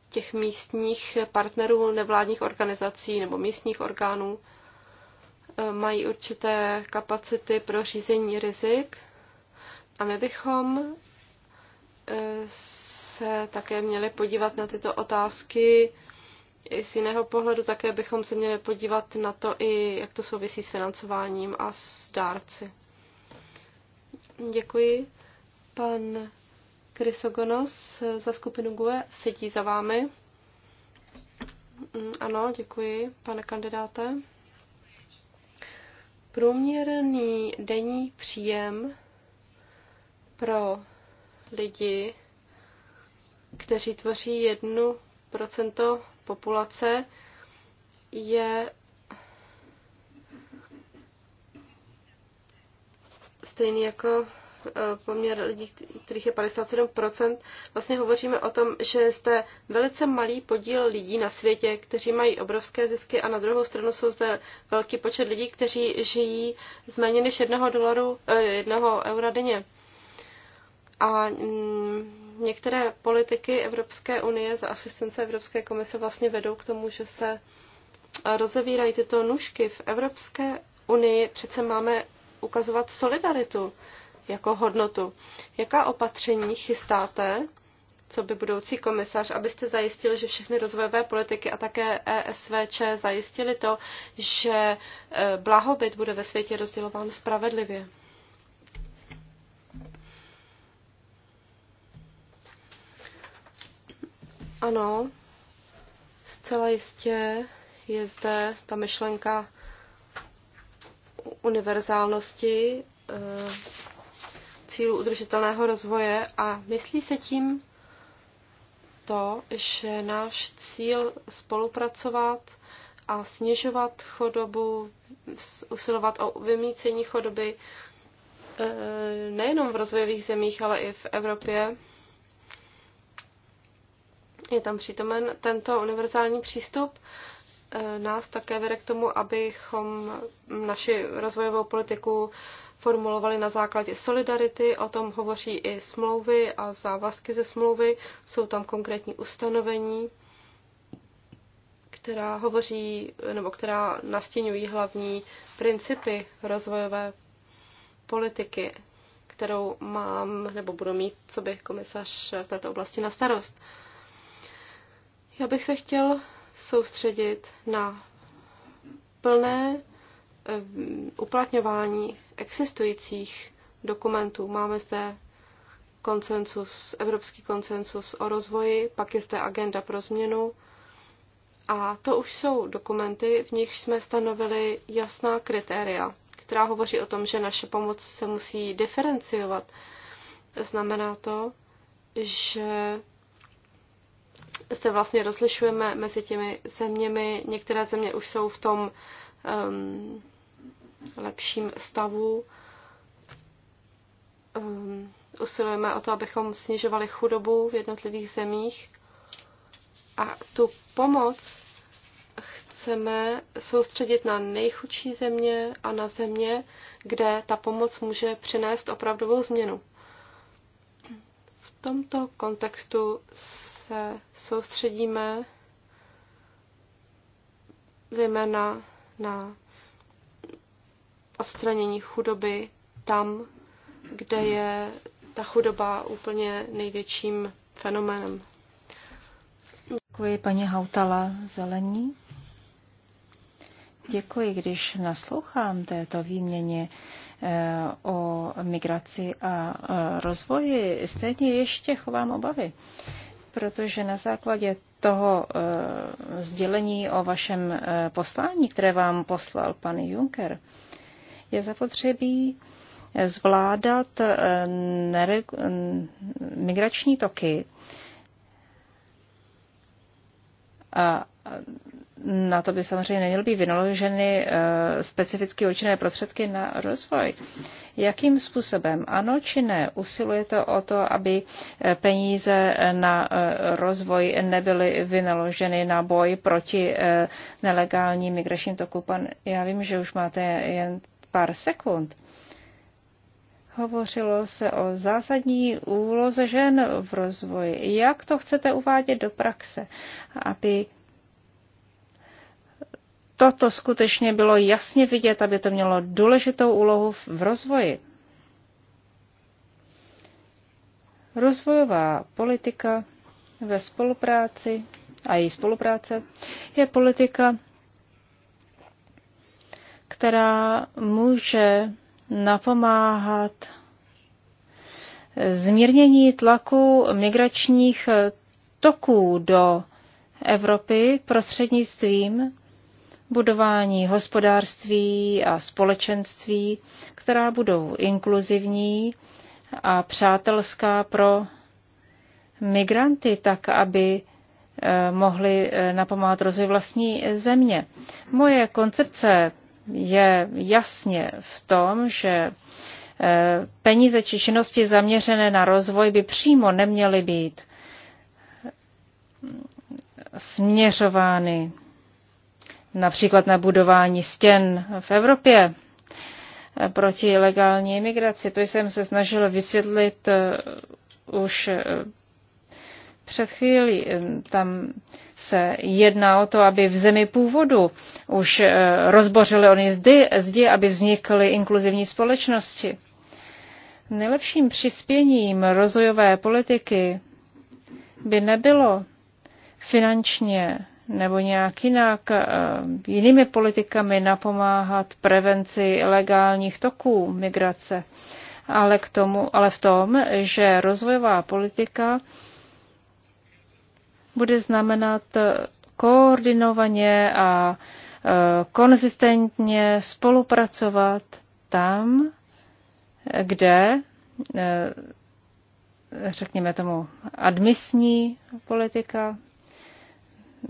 těch místních partnerů nevládních organizací nebo místních orgánů. Eh, mají určité kapacity pro řízení rizik a my bychom eh, se také měli podívat na tyto otázky i z jiného pohledu také bychom se měli podívat na to, i jak to souvisí s financováním a s dárci. Děkuji. Pan Krysogonos za skupinu GUE sedí za vámi. Mm, ano, děkuji, pane kandidáte. Průměrný denní příjem pro lidi, kteří tvoří jednu procento populace je stejný jako eh, poměr lidí, kterých je 57%, vlastně hovoříme o tom, že jste velice malý podíl lidí na světě, kteří mají obrovské zisky a na druhou stranu jsou zde velký počet lidí, kteří žijí z méně než jednoho dolaru, eh, jednoho eura denně. A mm, některé politiky Evropské unie za asistence Evropské komise vlastně vedou k tomu, že se rozevírají tyto nůžky. V Evropské unii přece máme ukazovat solidaritu jako hodnotu. Jaká opatření chystáte, co by budoucí komisař, abyste zajistili, že všechny rozvojové politiky a také ESVČ zajistili to, že e, blahobyt bude ve světě rozdělován spravedlivě? Ano, zcela jistě je zde ta myšlenka univerzálnosti eh, cílu udržitelného rozvoje a myslí se tím to, že náš cíl spolupracovat a snižovat chodobu, usilovat o vymícení chodoby eh, nejenom v rozvojových zemích, ale i v Evropě, skutečně tam přítomen. Tento univerzální přístup e, nás také vede k tomu, abychom naši rozvojovou politiku formulovali na základě solidarity, o tom hovoří i smlouvy a závazky ze smlouvy, jsou tam konkrétní ustanovení, která hovoří, nebo která nastěňují hlavní principy rozvojové politiky, kterou mám, nebo budu mít, co by komisař v této oblasti na starost. Já bych se chtěl soustředit na plné eh, uplatňování existujících dokumentů. Máme zde koncensus, evropský konsensus o rozvoji, pak je zde agenda pro změnu. A to už jsou dokumenty, v nich jsme stanovili jasná kritéria, která hovoří o tom, že naše pomoc se musí diferenciovat. Znamená to, že se vlastně rozlišujeme mezi těmi zeměmi. Některé země už jsou v tom um, lepším stavu. Um, usilujeme o to, abychom snižovali chudobu v jednotlivých zemích. A tu pomoc chceme soustředit na nejchudší země a na země, kde ta pomoc může přinést opravdovou změnu. V tomto kontextu se soustředíme zejména na odstranění chudoby tam, kde je ta chudoba úplně největším fenoménem. Děkuji paní Hautala Zelení. Děkuji, když naslouchám této výměně eh, o migraci a eh, rozvoji, stejně ještě chovám obavy protože na základě toho e, sdělení o vašem e, poslání, které vám poslal pan Juncker, je zapotřebí eh, zvládat e, nere, e, mm, migrační toky a mm, na to by samozřejmě neměly být vynaloženy e, specificky určené prostředky na rozvoj. E, Jakým způsobem, ano či ne, usiluje to o to, aby eh, peníze na eh, rozvoj nebyly vynaloženy na boj proti eh, nelegální migračním toku. Pan, já vím, že už máte jen pár sekund. Hovořilo se o zásadní úloze žen v rozvoji. Jak to chcete uvádět do praxe, aby toto skutečně bylo jasně vidět, aby to mělo důležitou úlohu v rozvoji. Rozvojová politika ve spolupráci a její spolupráce je politika, která může napomáhat zmírnění tlaku migračních toků do Evropy prostřednictvím budování hospodářství a společenství, která budou inkluzivní a přátelská pro migranty, tak aby eh, mohli eh, napomáhat rozvoj vlastní země. Moje koncepce je jasně v tom, že eh, peníze či činnosti zaměřené na rozvoj by přímo neměly být směřovány například na budování stěn v Evropě eh, proti ilegální imigraci. To jsem se snažil vysvětlit eh, už eh, před chvílí. Tam se jedná o to, aby v zemi původu už rozbořili oni zdy, zdi, aby vznikly inkluzivní společnosti. Nejlepším přispěním rozvojové politiky by nebylo finančně nebo nějak jinak eh, jinými politikami napomáhat prevenci legálních toků migrace, ale, k tomu, ale v tom, že rozvojová politika bude znamenat eh, koordinovaně a eh, konzistentně spolupracovat tam, kde, řekněme tomu, admisní politika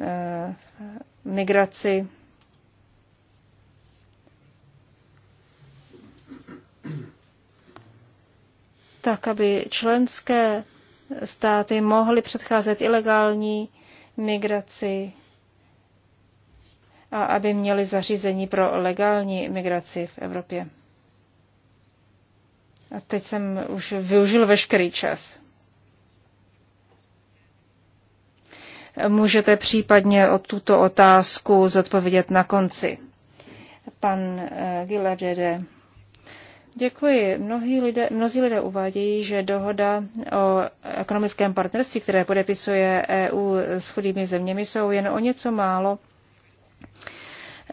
Eh, migraci. Tak, aby členské státy mohly předcházet ilegální migraci a aby měly zařízení pro legální migraci v Evropě. A teď jsem už využil veškerý čas. Můžete případně o tuto otázku zodpovědět na konci. Pan eh, Giladede. Děkuji. Mnohí lidé, mnozí lidé uvádějí, že dohoda o ekonomickém partnerství, které podepisuje EU s chudými zeměmi, jsou jen o něco málo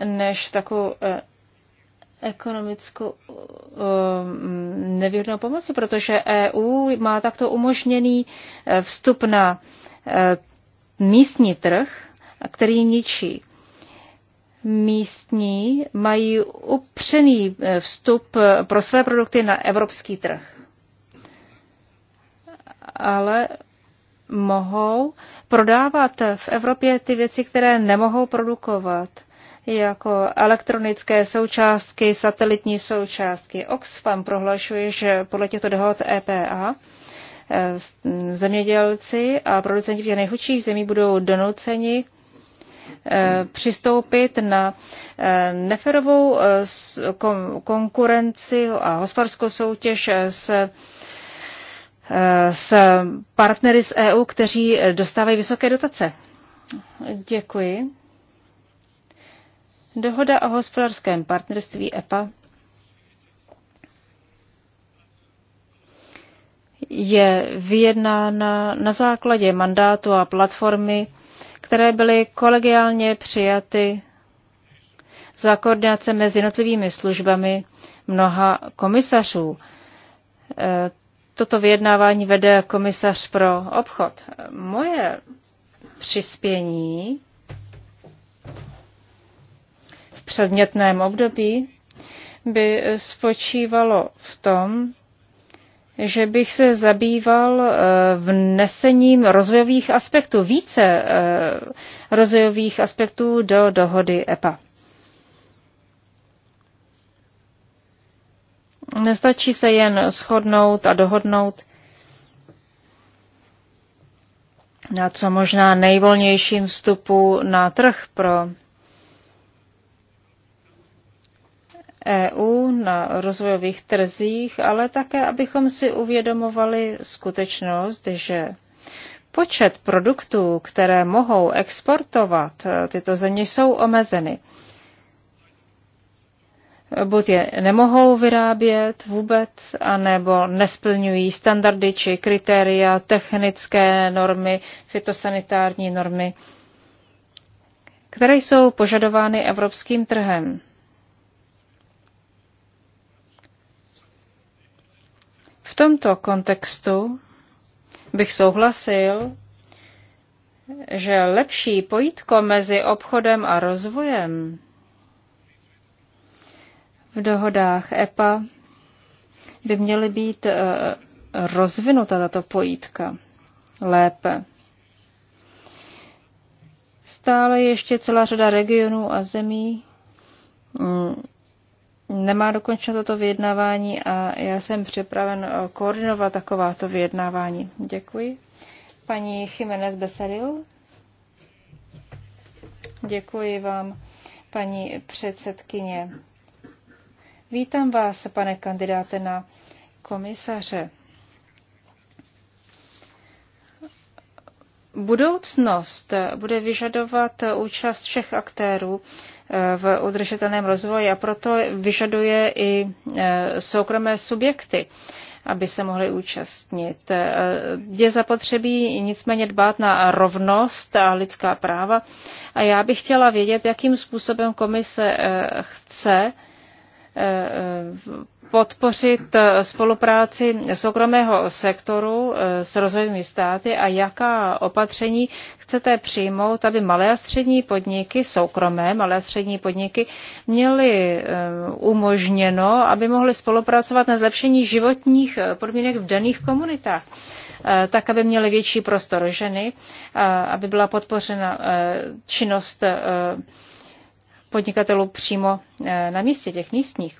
než takovou eh, ekonomickou eh, nevýhodnou pomoci, protože EU má takto umožněný vstup na místní trh, který ničí. Místní mají upřený eh, vstup eh, pro své produkty na evropský trh. Ale mohou prodávat v Evropě ty věci, které nemohou produkovat, jako elektronické součástky, satelitní součástky. Oxfam prohlašuje, že podle těchto dohod EPA Eh, zemědělci a producenti těch nejchudších zemí budou donuceni eh, přistoupit na eh, neferovou konkurenci a hospodářskou soutěž s s partnery z EU, kteří dostávají vysoké dotace. Děkuji. Dohoda o hospodářském partnerství EPA je vyjednána na základě mandátu a platformy, které byly kolegiálně přijaty za koordinace mezi jednotlivými službami mnoha komisařů. E, toto vyjednávání vede komisař pro obchod. Moje přispění v předmětném období by spočívalo v tom, že bych se zabýval eh, vnesením rozvojových aspektů, více eh, rozvojových aspektů do dohody EPA. Nestačí se jen shodnout a dohodnout na co možná nejvolnějším vstupu na trh pro EU na rozvojových trzích, ale také, abychom si uvědomovali skutečnost, že počet produktů, které mohou exportovat e, tyto země, jsou omezeny. Buď je nemohou vyrábět vůbec, anebo nesplňují standardy či kritéria, technické normy, fitosanitární normy, které jsou požadovány evropským trhem. tomto kontextu bych souhlasil, že lepší pojítko mezi obchodem a rozvojem v dohodách EPA by měly být eh, rozvinuta tato pojítka lépe. Stále ještě celá řada regionů a zemí mm, nemá dokončeno toto vyjednávání a já jsem připraven eh, koordinovat takováto vyjednávání. Děkuji. Paní Jiménez Beseril. Děkuji vám, paní předsedkyně. Vítám vás, pane kandidáte na komisaře. Budoucnost bude vyžadovat účast všech aktérů v udržitelném rozvoji a proto vyžaduje i e, soukromé subjekty aby se mohli účastnit. E, je zapotřebí nicméně dbát na rovnost a lidská práva a já bych chtěla vědět, jakým způsobem komise e, chce Eh, podpořit eh, spolupráci soukromého sektoru eh, s rozvojovými státy a jaká opatření chcete přijmout, aby malé a střední podniky, soukromé malé a střední podniky, měly umožněno, aby mohly spolupracovat na zlepšení životních podmínek v daných komunitách tak, aby měly větší prostor ženy, aby byla podpořena činnost podnikatelů přímo eh, na místě, těch místních.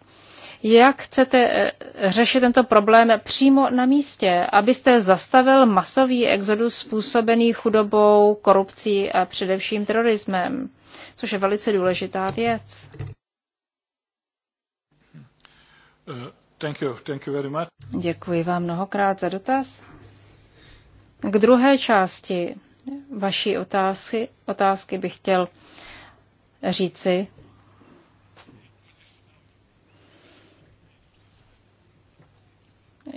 Jak chcete eh, řešit tento problém přímo na místě, abyste zastavil masový exodus způsobený chudobou, korupcí a především terorismem, což je velice důležitá věc? Eh, thank you. Thank you very much. Děkuji vám mnohokrát za dotaz. K druhé části vaší otázky, otázky bych chtěl říci,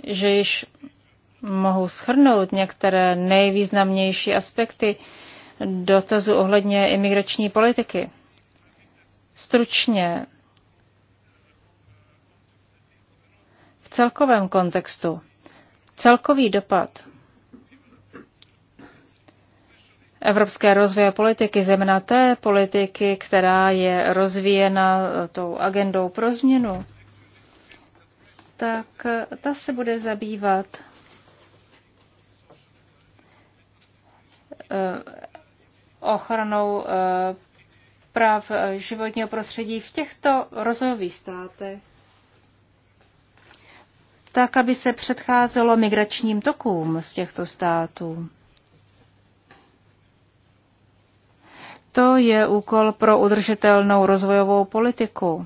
že již mohu schrnout některé nejvýznamnější aspekty dotazu ohledně imigrační politiky. Stručně v celkovém kontextu celkový dopad evropské rozvoje politiky, zejména té politiky, která je rozvíjena tou agendou pro změnu, tak ta se bude zabývat eh, ochranou eh, práv životního prostředí v těchto rozvojových státech, tak aby se předcházelo migračním tokům z těchto států. To je úkol pro udržitelnou rozvojovou politiku.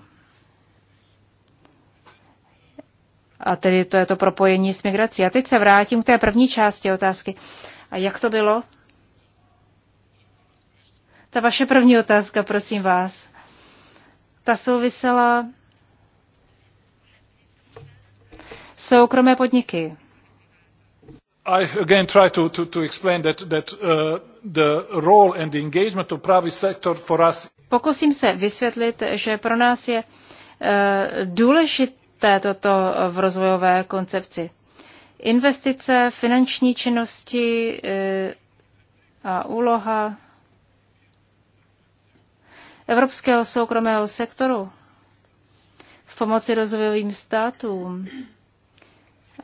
A tedy to je to propojení s migrací. A teď se vrátím k té první části otázky. A jak to bylo? Ta vaše první otázka, prosím vás. Ta souvisela soukromé podniky. I again try to, to, to explain that, that uh, the role and the engagement of private sector for us. Pokusím se vysvětlit, že pro nás je eh, důležité toto v rozvojové koncepci. Investice, finanční činnosti eh, a úloha evropského soukromého sektoru v pomoci rozvojovým státům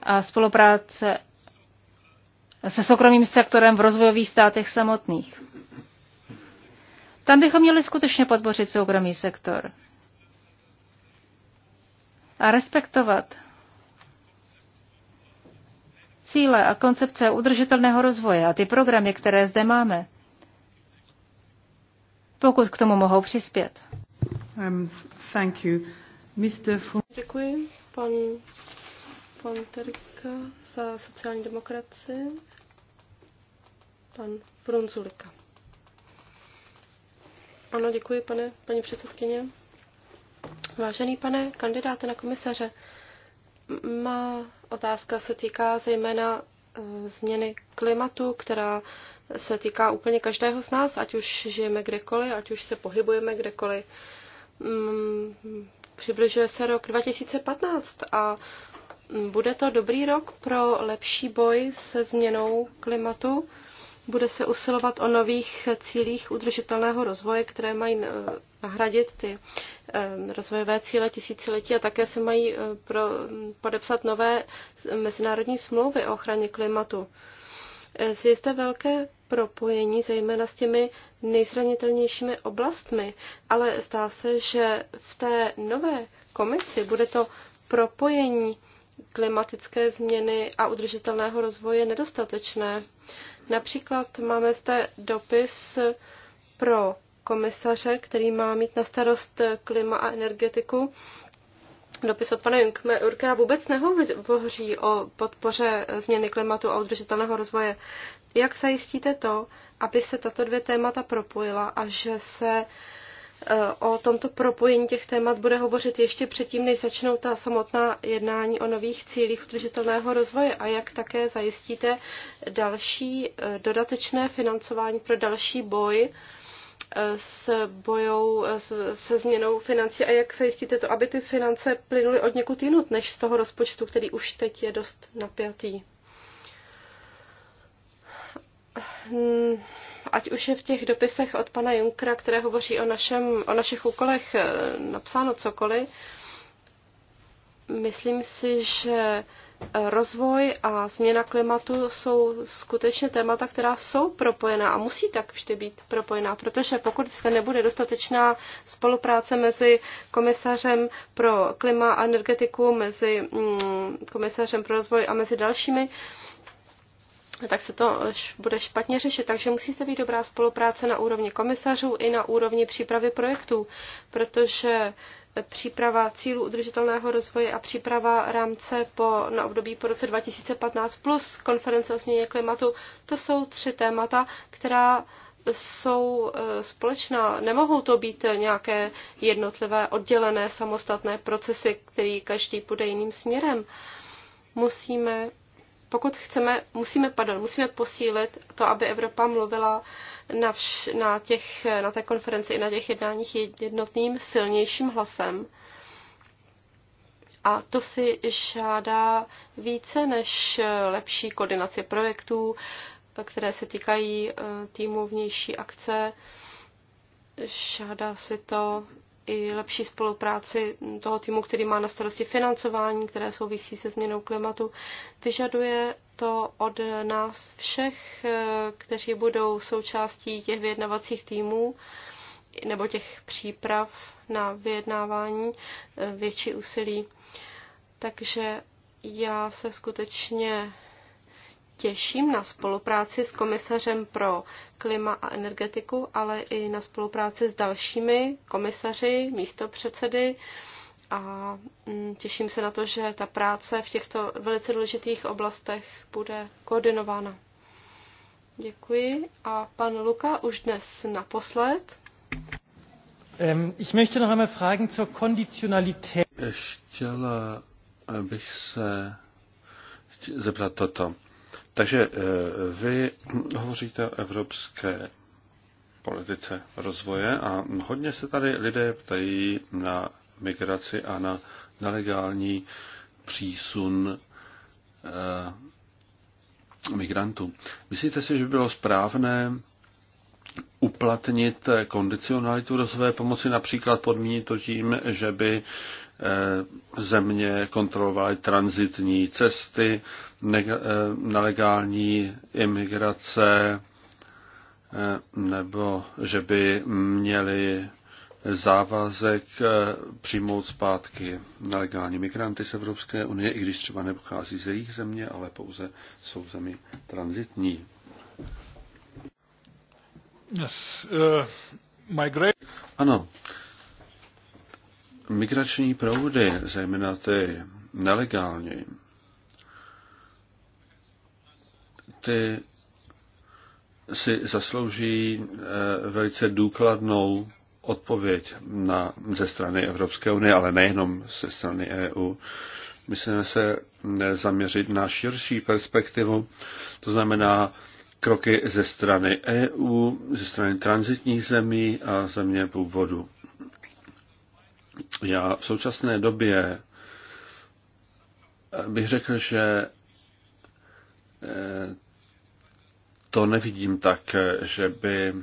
a spolupráce se soukromým sektorem v rozvojových státech samotných. Tam bychom měli skutečně podpořit soukromý sektor a respektovat cíle a koncepce udržitelného rozvoje a ty programy, které zde máme, pokud k tomu mohou přispět. Um, thank you. Mr. Děkuji. Pan Fonterka za sociální demokracii, pan Brunzulika. Ano, děkuji, pane, paní předsedkyně. Vážený pane kandidáte na komisaře, má otázka se týká zejména e, změny klimatu, která se týká úplně každého z nás, ať už žijeme kdekoliv, ať už se pohybujeme kdekoliv. Přibližuje se rok 2015 a bude to dobrý rok pro lepší boj se změnou klimatu. Bude se usilovat o nových cílích udržitelného rozvoje, které mají eh, nahradit ty eh, rozvojové cíle tisíciletí a také se mají eh, pro, podepsat nové mezinárodní smlouvy o ochraně klimatu. Je zde velké propojení, zejména s těmi nejzranitelnějšími oblastmi, ale zdá se, že v té nové komisi bude to propojení klimatické změny a udržitelného rozvoje nedostatečné. Například máme zde dopis pro komisaře, který má mít na starost klima a energetiku. Dopis od pana Junckera vůbec nehovoří o podpoře změny klimatu a udržitelného rozvoje. Jak zajistíte to, aby se tato dvě témata propojila a že se o tomto propojení těch témat bude hovořit ještě předtím, než začnou ta samotná jednání o nových cílích udržitelného rozvoje a jak také zajistíte další eh, dodatečné financování pro další boj eh, s bojou eh, se změnou financí a jak zajistíte to, aby ty finance plynuly od někud jinut, než z toho rozpočtu, který už teď je dost napjatý. Hmm ať už je v těch dopisech od pana Junkra, které hovoří o, našem, o našich úkolech, eh, napsáno cokoliv, myslím si, že eh, rozvoj a změna klimatu jsou skutečně témata, která jsou propojená a musí tak vždy být propojená, protože pokud se nebude dostatečná spolupráce mezi komisařem pro klima a energetiku, mezi mm, komisařem pro rozvoj a mezi dalšími, tak se to bude špatně řešit. Takže musí se být dobrá spolupráce na úrovni komisařů i na úrovni přípravy projektů, protože příprava cílů udržitelného rozvoje a příprava rámce po, na období po roce 2015 plus konference o změně klimatu, to jsou tři témata, která jsou eh, společná. Nemohou to být nějaké jednotlivé, oddělené, samostatné procesy, který každý půjde jiným směrem. Musíme pokud chceme, musíme, pardon, musíme posílit to, aby Evropa mluvila na, vš, na, těch, na té konferenci i na těch jednáních jednotným silnějším hlasem. A to si žádá více než lepší koordinaci projektů, které se týkají eh, týmu vnější akce. Žádá si to i lepší spolupráci toho týmu, který má na starosti financování, které souvisí se změnou klimatu. Vyžaduje to od nás všech, eh, kteří budou součástí těch vyjednavacích týmů nebo těch příprav na vyjednávání eh, větší úsilí. Takže já se skutečně těším na spolupráci s komisařem pro klima a energetiku, ale i na spolupráci s dalšími komisaři, místopředsedy a mm, těším se na to, že ta práce v těchto velice důležitých oblastech bude koordinována. Děkuji. A pan Luka už dnes naposled. Ähm, ich möchte noch einmal fragen zur Konditionalität. Chtěla bych se zeptat toto. Takže eh, vy hovoříte o evropské politice rozvoje a hodně se tady lidé ptají na migraci a na nelegální přísun eh, migrantů. Myslíte si, že by bylo správné uplatnit kondicionalitu rozvoje pomoci, například podmínit to tím, že by Eh, země kontrolovaly transitní cesty, eh, nelegální imigrace, eh, nebo že by měli závazek přijmout zpátky nelegální migranty z Evropské unie, i když třeba nepochází z jejich země, ale pouze jsou zemi transitní. Yes, uh, ano, migrační proudy, zejména ty nelegální, ty si zaslouží eh, velice důkladnou odpověď na, ze strany Evropské unie, ale nejenom ze strany EU. Myslíme se eh, zaměřit na širší perspektivu, to znamená kroky ze strany EU, ze strany transitních zemí a země původu. Já v současné době bych řekl, že eh, to nevidím tak, že by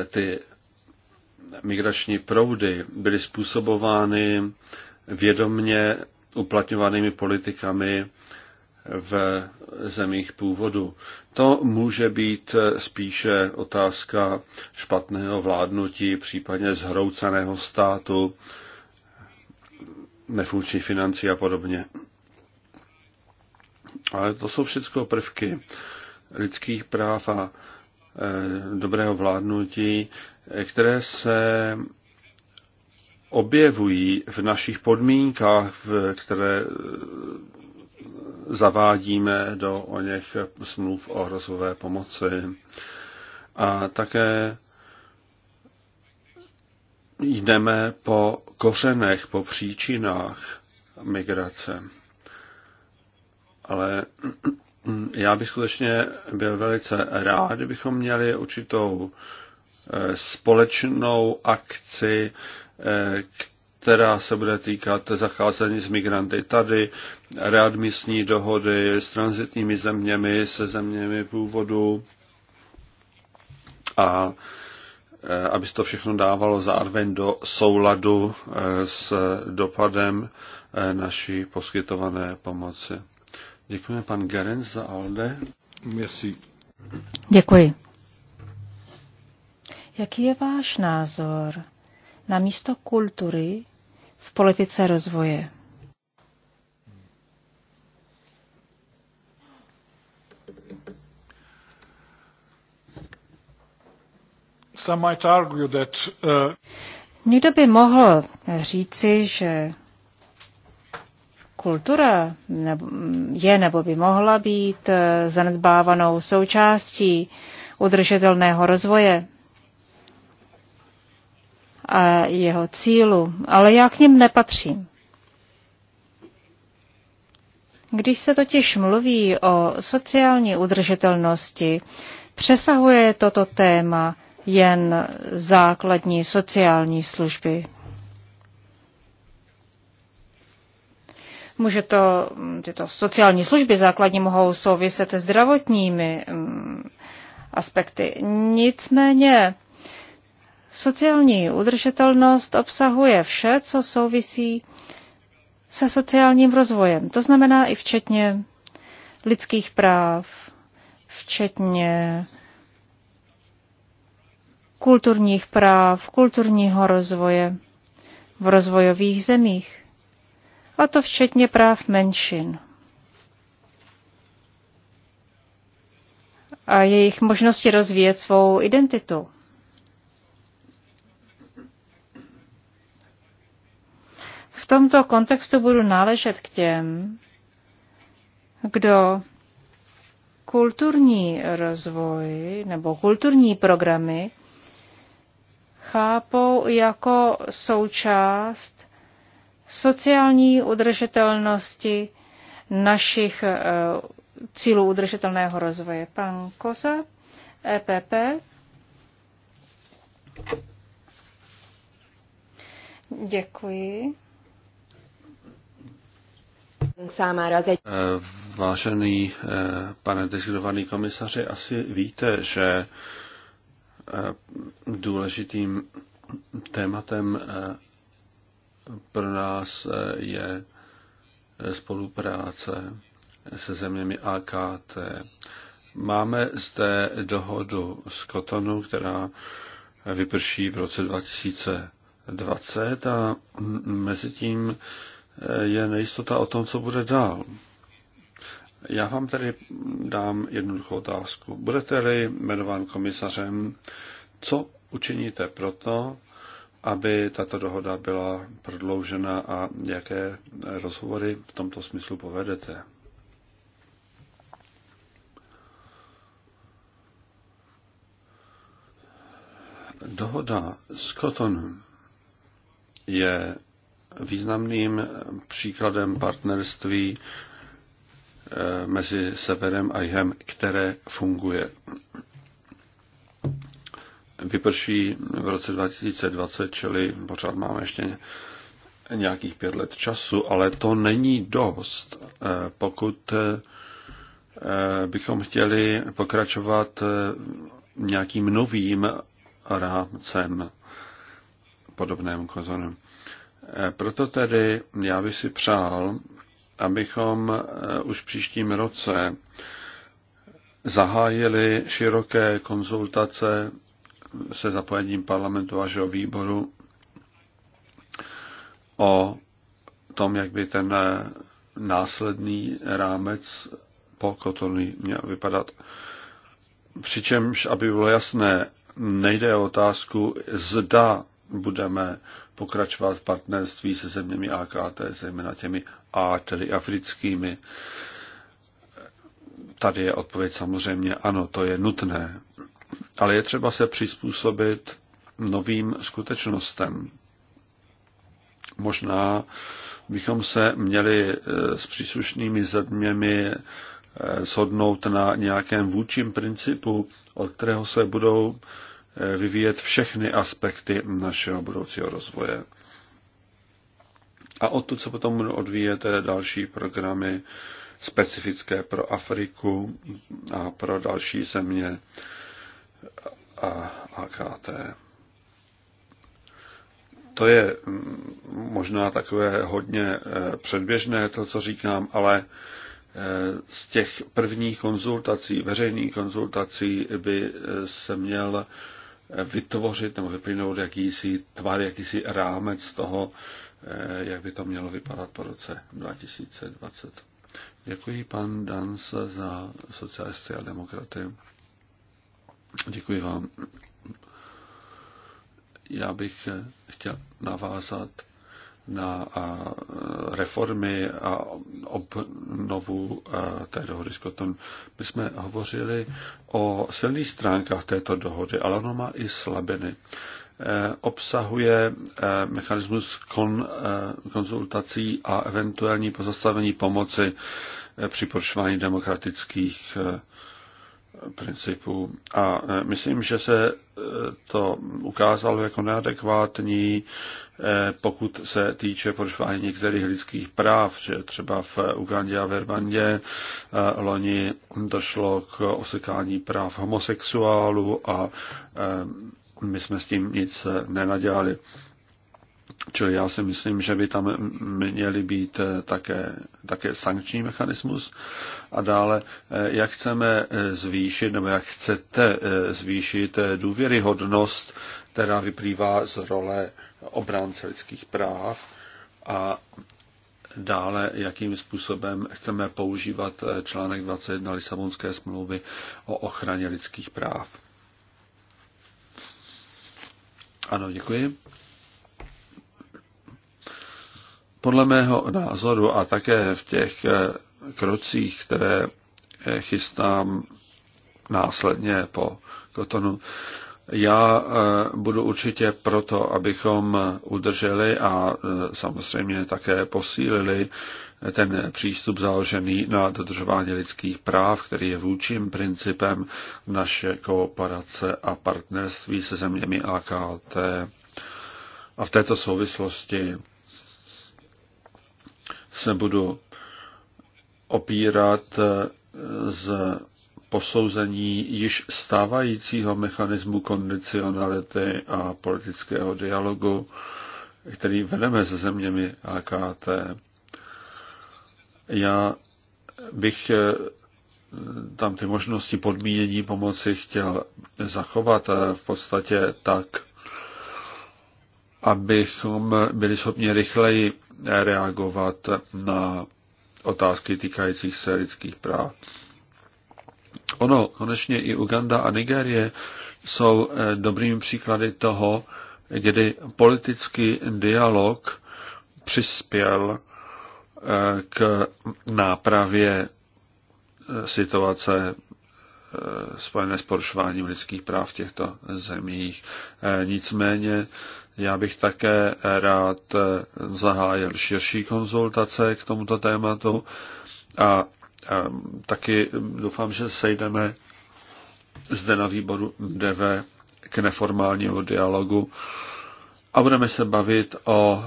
eh, ty migrační proudy byly způsobovány vědomně uplatňovanými politikami v zemích původu. To může být spíše otázka špatného vládnutí, případně zhrouceného státu, nefunkčních financí a podobně. Ale to jsou všechno prvky lidských práv a e, dobrého vládnutí, které se objevují v našich podmínkách, v které zavádíme do o něch smluv o rozvojové pomoci. A také jdeme po kořenech, po příčinách migrace. Ale já bych skutečně byl velice rád, kdybychom měli určitou eh, společnou akci, eh, která se bude týkat zacházení s migranty tady, readmisní dohody s transitními zeměmi, se zeměmi původu a eh, aby se to všechno dávalo zároveň do souladu eh, s dopadem eh, naší poskytované pomoci. Děkujeme pan Gerenc za ALDE. Merci. Děkuji. Jaký je váš názor na místo kultury politice rozvoje. Some might argue that, uh... Někdo by mohl říci, že kultura je nebo by mohla být uh, zanedbávanou součástí udržitelného rozvoje a jeho cílu, ale já k něm nepatřím. Když se totiž mluví o sociální udržitelnosti, přesahuje toto téma jen základní sociální služby. Může to, mm, tyto sociální služby základní mohou souviset se zdravotními mm, aspekty. Nicméně Sociální udržitelnost obsahuje vše, co souvisí se sociálním rozvojem. To znamená i včetně lidských práv, včetně kulturních práv, kulturního rozvoje v rozvojových zemích, a to včetně práv menšin a jejich možnosti rozvíjet svou identitu. V tomto kontextu budu náležet k těm, kdo kulturní rozvoj nebo kulturní programy chápou jako součást sociální udržitelnosti našich eh, cílů udržitelného rozvoje. Pan Koza, EPP. Děkuji. Eh, vážený eh, pane dežilovaný komisaři, asi víte, že eh, důležitým tématem pro nás je spolupráce se zeměmi AKT. Máme zde dohodu z Kotonu, která vyprší v roce 2020 a mezi tím je nejistota o tom, co bude dál. Já vám tedy dám jednoduchou otázku. Budete-li jmenován komisařem, co učiníte proto, aby tato dohoda byla prodloužena a jaké rozhovory v tomto smyslu povedete? Dohoda s Kotonem je významným příkladem partnerství eh, mezi severem a jihem, které funguje. Vyprší v roce 2020, čili pořád máme ještě nějakých pět let času, ale to není dost, eh, pokud eh, bychom chtěli pokračovat nějakým novým rámcem podobnému kozonem. Proto tedy já bych si přál, abychom eh, už v příštím roce zahájili široké konzultace se zapojením parlamentu a výboru o tom, jak by ten eh, následný rámec po Kotony měl vypadat. Přičemž, aby bylo jasné, nejde o otázku, zda budeme pokračovat v partnerství se zeměmi AKT, zejména těmi A, tedy africkými. Tady je odpověď samozřejmě ano, to je nutné. Ale je třeba se přizpůsobit novým skutečnostem. Možná bychom se měli eh, s příslušnými zeměmi eh, shodnout na nějakém vůčím principu, od kterého se budou Eh, vyvíjet všechny aspekty našeho budoucího rozvoje. A odtud se potom budou odvíjet eh, další programy specifické pro Afriku a pro další země a AKT. To je mm, možná takové hodně eh, předběžné, to, co říkám, ale z těch prvních konzultací, veřejných konzultací by se měl vytvořit nebo vyplynout jakýsi tvar, jakýsi rámec toho, eh, jak by to mělo vypadat po roce 2020. Děkuji pan Dans za socialisty a demokraty. Děkuji vám. Já bych chtěl navázat na reformy a obnovu té dohody s Kotonu. My jsme hovořili o silných stránkách této dohody, ale ono má i slabiny. E, obsahuje e, mechanismus kon, e, konzultací a eventuální pozastavení pomoci při porušování demokratických principů. A myslím, že se to ukázalo jako neadekvátní Eh, pokud se týče porušování některých lidských práv, že třeba v Ugandě a Vermandě eh, loni došlo k osekání práv homosexuálů a eh, my jsme s tím nic nenadělali. Čili já si myslím, že by tam měly být také, také sankční mechanismus. A dále, jak chceme zvýšit, nebo jak chcete zvýšit důvěryhodnost která vyplývá z role obránce lidských práv a dále, jakým způsobem chceme používat eh, článek 21 Lisabonské smlouvy o ochraně lidských práv. Ano, děkuji. Podle mého názoru a také v těch eh, krocích, které eh, chystám následně po Kotonu, já e, budu určitě proto, abychom udrželi a e, samozřejmě také posílili ten přístup založený na dodržování lidských práv, který je vůčím principem naše kooperace a partnerství se zeměmi AKT. A v této souvislosti se budu opírat z posouzení již stávajícího mechanismu kondicionality a politického dialogu, který vedeme se zeměmi AKT. Já bych eh, tam ty možnosti podmínění pomoci chtěl zachovat eh, v podstatě tak, abychom byli schopni rychleji reagovat na otázky týkajících se lidských práv. Ono, konečně i Uganda a Nigérie jsou eh, dobrými příklady toho, kdy politický dialog přispěl eh, k nápravě eh, situace spojené s porušováním lidských práv v těchto zemích. Nicméně já bych také rád zahájil širší konzultace k tomuto tématu a a taky doufám, že sejdeme zde na výboru DV k neformálnímu dialogu a budeme se bavit o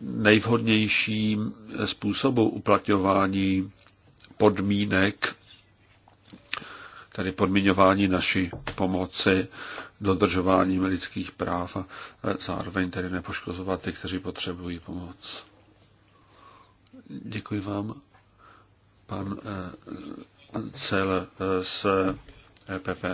nejvhodnějším způsobu uplatňování podmínek, tedy podmiňování naší pomoci dodržováním lidských práv a zároveň tedy nepoškozovat ty, kteří potřebují pomoc. Děkuji vám pan eh, Cel eh, z EPP.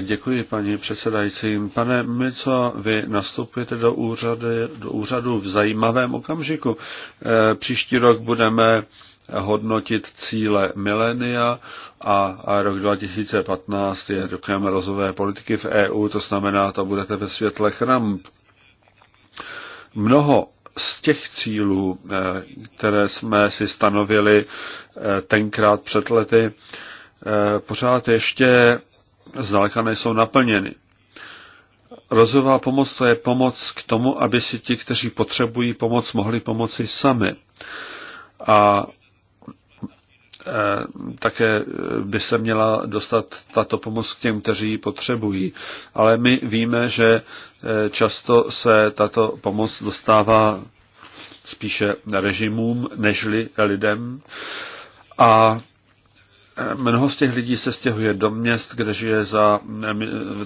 Děkuji, paní předsedající. Pane Mico, vy nastupujete do úřadu, do úřadu v zajímavém okamžiku. Eh, příští rok budeme hodnotit cíle milénia a, a rok 2015 je rokem rozové politiky v EU, to znamená, to budete ve světle chramp. Mnoho z těch cílů, eh, které jsme si stanovili eh, tenkrát před lety, eh, pořád ještě zdaleka nejsou naplněny. Rozová pomoc to je pomoc k tomu, aby si ti, kteří potřebují pomoc, mohli pomoci sami. A Eh, také eh, by se měla dostat tato pomoc k těm, kteří ji potřebují. Ale my víme, že eh, často se tato pomoc dostává spíše režimům nežli lidem. A mnoho z těch lidí se stěhuje do měst, kde žije za,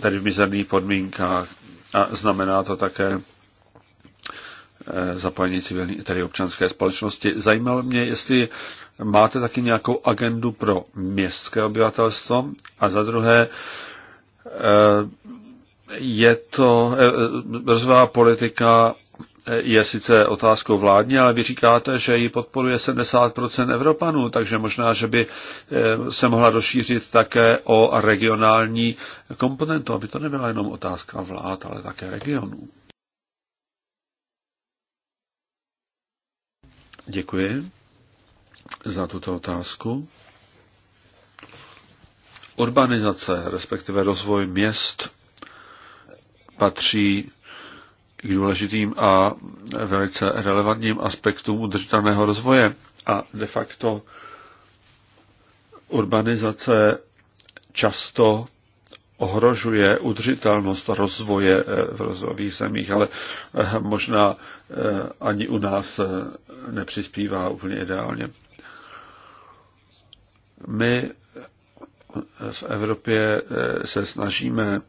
tady v mizerných podmínkách. A znamená to také Eh, zapojení civilní, tedy občanské společnosti. Zajímalo mě, jestli máte taky nějakou agendu pro městské obyvatelstvo a za druhé eh, je to eh, rozvá politika je sice otázkou vládní, ale vy říkáte, že ji podporuje 70% Evropanů, takže možná, že by se mohla rozšířit také o regionální komponentu, aby to nebyla jenom otázka vlád, ale také regionů. Děkuji za tuto otázku. Urbanizace, respektive rozvoj měst, patří k důležitým a velice relevantním aspektům udržitelného rozvoje. A de facto urbanizace často ohrožuje udržitelnost rozvoje eh, v rozvojových zemích, ale eh, možná eh, ani u nás nepřispívá úplně ideálně. My v Evropě se snažíme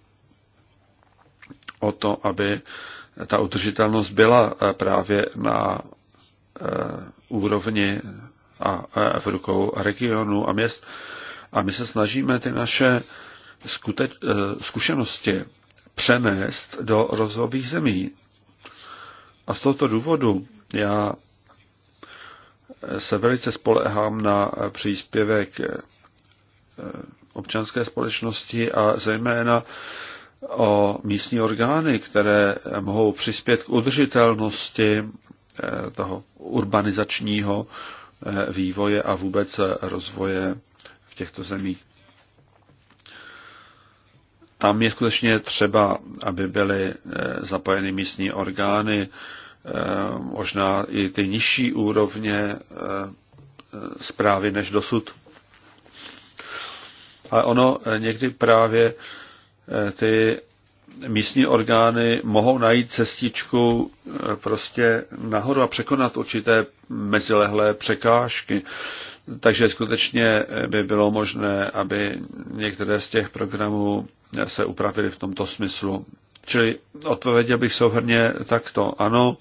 o to, aby ta udržitelnost byla právě na úrovni a v rukou regionu a měst. A my se snažíme ty naše skuteč, eh, zkušenosti přenést do rozvojových zemí. A z tohoto důvodu já se velice spolehám na příspěvek eh, občanské společnosti a zejména o místní orgány, které mohou přispět k udržitelnosti eh, toho urbanizačního vývoje a vůbec rozvoje v těchto zemích tam je skutečně třeba, aby byly eh, zapojeny místní orgány, eh, možná i ty nižší úrovně zprávy eh, než dosud. Ale ono někdy právě ty místní orgány mohou najít cestičku prostě nahoru a překonat určité mezilehlé překážky. Takže skutečně by bylo možné, aby některé z těch programů se upravili v tomto smyslu. Čili odpověděl bych souhrně takto. Ano,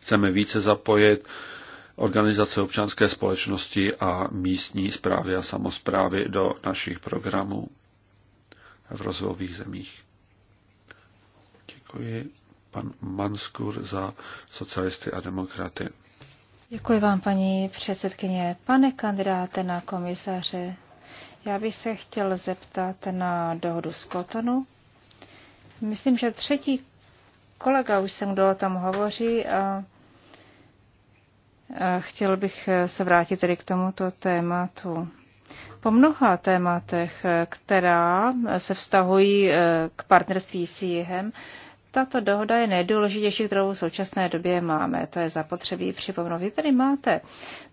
chceme více zapojit organizace občanské společnosti a místní zprávy a samozprávy do našich programů v rozvojových zemích. Děkuji pan Manskur za socialisty a demokraty. Děkuji vám, paní předsedkyně. Pane kandidáte na komisaře, já bych se chtěl zeptat na dohodu z Kotonu. Myslím, že třetí kolega už jsem, kdo o tom hovoří a chtěl bych se vrátit tedy k tomuto tématu. Po mnoha tématech, která se vztahují e, k partnerství s jihem, tato dohoda je nejdůležitější, kterou v současné době máme. To je zapotřebí připomnout. Vy tedy máte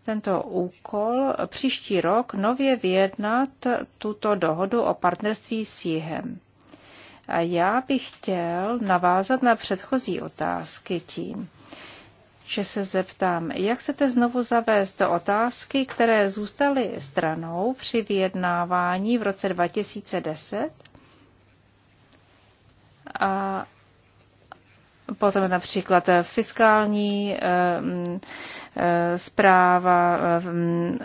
tento úkol příští rok nově vyjednat tuto dohodu o partnerství s Jihem. A já bych chtěl navázat na předchozí otázky tím, že se zeptám, jak chcete znovu zavést do otázky, které zůstaly stranou při vyjednávání v roce 2010? A Potom například fiskální zpráva, eh, mm, eh, eh, mm,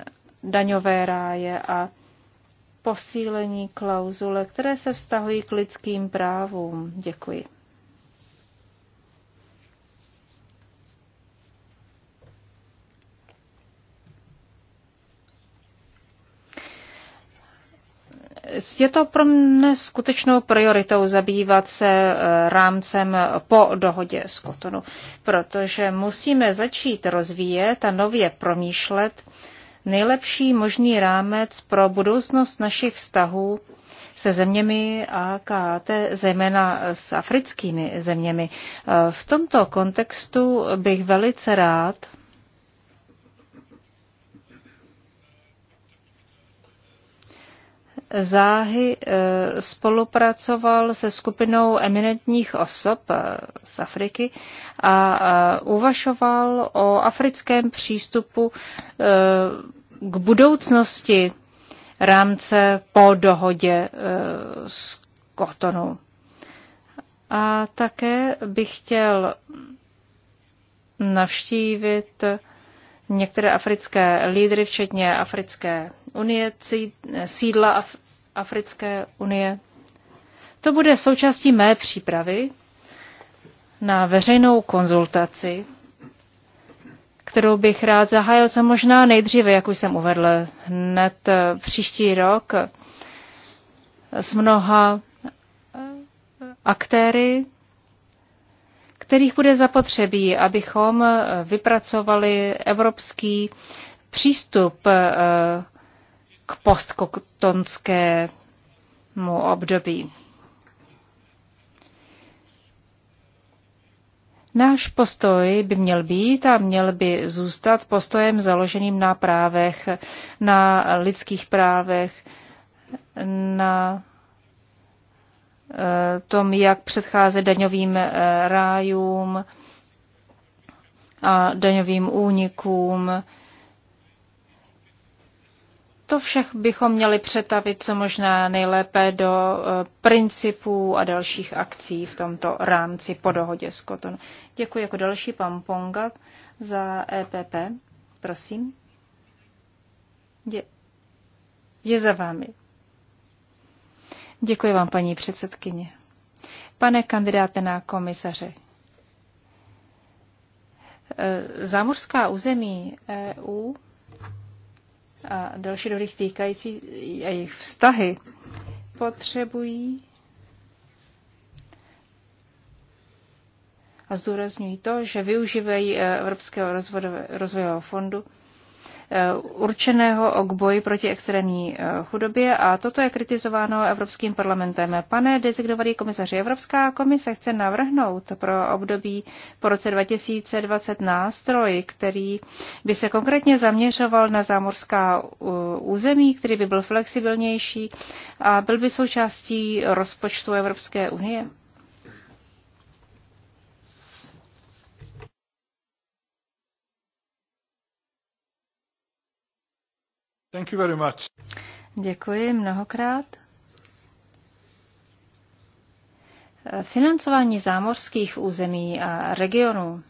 daňové ráje a posílení klauzule, které se vztahují k lidským právům. Děkuji. Je to pro mě skutečnou prioritou zabývat se e, rámcem po dohodě s Kotonu, protože musíme začít rozvíjet a nově promýšlet nejlepší možný rámec pro budoucnost našich vztahů se zeměmi AKT, zejména s africkými zeměmi. E, v tomto kontextu bych velice rád záhy eh, spolupracoval se skupinou eminentních osob eh, z Afriky a uvažoval o africkém přístupu eh, k budoucnosti rámce po dohodě s Kotonou. A také bych chtěl navštívit některé africké lídry, včetně Africké unie, sídla Africké unie. To bude součástí mé přípravy na veřejnou konzultaci, kterou bych rád zahájil co možná nejdříve, jak už jsem uvedl, hned eh, příští rok eh, s mnoha eh, aktéry, kterých bude zapotřebí, abychom vypracovali evropský přístup k postkotonskému období. Náš postoj by měl být a měl by zůstat postojem založeným na právech, na lidských právech, na eh, tom, jak předcházet daňovým eh, rájům a daňovým únikům, to všech bychom měli přetavit co možná nejlépe do eh, principů a dalších akcí v tomto rámci po dohodě s Kotonu. Děkuji jako další pan Ponga za EPP. Prosím. Je, je za vámi. Děkuji vám, paní předsedkyně. Pane kandidáte na komisaře, eh, zámořská území EU a další dohody týkající a jejich vztahy potřebují a zdůrazňují to, že využívají eh, Evropského rozvojového fondu Eh, určeného k boji proti extrémní eh, chudobě a toto je kritizováno Evropským parlamentem. Pane designovaný komisaři, Evropská komise chce navrhnout pro období po roce 2020 nástroj, který by se konkrétně zaměřoval na zámořská eh, území, který by byl flexibilnější a byl by součástí rozpočtu Evropské unie. Thank you very much. Děkuji mnohokrát. Financování zámořských území a regionů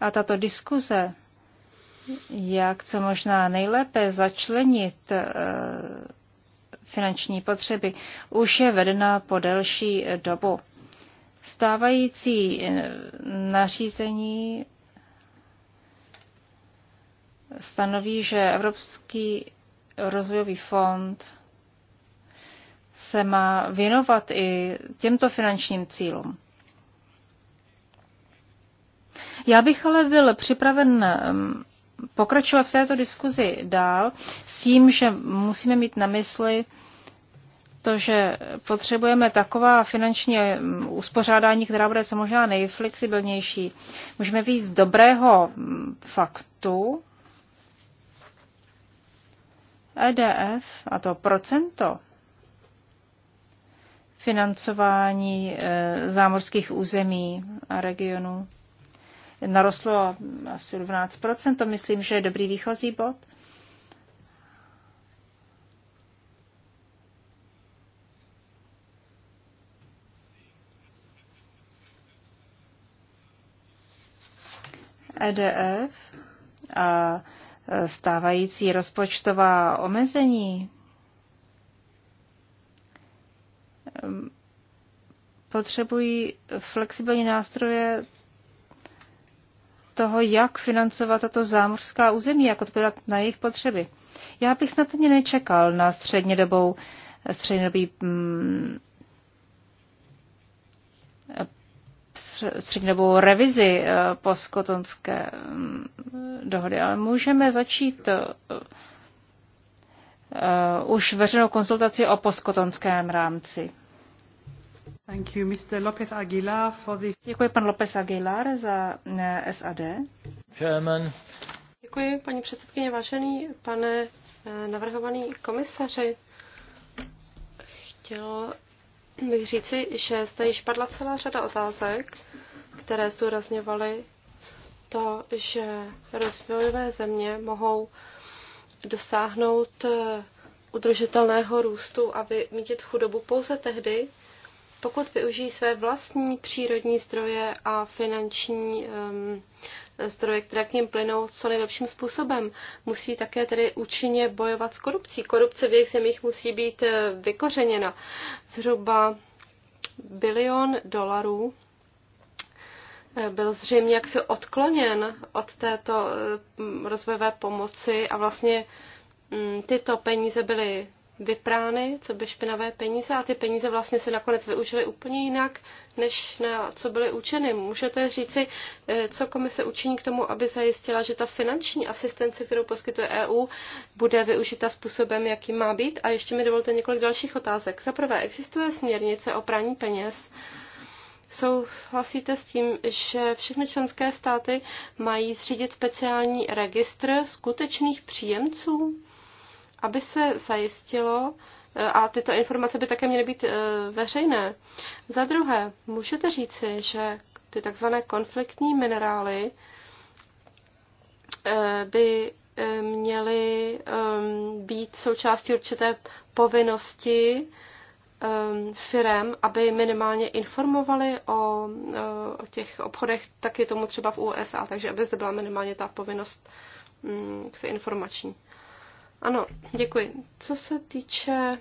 a tato diskuze, jak co možná nejlépe začlenit eh, finanční potřeby, už je vedena po delší dobu. Stávající eh, nařízení stanoví, že Evropský rozvojový fond se má věnovat i těmto finančním cílům. Já bych ale byl připraven pokračovat v této diskuzi dál s tím, že musíme mít na mysli to, že potřebujeme taková finanční uspořádání, která bude co možná nejflexibilnější. Můžeme víc dobrého faktu, EDF a to procento financování e, zámořských území a regionů narostlo asi 12%, to myslím, že je dobrý výchozí bod. EDF a stávající rozpočtová omezení, potřebují flexibilní nástroje toho, jak financovat tato zámořská území, jak odpovědat na jejich potřeby. Já bych snad ani nečekal na střednědobou, střednědobý mm, střednědobou revizi eh, postkotonské mm, dohody, ale můžeme začít eh, eh, už veřejnou konsultaci o postkotonském rámci. Thank you, Mr. Lopez Aguilar for this. Děkuji pan López Aguilar za SAD. Chairman. Děkuji, paní předsedkyně, vážený pane navrhovaný komisaři. Chtěl bych říci, že jste již padla celá řada otázek, které zdůrazňovaly to, že rozvojové země mohou dosáhnout eh, udržitelného růstu a vymítit chudobu pouze tehdy, pokud využijí své vlastní přírodní zdroje a finanční um, zdroje, které k ním plynou co nejlepším způsobem. Musí také tedy účinně bojovat s korupcí. Korupce v jejich zemích musí být eh, vykořeněna. Zhruba bilion dolarů eh, byl zřejmě jaksi odkloněn od této eh, rozvojové pomoci a vlastně mm, tyto peníze byly vyprány, co by špinavé peníze a ty peníze vlastně se nakonec využily úplně jinak, než na co byly učeny. Můžete říci, eh, co komise učiní k tomu, aby zajistila, že ta finanční asistence, kterou poskytuje EU, bude využita způsobem, jaký má být. A ještě mi dovolte několik dalších otázek. Za prvé, existuje směrnice o praní peněz, Souhlasíte s tím, že všechny členské státy mají zřídit speciální registr skutečných příjemců? aby se zajistilo, eh, a tyto informace by také měly být eh, veřejné. Za druhé, můžete říci, že ty takzvané konfliktní minerály eh, by měly být součástí určité povinnosti firem, aby minimálně informovali o, o těch obchodech, taky tomu třeba v USA, takže aby zde byla minimálně ta povinnost mm, se informační. Ano, děkuji. Co se týče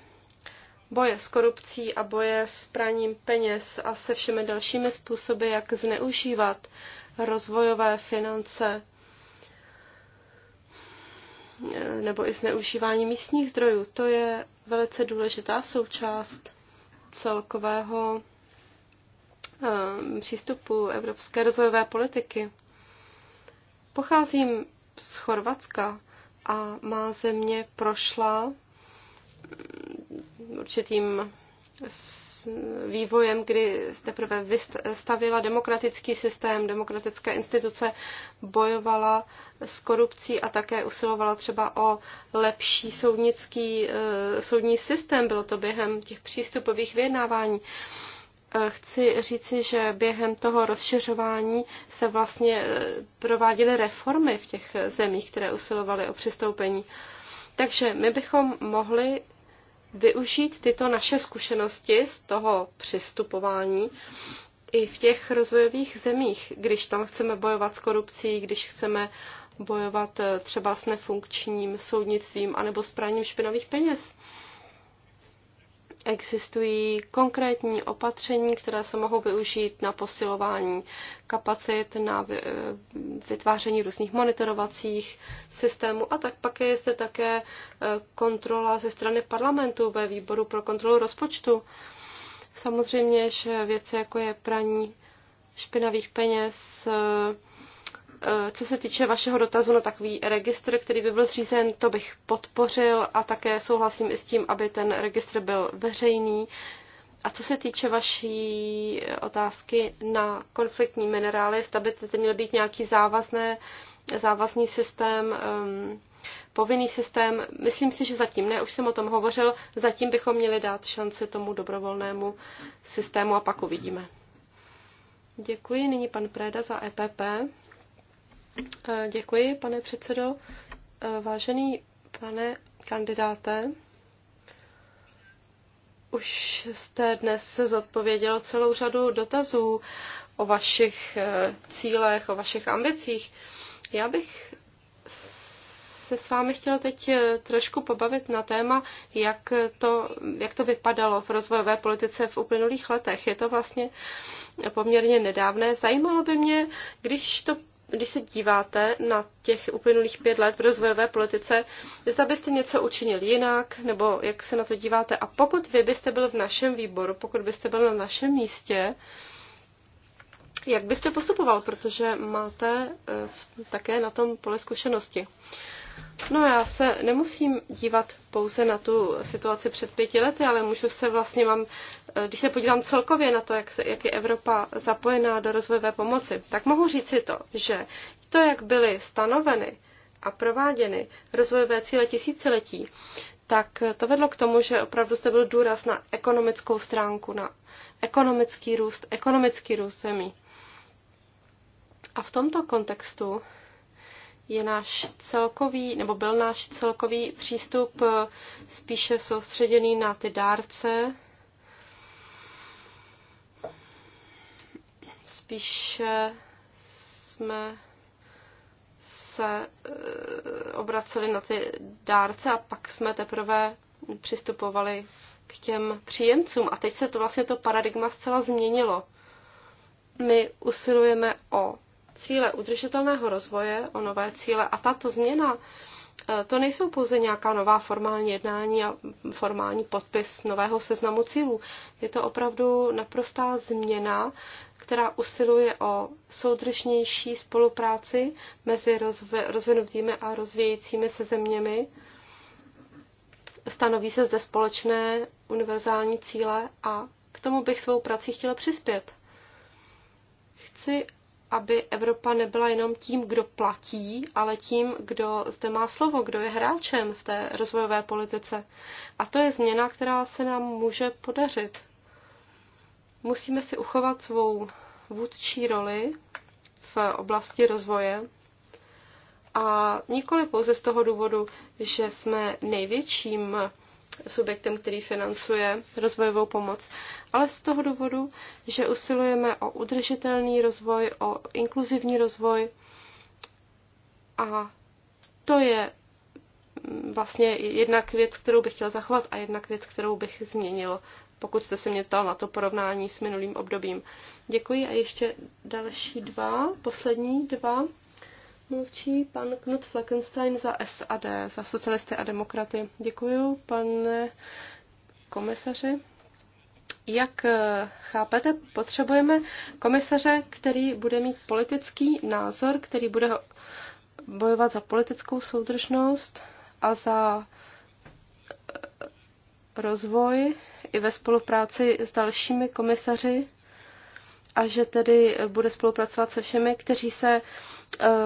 boje s korupcí a boje s praním peněz a se všemi dalšími způsoby, jak zneužívat rozvojové finance nebo i zneužívání místních zdrojů. To je velice důležitá součást celkového eh, přístupu evropské rozvojové politiky. Pocházím z Chorvatska a má země prošla určitým vývojem, kdy teprve vystavila demokratický systém, demokratické instituce, bojovala s korupcí a také usilovala třeba o lepší soudnický, eh, soudní systém. Bylo to během těch přístupových vyjednávání. Eh, chci říci, že během toho rozšiřování se vlastně eh, prováděly reformy v těch eh, zemích, které usilovaly o přistoupení. Takže my bychom mohli využít tyto naše zkušenosti z toho přistupování i v těch rozvojových zemích, když tam chceme bojovat s korupcí, když chceme bojovat třeba s nefunkčním soudnictvím anebo s praním špinavých peněz existují konkrétní opatření, které se mohou využít na posilování kapacit, na eh, vytváření různých monitorovacích systémů a tak pak je zde také eh, kontrola ze strany parlamentu ve výboru pro kontrolu rozpočtu. Samozřejmě, že věci jako je praní špinavých peněz, eh, Eh, co se týče vašeho dotazu na takový registr, který by byl zřízen, to bych podpořil a také souhlasím i s tím, aby ten registr byl veřejný. A co se týče vaší otázky na konfliktní minerály, zda by to měl být nějaký závazné, závazný systém, um, povinný systém, myslím si, že zatím ne, už jsem o tom hovořil, zatím bychom měli dát šanci tomu dobrovolnému systému a pak uvidíme. Děkuji, nyní pan Preda za EPP. Eh, děkuji, pane předsedo. Eh, vážený pane kandidáte, už jste dnes zodpověděl celou řadu dotazů o vašich eh, cílech, o vašich ambicích. Já bych se s vámi chtěla teď trošku pobavit na téma, jak to, jak to vypadalo v rozvojové politice v uplynulých letech. Je to vlastně poměrně nedávné. Zajímalo by mě, když to když se díváte na těch uplynulých pět let v rozvojové politice, zda byste něco učinil jinak, nebo jak se na to díváte. A pokud vy byste byl v našem výboru, pokud byste byl na našem místě, jak byste postupoval, protože máte eh, také na tom pole zkušenosti. No já se nemusím dívat pouze na tu situaci před pěti lety, ale můžu se vlastně mám, eh, když se podívám celkově na to, jak, se, jak je Evropa zapojená do rozvojové pomoci, tak mohu říci to, že to, jak byly stanoveny a prováděny rozvojové cíle tisíciletí, tak eh, to vedlo k tomu, že opravdu zde byl důraz na ekonomickou stránku, na ekonomický růst, ekonomický růst zemí. A v tomto kontextu je náš celkový, nebo byl náš celkový přístup eh, spíše soustředěný na ty dárce, spíše jsme se eh, obraceli na ty dárce a pak jsme teprve přistupovali k těm příjemcům. A teď se to vlastně to paradigma zcela změnilo. My usilujeme o cíle udržitelného rozvoje, o nové cíle a tato změna, eh, to nejsou pouze nějaká nová formální jednání a formální podpis nového seznamu cílů. Je to opravdu naprostá změna, která usiluje o soudržnější spolupráci mezi rozvinutými a rozvíjejícími se zeměmi. Stanoví se zde společné univerzální cíle a k tomu bych svou prací chtěla přispět. Chci, aby Evropa nebyla jenom tím, kdo platí, ale tím, kdo zde má slovo, kdo je hráčem v té rozvojové politice. A to je změna, která se nám může podařit. Musíme si uchovat svou vůdčí roli v oblasti rozvoje a nikoli pouze z toho důvodu, že jsme největším subjektem, který financuje rozvojovou pomoc, ale z toho důvodu, že usilujeme o udržitelný rozvoj, o inkluzivní rozvoj a to je mm, vlastně jedna věc, kterou bych chtěl zachovat a jedna věc, kterou bych změnil, pokud jste se mě ptal na to porovnání s minulým obdobím. Děkuji a ještě další dva, poslední dva mluvčí, pan Knut Fleckenstein za SAD, za socialisty a demokraty. Děkuji, pane komisaři. Jak eh, chápete, potřebujeme komisaře, který bude mít politický názor, který bude bojovat za politickou soudržnost a za eh, rozvoj i ve spolupráci s dalšími komisaři a že tedy bude spolupracovat se všemi, kteří se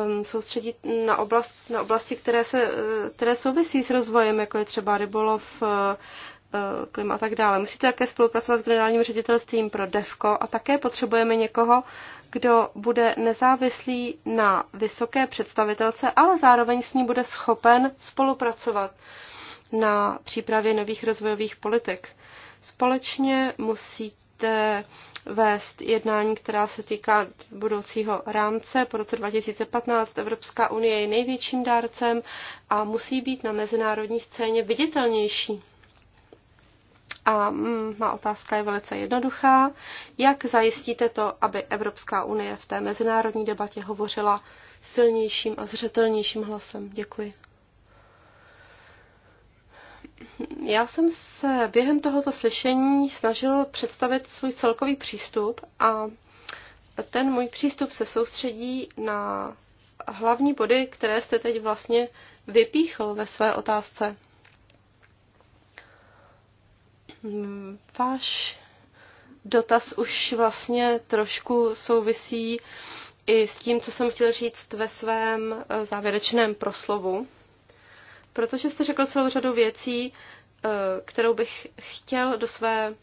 um, soustředí na, oblast, na oblasti, které, se, uh, které souvisí s rozvojem, jako je třeba rybolov, uh, uh, klima a tak dále. Musíte také spolupracovat s generálním ředitelstvím pro DEVKO a také potřebujeme někoho, kdo bude nezávislý na vysoké představitelce, ale zároveň s ní bude schopen spolupracovat na přípravě nových rozvojových politik. Společně musí budete eh, vést jednání, která se týká budoucího rámce. Po roce 2015 Evropská unie je největším dárcem a musí být na mezinárodní scéně viditelnější. A mm, má otázka je velice jednoduchá. Jak zajistíte to, aby Evropská unie v té mezinárodní debatě hovořila silnějším a zřetelnějším hlasem? Děkuji. Já jsem se během tohoto slyšení snažil představit svůj celkový přístup a ten můj přístup se soustředí na hlavní body, které jste teď vlastně vypíchl ve své otázce. Váš dotaz už vlastně trošku souvisí i s tím, co jsem chtěl říct ve svém eh, závěrečném proslovu protože jste řekl celou řadu věcí, eh, kterou bych chtěl do své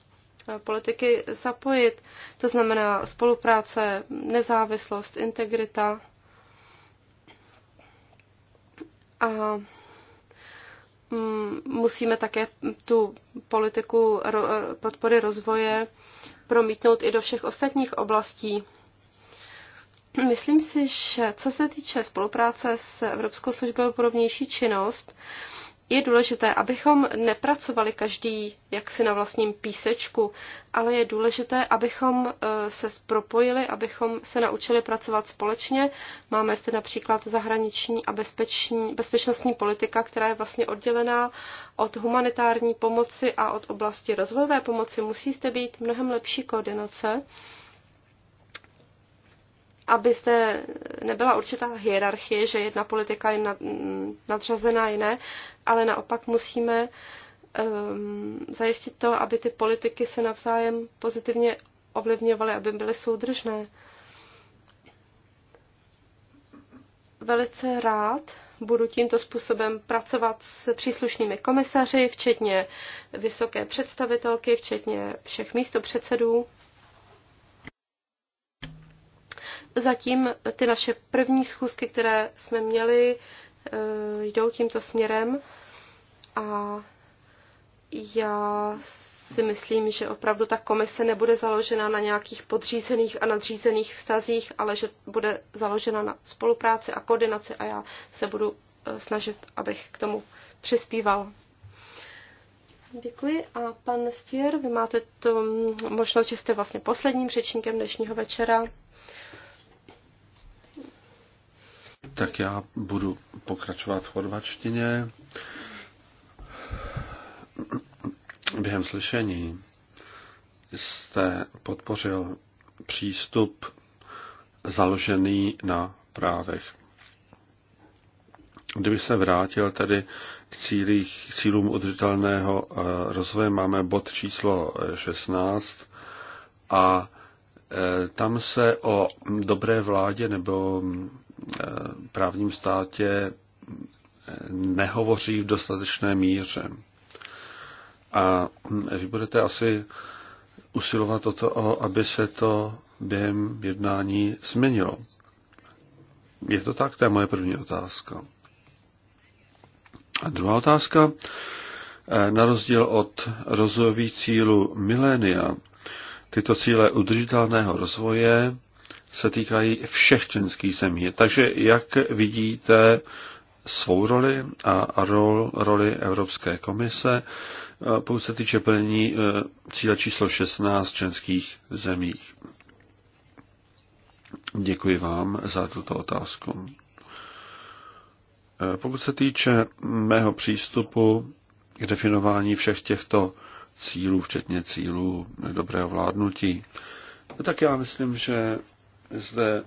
eh, politiky zapojit. To znamená spolupráce, nezávislost, integrita. A mm, musíme také tu politiku eh, podpory rozvoje promítnout i do všech ostatních oblastí Myslím si, že co se týče spolupráce s Evropskou službou pro vnější činnost, je důležité, abychom nepracovali každý jaksi na vlastním písečku, ale je důležité, abychom eh, se propojili, abychom se naučili pracovat společně. Máme zde například zahraniční a bezpeční, bezpečnostní politika, která je vlastně oddělená od humanitární pomoci a od oblasti rozvojové pomoci. Musí zde být mnohem lepší koordinace aby zde nebyla určitá hierarchie, že jedna politika je nadřazená jiné, ale naopak musíme um, zajistit to, aby ty politiky se navzájem pozitivně ovlivňovaly, aby byly soudržné. Velice rád budu tímto způsobem pracovat s příslušnými komisaři, včetně vysoké představitelky, včetně všech místopředsedů. zatím ty naše první schůzky, které jsme měli, eh, jdou tímto směrem a já si myslím, že opravdu ta komise nebude založena na nějakých podřízených a nadřízených vztazích, ale že bude založena na spolupráci a koordinaci a já se budu eh, snažit, abych k tomu přispíval. Děkuji. A pan Stier, vy máte tu mm, možnost, že jste vlastně posledním řečníkem dnešního večera. Tak já budu pokračovat v chorvačtině. Během slyšení jste podpořil přístup založený na právech. Kdyby se vrátil tedy k cílích, k cílům udržitelného eh, rozvoje, máme bod číslo 16 eh, a eh, tam se o dobré vládě nebo Eh, právním státě nehovoří v dostatečné míře. A vy budete asi usilovat o to, aby se to během jednání změnilo. Je to tak? To je moje první otázka. A druhá otázka. Eh, na rozdíl od rozvojových cílů milénia, tyto cíle udržitelného rozvoje se týkají všech členských zemí. Takže jak vidíte svou roli a rol, roli Evropské komise, pokud se týče plnění eh, cíle číslo 16 členských zemích. Děkuji vám za tuto otázku. Eh, pokud se týče mého přístupu k definování všech těchto cílů, včetně cílů dobrého vládnutí, no tak já myslím, že zde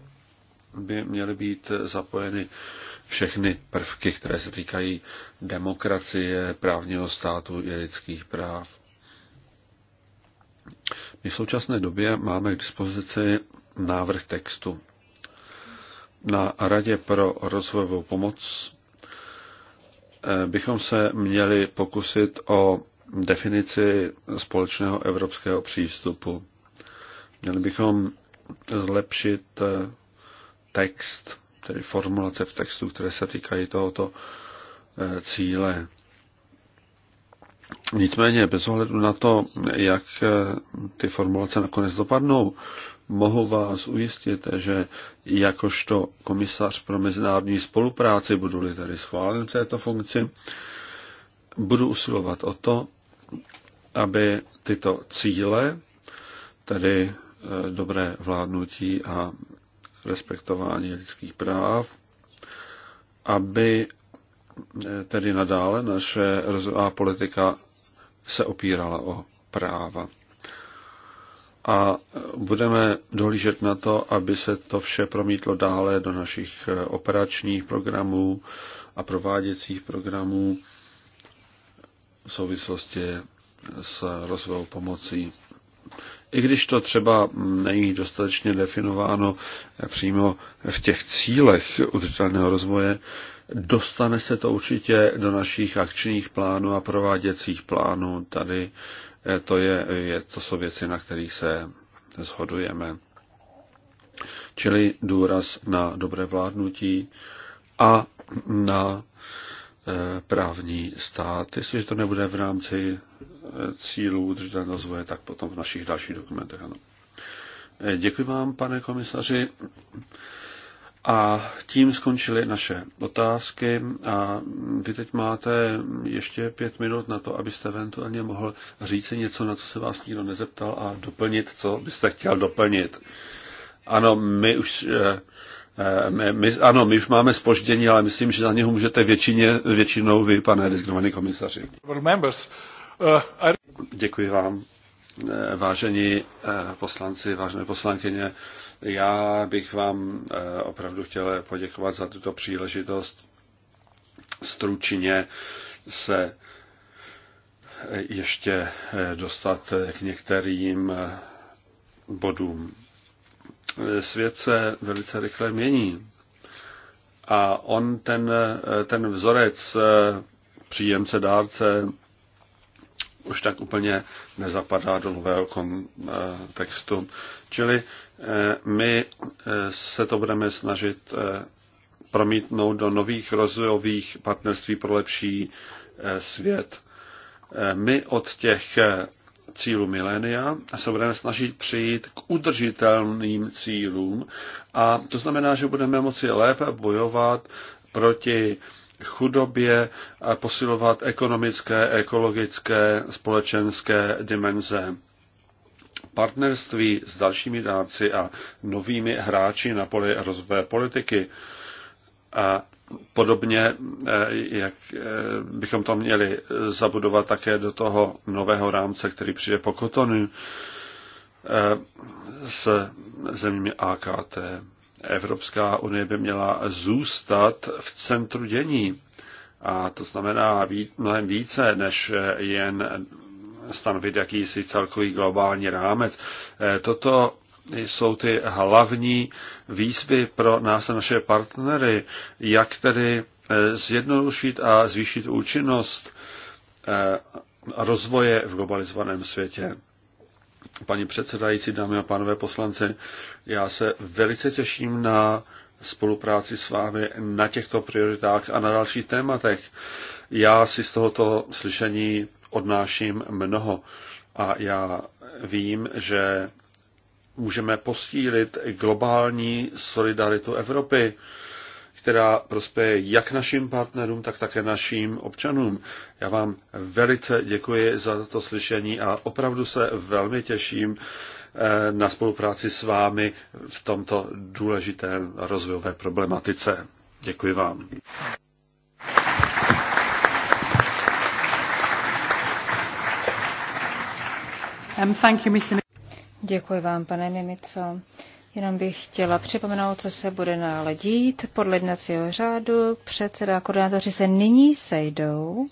by měly být zapojeny všechny prvky, které se týkají demokracie, právního státu i lidských práv. My v současné době máme k dispozici návrh textu. Na Radě pro rozvojovou pomoc eh, bychom se měli pokusit o definici společného evropského přístupu. Měli bychom zlepšit eh, text, tedy formulace v textu, které se týkají tohoto eh, cíle. Nicméně, bez ohledu na to, jak eh, ty formulace nakonec dopadnou, mohu vás ujistit, že jakožto komisař pro mezinárodní spolupráci, budu-li tady schválen v této funkci, budu usilovat o to, aby tyto cíle, tedy Eh, dobré vládnutí a respektování lidských práv, aby eh, tedy nadále naše rozvojová politika se opírala o práva. A budeme dohlížet na to, aby se to vše promítlo dále do našich eh, operačních programů a prováděcích programů v souvislosti s rozvojovou pomocí i když to třeba není dostatečně definováno přímo v těch cílech udržitelného rozvoje, dostane se to určitě do našich akčních plánů a prováděcích plánů. Tady eh, to, je, je, to jsou věci, na kterých se shodujeme. Čili důraz na dobré vládnutí a na Eh, právní stát. Jestliže to nebude v rámci eh, cílů udržitelného rozvoje, tak potom v našich dalších dokumentech ano. Eh, děkuji vám, pane komisaři. A tím skončily naše otázky a vy teď máte ještě pět minut na to, abyste eventuálně mohl říct něco, na co se vás nikdo nezeptal a doplnit, co byste chtěl doplnit. Ano, my už Eh, my, my, ano, my už máme spoždění, ale myslím, že za něho můžete většině, většinou vy, pane designovaný komisaři. Eh, Děkuji vám, eh, vážení poslanci, vážené poslankyně. Já bych vám opravdu chtěl poděkovat za tuto příležitost stručně se ještě dostat k některým bodům svět se velice rychle mění. A on ten, ten vzorec eh, příjemce dárce už tak úplně nezapadá do nového kontextu. Eh, Čili eh, my se to budeme snažit promítnout do nových rozvojových partnerství pro lepší svět. My od těch cílu milénia se budeme snažit přijít k udržitelným cílům a to znamená, že budeme moci lépe bojovat proti chudobě a posilovat ekonomické, ekologické, společenské dimenze. Partnerství s dalšími dárci a novými hráči na poli rozvoje politiky a podobně, eh, jak eh, bychom to měli zabudovat také do toho nového rámce, který přijde po Kotonu eh, s zeměmi AKT. Evropská unie by měla zůstat v centru dění. A to znamená mnohem více, než jen stanovit jakýsi celkový globální rámec. Toto jsou ty hlavní výzvy pro nás a naše partnery, jak tedy eh, zjednodušit a zvýšit účinnost eh, rozvoje v globalizovaném světě. Paní předsedající, dámy a pánové poslanci, já se velice těším na spolupráci s vámi na těchto prioritách a na dalších tématech. Já si z tohoto slyšení odnáším mnoho a já vím, že můžeme posílit globální solidaritu Evropy, která prospěje jak našim partnerům, tak také našim občanům. Já vám velice děkuji za to slyšení a opravdu se velmi těším eh, na spolupráci s vámi v tomto důležitém rozvojové problematice. Děkuji vám. Um, thank you, Mr. Děkuji vám, pane Mimico. Jenom bych chtěla připomenout, co se bude nále dít. Podle jednacího řádu předseda a koordinátoři se nyní sejdou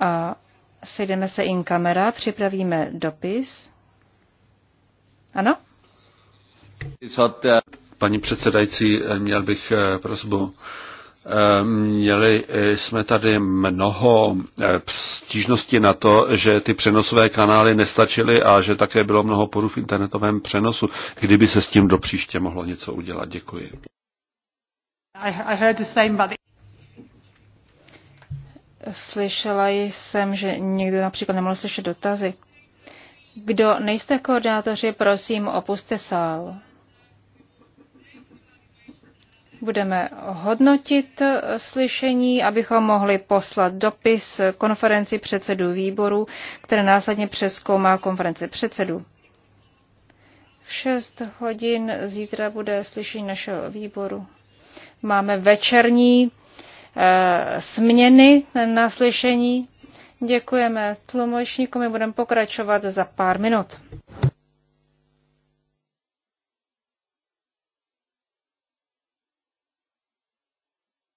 a sejdeme se in kamera, připravíme dopis. Ano? Paní předsedající, měl bych eh, prosbu. Měli eh, jsme tady mnoho eh, stížností na to, že ty přenosové kanály nestačily a že také bylo mnoho porů v internetovém přenosu. Kdyby se s tím do příště mohlo něco udělat? Děkuji. Slyšela jsem, že někdo například nemohl slyšet dotazy. Kdo nejste koordinátoři, prosím, opuste sál budeme hodnotit eh, slyšení, abychom mohli poslat dopis konferenci předsedů výboru, které následně přeskoumá konference předsedů. V 6 hodin zítra bude slyšení našeho výboru. Máme večerní e, směny na slyšení. Děkujeme tlumočníkům, budeme pokračovat za pár minut.